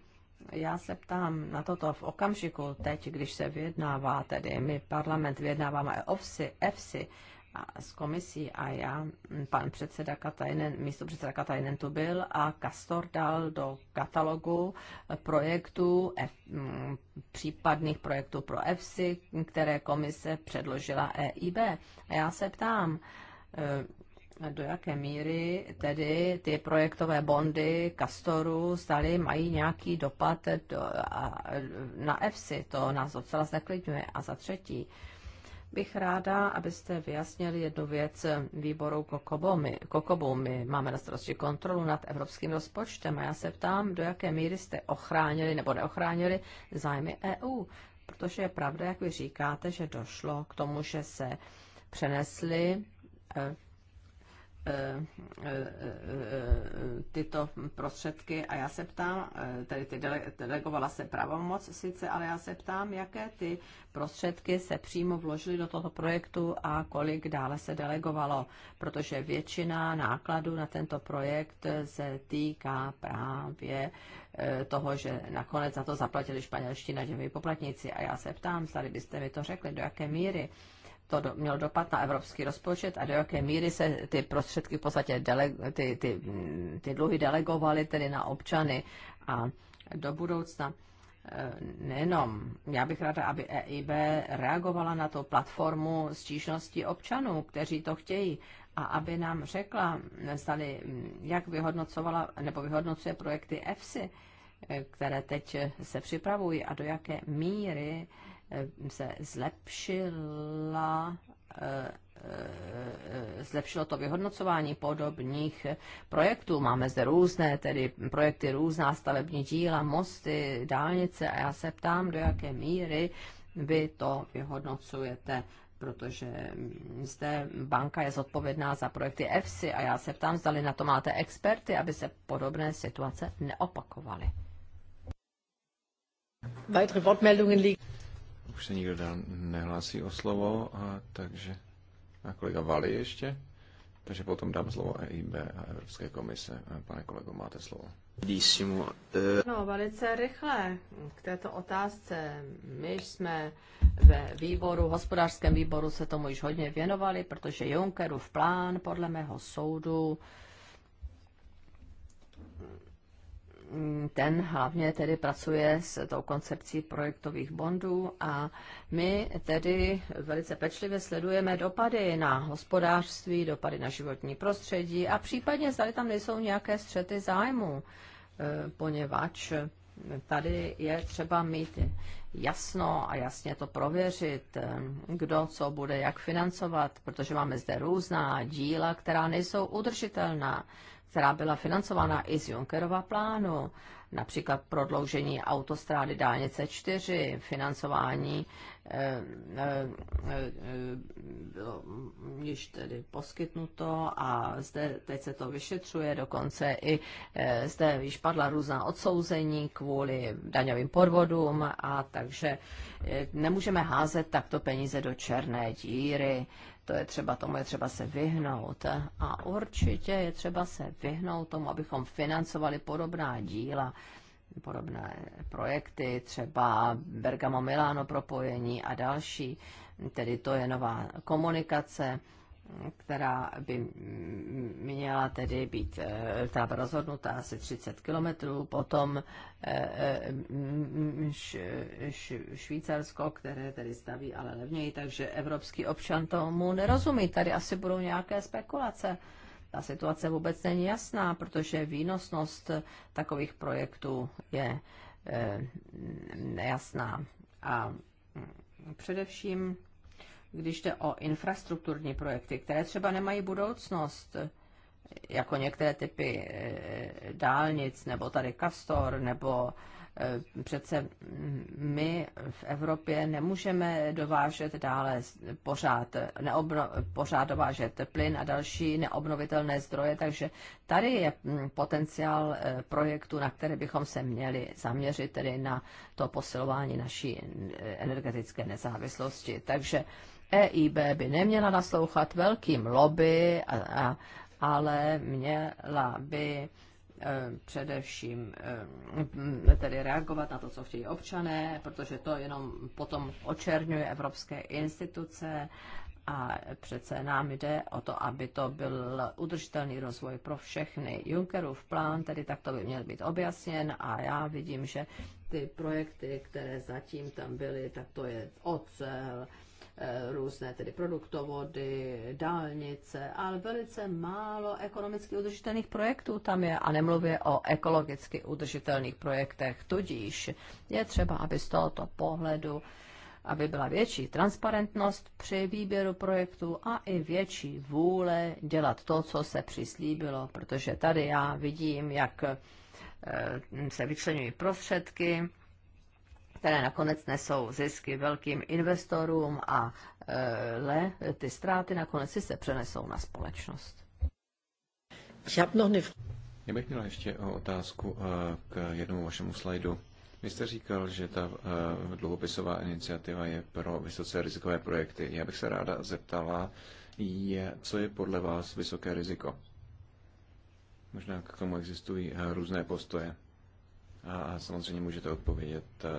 já se ptám na toto v okamžiku teď, když se vyjednává, tedy my parlament vyjednáváme EFSI, EFSI a s komisí a já, mm, pan předseda Katajnen, místo předseda Katajnen tu byl a Kastor dal do katalogu projektů, F, mm, případných projektů pro EFSI, které komise předložila EIB. A já se ptám, do jaké míry tedy ty projektové bondy Castoru staly mají nějaký dopad do, a, na EFSI. To nás docela zneklidňuje. A za třetí, bych ráda, abyste vyjasnili jednu věc výboru Kokobomy. Kokobu. My máme na starosti kontrolu nad evropským rozpočtem a já se ptám, do jaké míry jste ochránili nebo neochránili zájmy EU. Protože je pravda, jak vy říkáte, že došlo k tomu, že se přenesly eh, Eh, eh, eh, tyto prostředky a já se ptám, tedy ty delegovala se pravomoc sice, ale já se ptám, jaké ty prostředky se přímo vložily do toho projektu a kolik dále se delegovalo, protože většina nákladů na tento projekt se týká právě toho, že nakonec za to zaplatili španělští na poplatníci a já se ptám, zda byste mi to řekli, do jaké míry to do, mělo dopad na evropský rozpočet a do jaké míry se ty prostředky v podstatě dele, ty, ty, ty dluhy delegovaly tedy na občany a do budoucna eh, nejenom. Já bych ráda, aby EIB reagovala na tu platformu stížností občanů, kteří to chtějí, a aby nám řekla, stali, jak vyhodnocovala nebo vyhodnocuje projekty EFSI, eh, které teď se připravují a do jaké míry Eh, se zlepšila eh, eh, zlepšilo to vyhodnocování podobných projektů. Máme zde různé, tedy projekty různá stavební díla, mosty, dálnice a já se ptám, do jaké míry vy to vyhodnocujete protože zde banka je zodpovědná za projekty EFSI a já se ptám, zdali na to máte experty, aby se podobné situace neopakovaly. Už se nikdo dál nehlásí o slovo, a takže... A kolega Vali ještě? Takže potom dám slovo EIB a Evropské komise. Pane kolego, máte slovo. No, velice rychle k této otázce. My jsme ve výboru, hospodářském výboru se tomu již hodně věnovali, protože Junckerův plán podle mého soudu Mm, ten hlavně tedy pracuje s tou koncepcí projektových bondů a my tedy velice pečlivě sledujeme dopady na hospodářství, dopady na životní prostředí a případně zda tam nejsou nějaké střety zájmu, e, poněvadž tady je třeba mít jasno a jasně to prověřit, e, kdo co bude jak financovat, protože máme zde různá díla, která nejsou udržitelná která byla financována i z Junckerova plánu, například prodloužení autostrády dálnice 4, financování eh, eh, eh, bylo již tedy poskytnuto a zde teď se to vyšetřuje, dokonce i zde již padla různá odsouzení kvůli daňovým podvodům a takže nemůžeme házet takto peníze do černé díry to je třeba, tomu je třeba se vyhnout. A určitě je třeba se vyhnout tomu, abychom financovali podobná díla, podobné projekty, třeba Bergamo Milano propojení a další. Tedy to je nová komunikace, která by měla tedy být eh, ta rozhodnutá asi 30 kilometrů, potom eh, eh, Švýcarsko, které tedy staví ale levněji, takže evropský občan tomu nerozumí. Tady asi budou nějaké spekulace. Ta situace vůbec není jasná, protože výnosnost takových projektů je nejasná. A především když jde o infrastrukturní projekty, které třeba nemají budoucnost, jako některé typy eh, dálnic, nebo tady Castor, nebo eh, přece my v Evropě nemůžeme dovážet dále pořád, neobno, pořád dovážet plyn a další neobnovitelné zdroje, takže tady je mm, potenciál eh, projektu, na které bychom se měli zaměřit, tedy na to posilování naší energetické nezávislosti. Takže EIB by neměla naslouchat velkým lobby, a, a, ale měla by eh, především eh, tedy reagovat na to, co chtějí občané, protože to jenom potom očerňuje evropské instituce a přece nám jde o to, aby to byl udržitelný rozvoj pro všechny. Junckerův plán, tedy tak to by měl být objasněn a já vidím, že ty projekty, které zatím tam byly, tak to je ocel, Eh, různé tedy produktovody, dálnice, ale velice málo ekonomicky udržitelných projektů tam je a nemluvě o ekologicky udržitelných projektech. Tudíž je třeba, aby z tohoto pohledu aby byla větší transparentnost při výběru projektu a i větší vůle dělat to, co se přislíbilo, protože tady já vidím, jak eh, se vyčlenují prostředky které nakonec nesou zisky velkým investorům a eh, le, ty ztráty nakonec si se přenesou na společnost. Já bych měla ještě otázku eh, k jednomu vašemu slajdu. Vy jste říkal, že ta eh, dluhopisová iniciativa je pro vysoce rizikové projekty. Já bych se ráda zeptala, je, co je podle vás vysoké riziko? Možná k tomu existují různé postoje. A samozřejmě můžete odpovědět eh,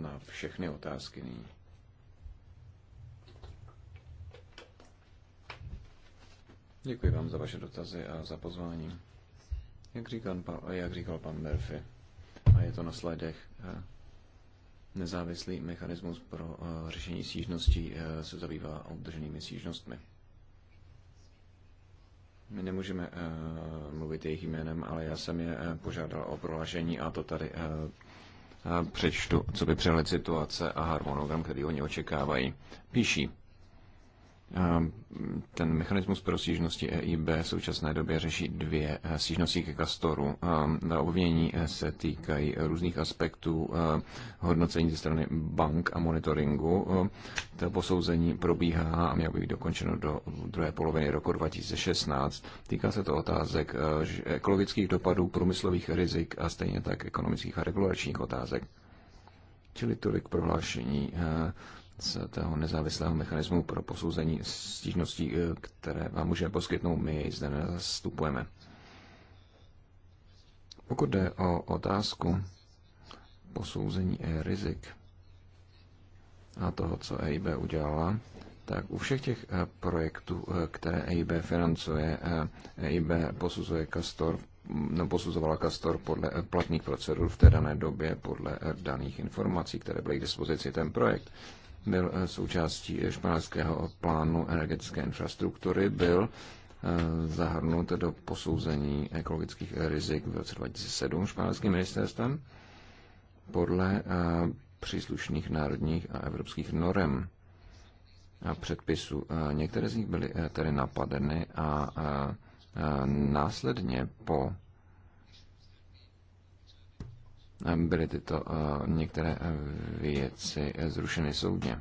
na všechny otázky nyní. Děkuji vám za vaše dotazy a za pozvání. Jak říkal, jak říkal pan Murphy, a je to na slidech, eh, nezávislý mechanismus pro eh, řešení stížností se zabývá obdrženými stížnostmi. My nemůžeme uh, mluvit jejich jménem, ale já jsem je uh, požádal o prohlášení a to tady uh, přečtu, co by přehled situace a harmonogram, který oni očekávají. Píší, Ehm, ten mechanismus pro stížnosti EIB v současné době řeší dvě eh, stížnosti ke Castoru. Ehm, obvinění eh, se týkají různých aspektů eh, hodnocení ze strany bank a monitoringu. Ehm, to posouzení probíhá a mělo být dokončeno do druhé poloviny roku 2016. Týká se to otázek ekologických dopadů, průmyslových rizik a stejně tak ekonomických a regulačních otázek. Čili tolik prohlášení z toho nezávislého mechanismu pro posouzení stížností, eh, které vám můžeme poskytnout, my zde nezastupujeme. Pokud jde o otázku posouzení eh, rizik a toho, co EIB udělala, tak u všech těch eh, projektů, které EIB financuje, EIB e posuzuje Castor, hm, no, posuzovala Castor podle platných procedur v té dané době, podle daných informací, které byly k dispozici ten projekt byl eh, součástí eh, španělského plánu energetické infrastruktury, byl eh, zahrnut do posouzení ekologických rizik v roce 2007 španělským ministerstvem podle příslušných národních a evropských norem a předpisů. Některé z nich byly tedy napadeny a následně po Ehm, byly tyto eh, některé eh, věci eh, zrušeny soudně.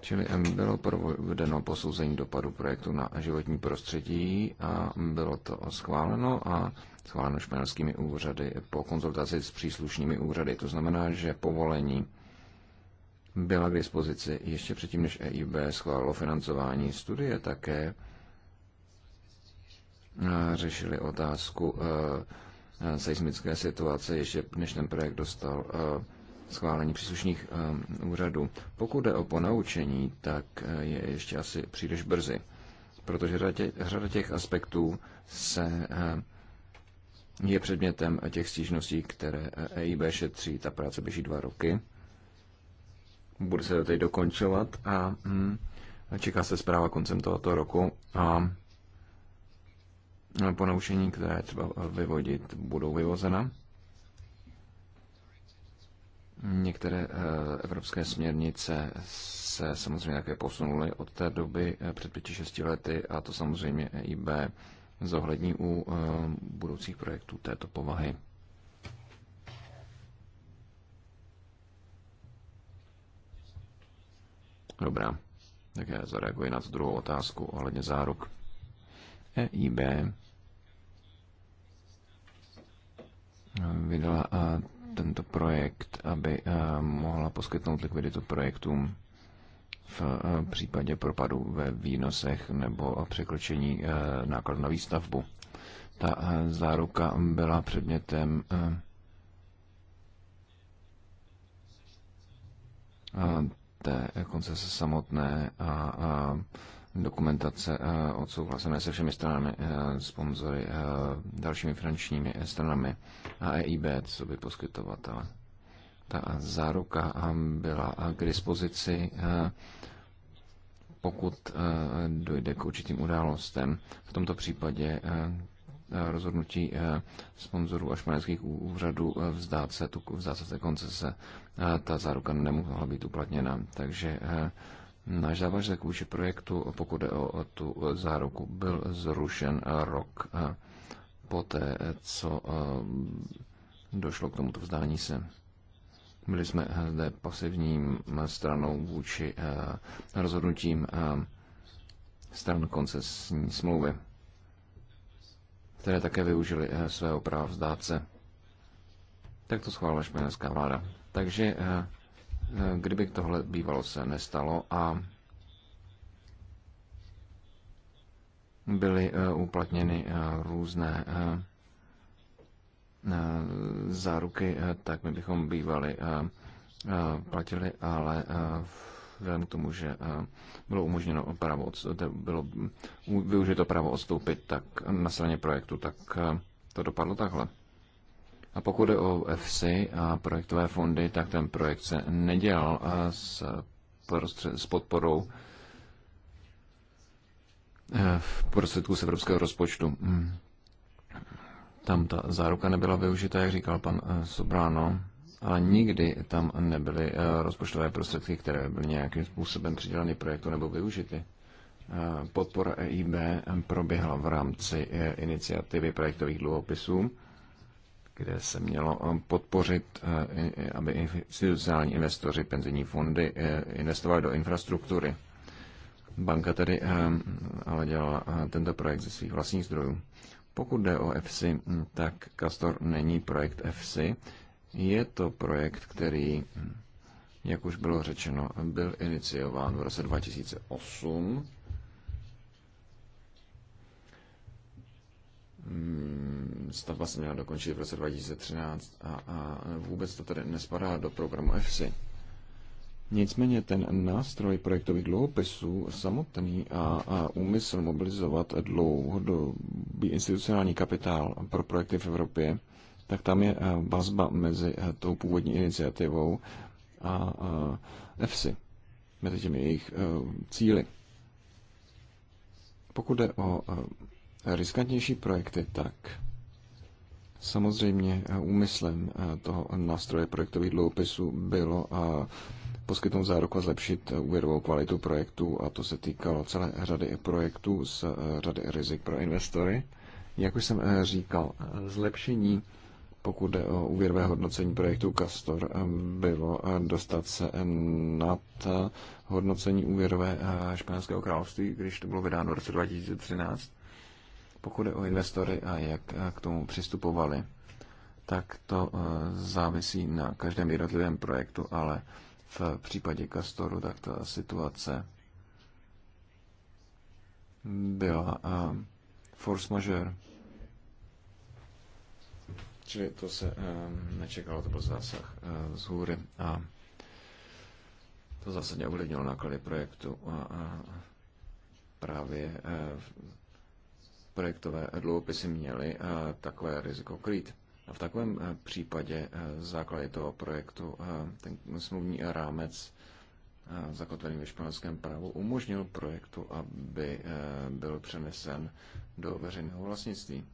Čili ehm, bylo provedeno posouzení dopadu projektu na životní prostředí a bylo to schváleno a schváleno španělskými úřady po konzultaci s příslušnými úřady. To znamená, že povolení byla k dispozici ještě předtím, než EIB schválilo financování studie, také řešili otázku uh, Eh, seismické situace, ještě než ten projekt dostal eh, schválení příslušných eh, úřadů. Pokud jde o ponaučení, tak je ještě asi příliš brzy, protože řada těch aspektů se je předmětem těch stížností, které EIB e šetří. Ta práce běží dva roky. Bude se to teď dokončovat a hm, čeká se zpráva koncem tohoto roku. A ponaučení, které třeba vyvodit, budou vyvozena. Některé eh, evropské směrnice se samozřejmě také posunuly od té doby eh, před 5-6 lety a to samozřejmě EIB zohlední u eh, budoucích projektů této povahy. Dobrá, tak já zareaguji na tu druhou otázku ohledně záruk. EIB vydala tento projekt, aby mohla poskytnout likviditu projektům v případě propadu ve výnosech nebo překročení e, nákladu na výstavbu. Ta záruka byla předmětem e, té koncese samotné a, a dokumentace eh, odsouhlasené se všemi stranami, eh, sponzory, eh, dalšími finančními stranami a EIB, co by poskytovatele. Ta záruka byla k dispozici, pokud dojde k určitým událostem. V tomto případě rozhodnutí sponzorů a španělských úřadů vzdát se, tu, vzdát se koncese, ta záruka nemohla být uplatněna. Takže Náš závazek vůči projektu, pokud jde o tu záruku, byl zrušen rok eh, poté, co eh, došlo k tomuto vzdání se. Byli jsme eh, zde pasivním stranou vůči rozhodnutím stran koncesní smlouvy, které také využili svého práva vzdát se. Tak to schválila španělská vláda. Takže kdyby tohle bývalo se nestalo a byly eh, uplatněny eh, různé eh, záruky, tak my bychom bývali platili, ale vzhledem k tomu, že bylo umožněno právo, bylo využito právo odstoupit tak na straně projektu, tak to dopadlo takhle. A pokud jde o FC a projektové fondy, tak ten projekt se nedělal eh, s, prostřed, s podporou eh, v prostředku z evropského rozpočtu. Hmm. Tam ta záruka nebyla využita, jak říkal pan eh, Sobráno, ale nikdy tam nebyly rozpočtové prostředky, které byly nějakým způsobem přiděleny projektu nebo využity. Podpora EIB proběhla v rámci iniciativy projektových dluhopisů kde se mělo eh, podpořit, eh, aby institucionální investoři, penzijní fondy eh, investovali do infrastruktury. Banka tedy ale dělala tento projekt ze svých vlastních zdrojů. Pokud jde o EFSI, hm, tak Castor není projekt EFSI. Je to projekt, který, hm, jak už bylo řečeno, byl iniciován v roce 2008 Mm, stavba vlastně se měla dokončit v roce 2013 a, a vůbec to tedy nespadá do programu EFSI. Nicméně ten nástroj projektových dluhopisů samotný a, a úmysl mobilizovat dlouhodobý institucionální kapitál pro projekty v Evropě, tak tam je eh, vazba mezi eh, tou původní iniciativou a, a EFSI, mezi těmi jejich eh, cíly. Pokud jde o riskantnější projekty, tak samozřejmě úmyslem eh, toho nástroje projektových dluhopisů bylo eh, poskytnout záruku a zlepšit úvěrovou kvalitu projektů a to se týkalo celé řady projektů z eh, řady rizik pro investory. Jak už jsem říkal, zlepšení pokud jde o úvěrové hodnocení projektu Castor, bylo dostat se nad hodnocení úvěrové španělského království, když to bylo vydáno v roce 2013. Pokud je o investory a jak eh, k tomu přistupovali, tak to eh, závisí na každém jednotlivém projektu, ale v případě Castoru tak ta situace byla eh, force majeure. Čili to se nečekalo, to byl zásah z hůry a to zásadně ovlivnilo náklady projektu a, a právě projektové dluhopisy měly eh, takové riziko krýt. A v takovém eh, případě eh, základy toho projektu, ten smluvní rámec zakotvený ve španělském právu, umožnil projektu, aby byl přenesen do veřejného vlastnictví.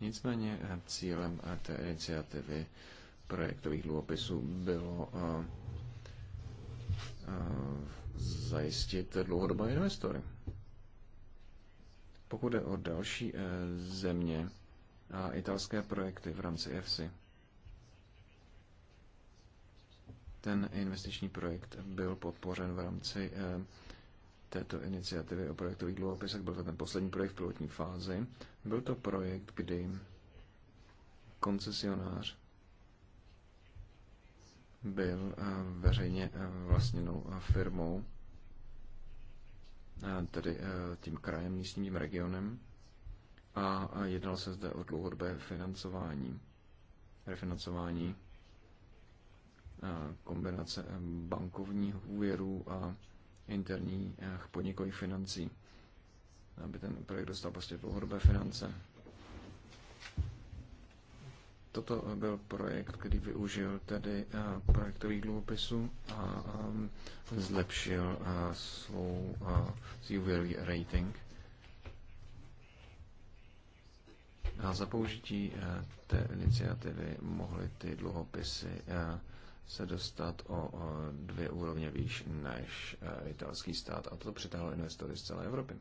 Nicméně cílem té iniciativy projektových dluhopisů bylo zajistit dlouhodobé investory. Pokud jde o další eh, země a italské projekty v rámci EFSI, ten investiční projekt byl podpořen v rámci eh, této iniciativy o projektových dluhopisech. Byl to ten poslední projekt v pilotní fázi. Byl to projekt, kdy koncesionář byl eh, veřejně vlastněnou firmou tedy eh, tím krajem, místním tím regionem. A jednal se zde o dlouhodobé financování, refinancování eh, kombinace eh, bankovních úvěrů a interních podnikových financí, aby ten projekt dostal prostě dlouhodobé finance. Toto byl projekt, který využil tedy eh, projektových dluhopisů a ehm, zlepšil eh, svou zjuvělý eh, rating. A za použití té iniciativy mohly ty dluhopisy se dostat o dvě úrovně výš než italský stát a to přitáhlo investory z celé Evropy.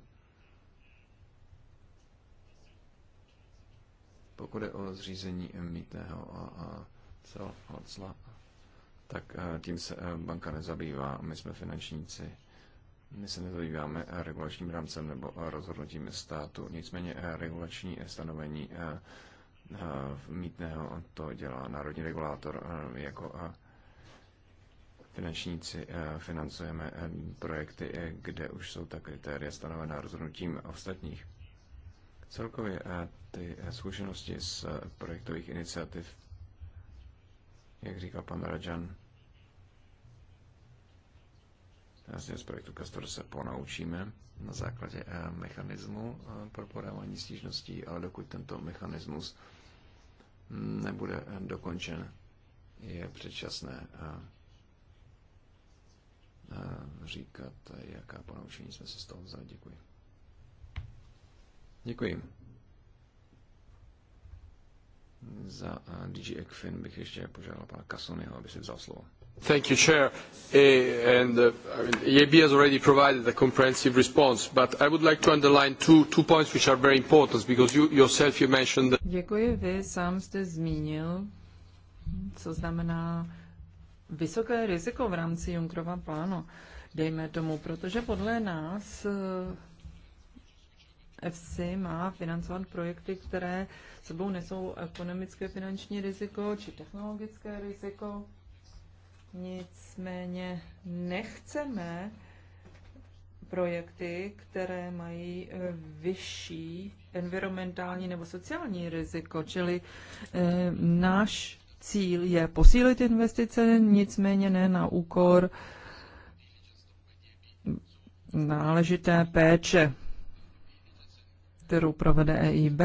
Pokud je o zřízení mítného a, a cel, cla, tak eh, tím se eh, banka nezabývá. My jsme finančníci. My se nezabýváme eh, regulačním rámcem nebo rozhodnutím státu. Nicméně regulační stanovení mítného to dělá národní regulátor jako finančníci financujeme projekty, kde už jsou ta kritéria stanovená rozhodnutím ostatních. Celkově eh, ty eh, zkušenosti z eh, projektových iniciativ, jak říkal pan Rajan, Jasně, z projektu Castor se ponaučíme na základě mechanismu pro podávání stížností, ale dokud tento mechanismus nebude dokončen, je předčasné říkat, jaká ponaučení jsme se z toho vzali. Děkuji. Děkuji. Za eh, DG Ekfin bych ještě požádal pana Kasonyho, aby si vzal slovo. Thank you, Chair. Uh, and uh, eh, EIB has already provided a comprehensive response, but I would like to underline two, two points which are very important because you yourself you mentioned. That... Děkuji, vy sám jste zmínil, co znamená vysoké riziko v rámci Junkrova plánu. Dejme tomu, protože podle nás EFSI má financovat projekty, které sebou nesou ekonomické finanční riziko či technologické riziko. Nicméně nechceme projekty, které mají eh, vyšší environmentální nebo sociální riziko, čili e, náš cíl je posílit investice, nicméně ne na úkor náležité péče kterou provede EIB.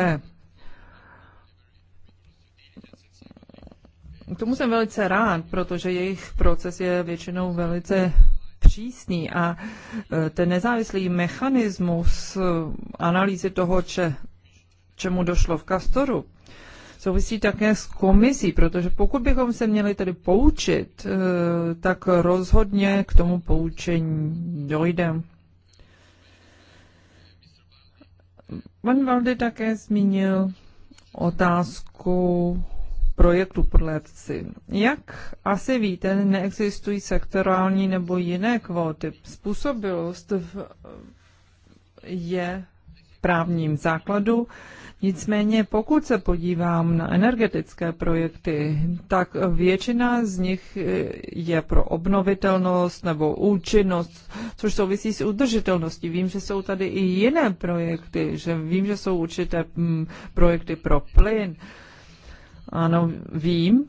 K tomu jsem velice rád, protože jejich proces je většinou velice přísný a e, ten nezávislý mechanismus e, analýzy toho, če, čemu došlo v Kastoru, souvisí také s komisí, protože pokud bychom se měli tedy poučit, e, tak rozhodně k tomu poučení dojde. Pan Valdy také zmínil otázku projektu podletci. Jak asi víte, neexistují sektorální nebo jiné kvóty. Způsobilost je právním základu. Nicméně pokud se podívám na energetické projekty, tak většina z nich je pro obnovitelnost nebo účinnost, což souvisí s udržitelností. Vím, že jsou tady i jiné projekty, že vím, že jsou určité mm, projekty pro plyn. Ano, vím,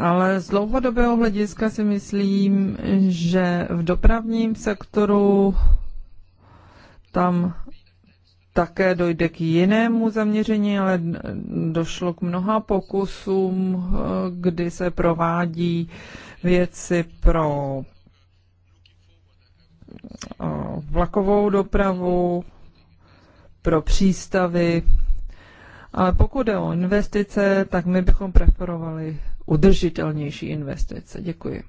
ale z dlouhodobého hlediska si myslím, že v dopravním sektoru tam také dojde k jinému zaměření, ale došlo k mnoha pokusům, eh, kdy se provádí věci pro eh, vlakovou dopravu, pro přístavy. Ale pokud je o investice, tak my bychom preferovali udržitelnější investice. Děkuji.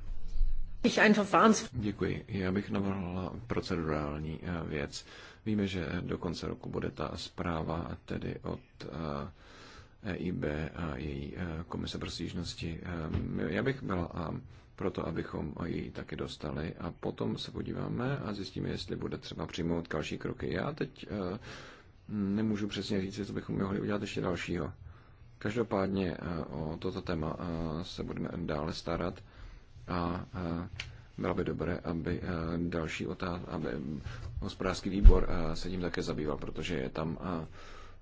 Děkuji. Já bych navrhla procedurální eh, věc. Víme, že do konce roku bude ta zpráva tedy od EIB eh, e a její eh, komise pro stížnosti. Eh, já bych byla proto, abychom ji taky dostali a potom se podíváme a zjistíme, jestli bude třeba přijmout další kroky. Já teď nemůžu přesně říct, co bychom mohli udělat ještě dalšího. Každopádně o toto téma se budeme dále starat a bylo by dobré, aby eh, další otázka, aby hospodářský výbor eh, se tím také zabýval, protože je tam eh,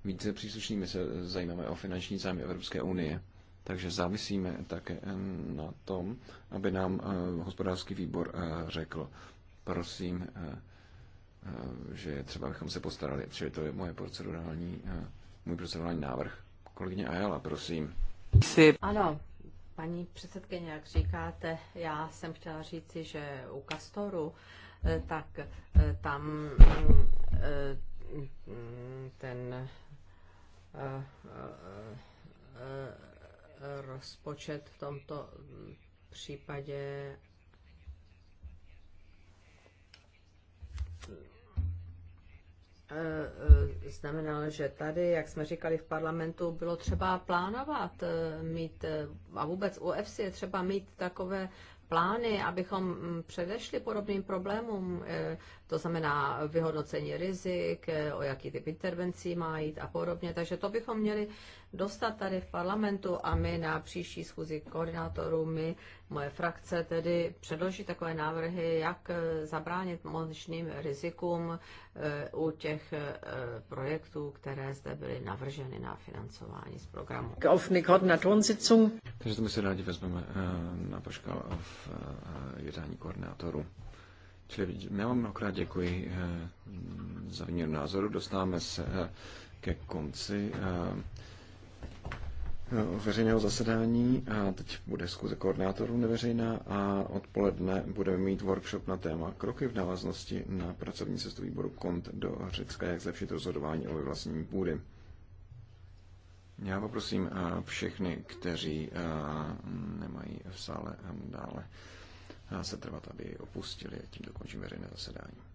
více příslušnými My se zajímáme o finanční zájmy Evropské unie, takže závisíme také na tom, aby nám hospodářský výbor řekl, prosím, že třeba bychom se postarali, čili to je moje procedurální, můj procedurální návrh. Kolegyně Ajala, prosím. Ano, Paní předsedkyně, jak říkáte, já jsem chtěla říci, že u Kastoru, eh, tak eh, tam mm, eh, mm, ten rozpočet v tomto mm, případě E, e, znamenal, že tady, jak jsme říkali v parlamentu, bylo třeba plánovat, e, mít, a vůbec u EFSI je třeba mít takové plány, abychom předešli podobným problémům, to znamená vyhodnocení rizik, o jaký typ intervencí má jít a podobně. Takže to bychom měli dostat tady v parlamentu a my na příští schůzi koordinátorů, my, moje frakce, tedy předloží takové návrhy, jak zabránit možným rizikům eh, u těch eh, projektů, které zde byly navrženy na financování z programu. Takže to my si rádi vezmeme eh, na poškal v jednání koordinátorů. Čili já vám mnohokrát děkuji eh, za výměnu názoru. Dostáváme se eh, ke konci eh, veřejného zasedání a teď bude zkuze koordinátorů neveřejná a odpoledne budeme mít workshop na téma kroky v návaznosti na pracovní cestu výboru KONT do Řecka, jak zlepšit rozhodování o vlastní půdy. Já poprosím všechny, kteří nemají v sále dále se trvat, aby opustili, opustili. Tím dokončím veřejné zasedání.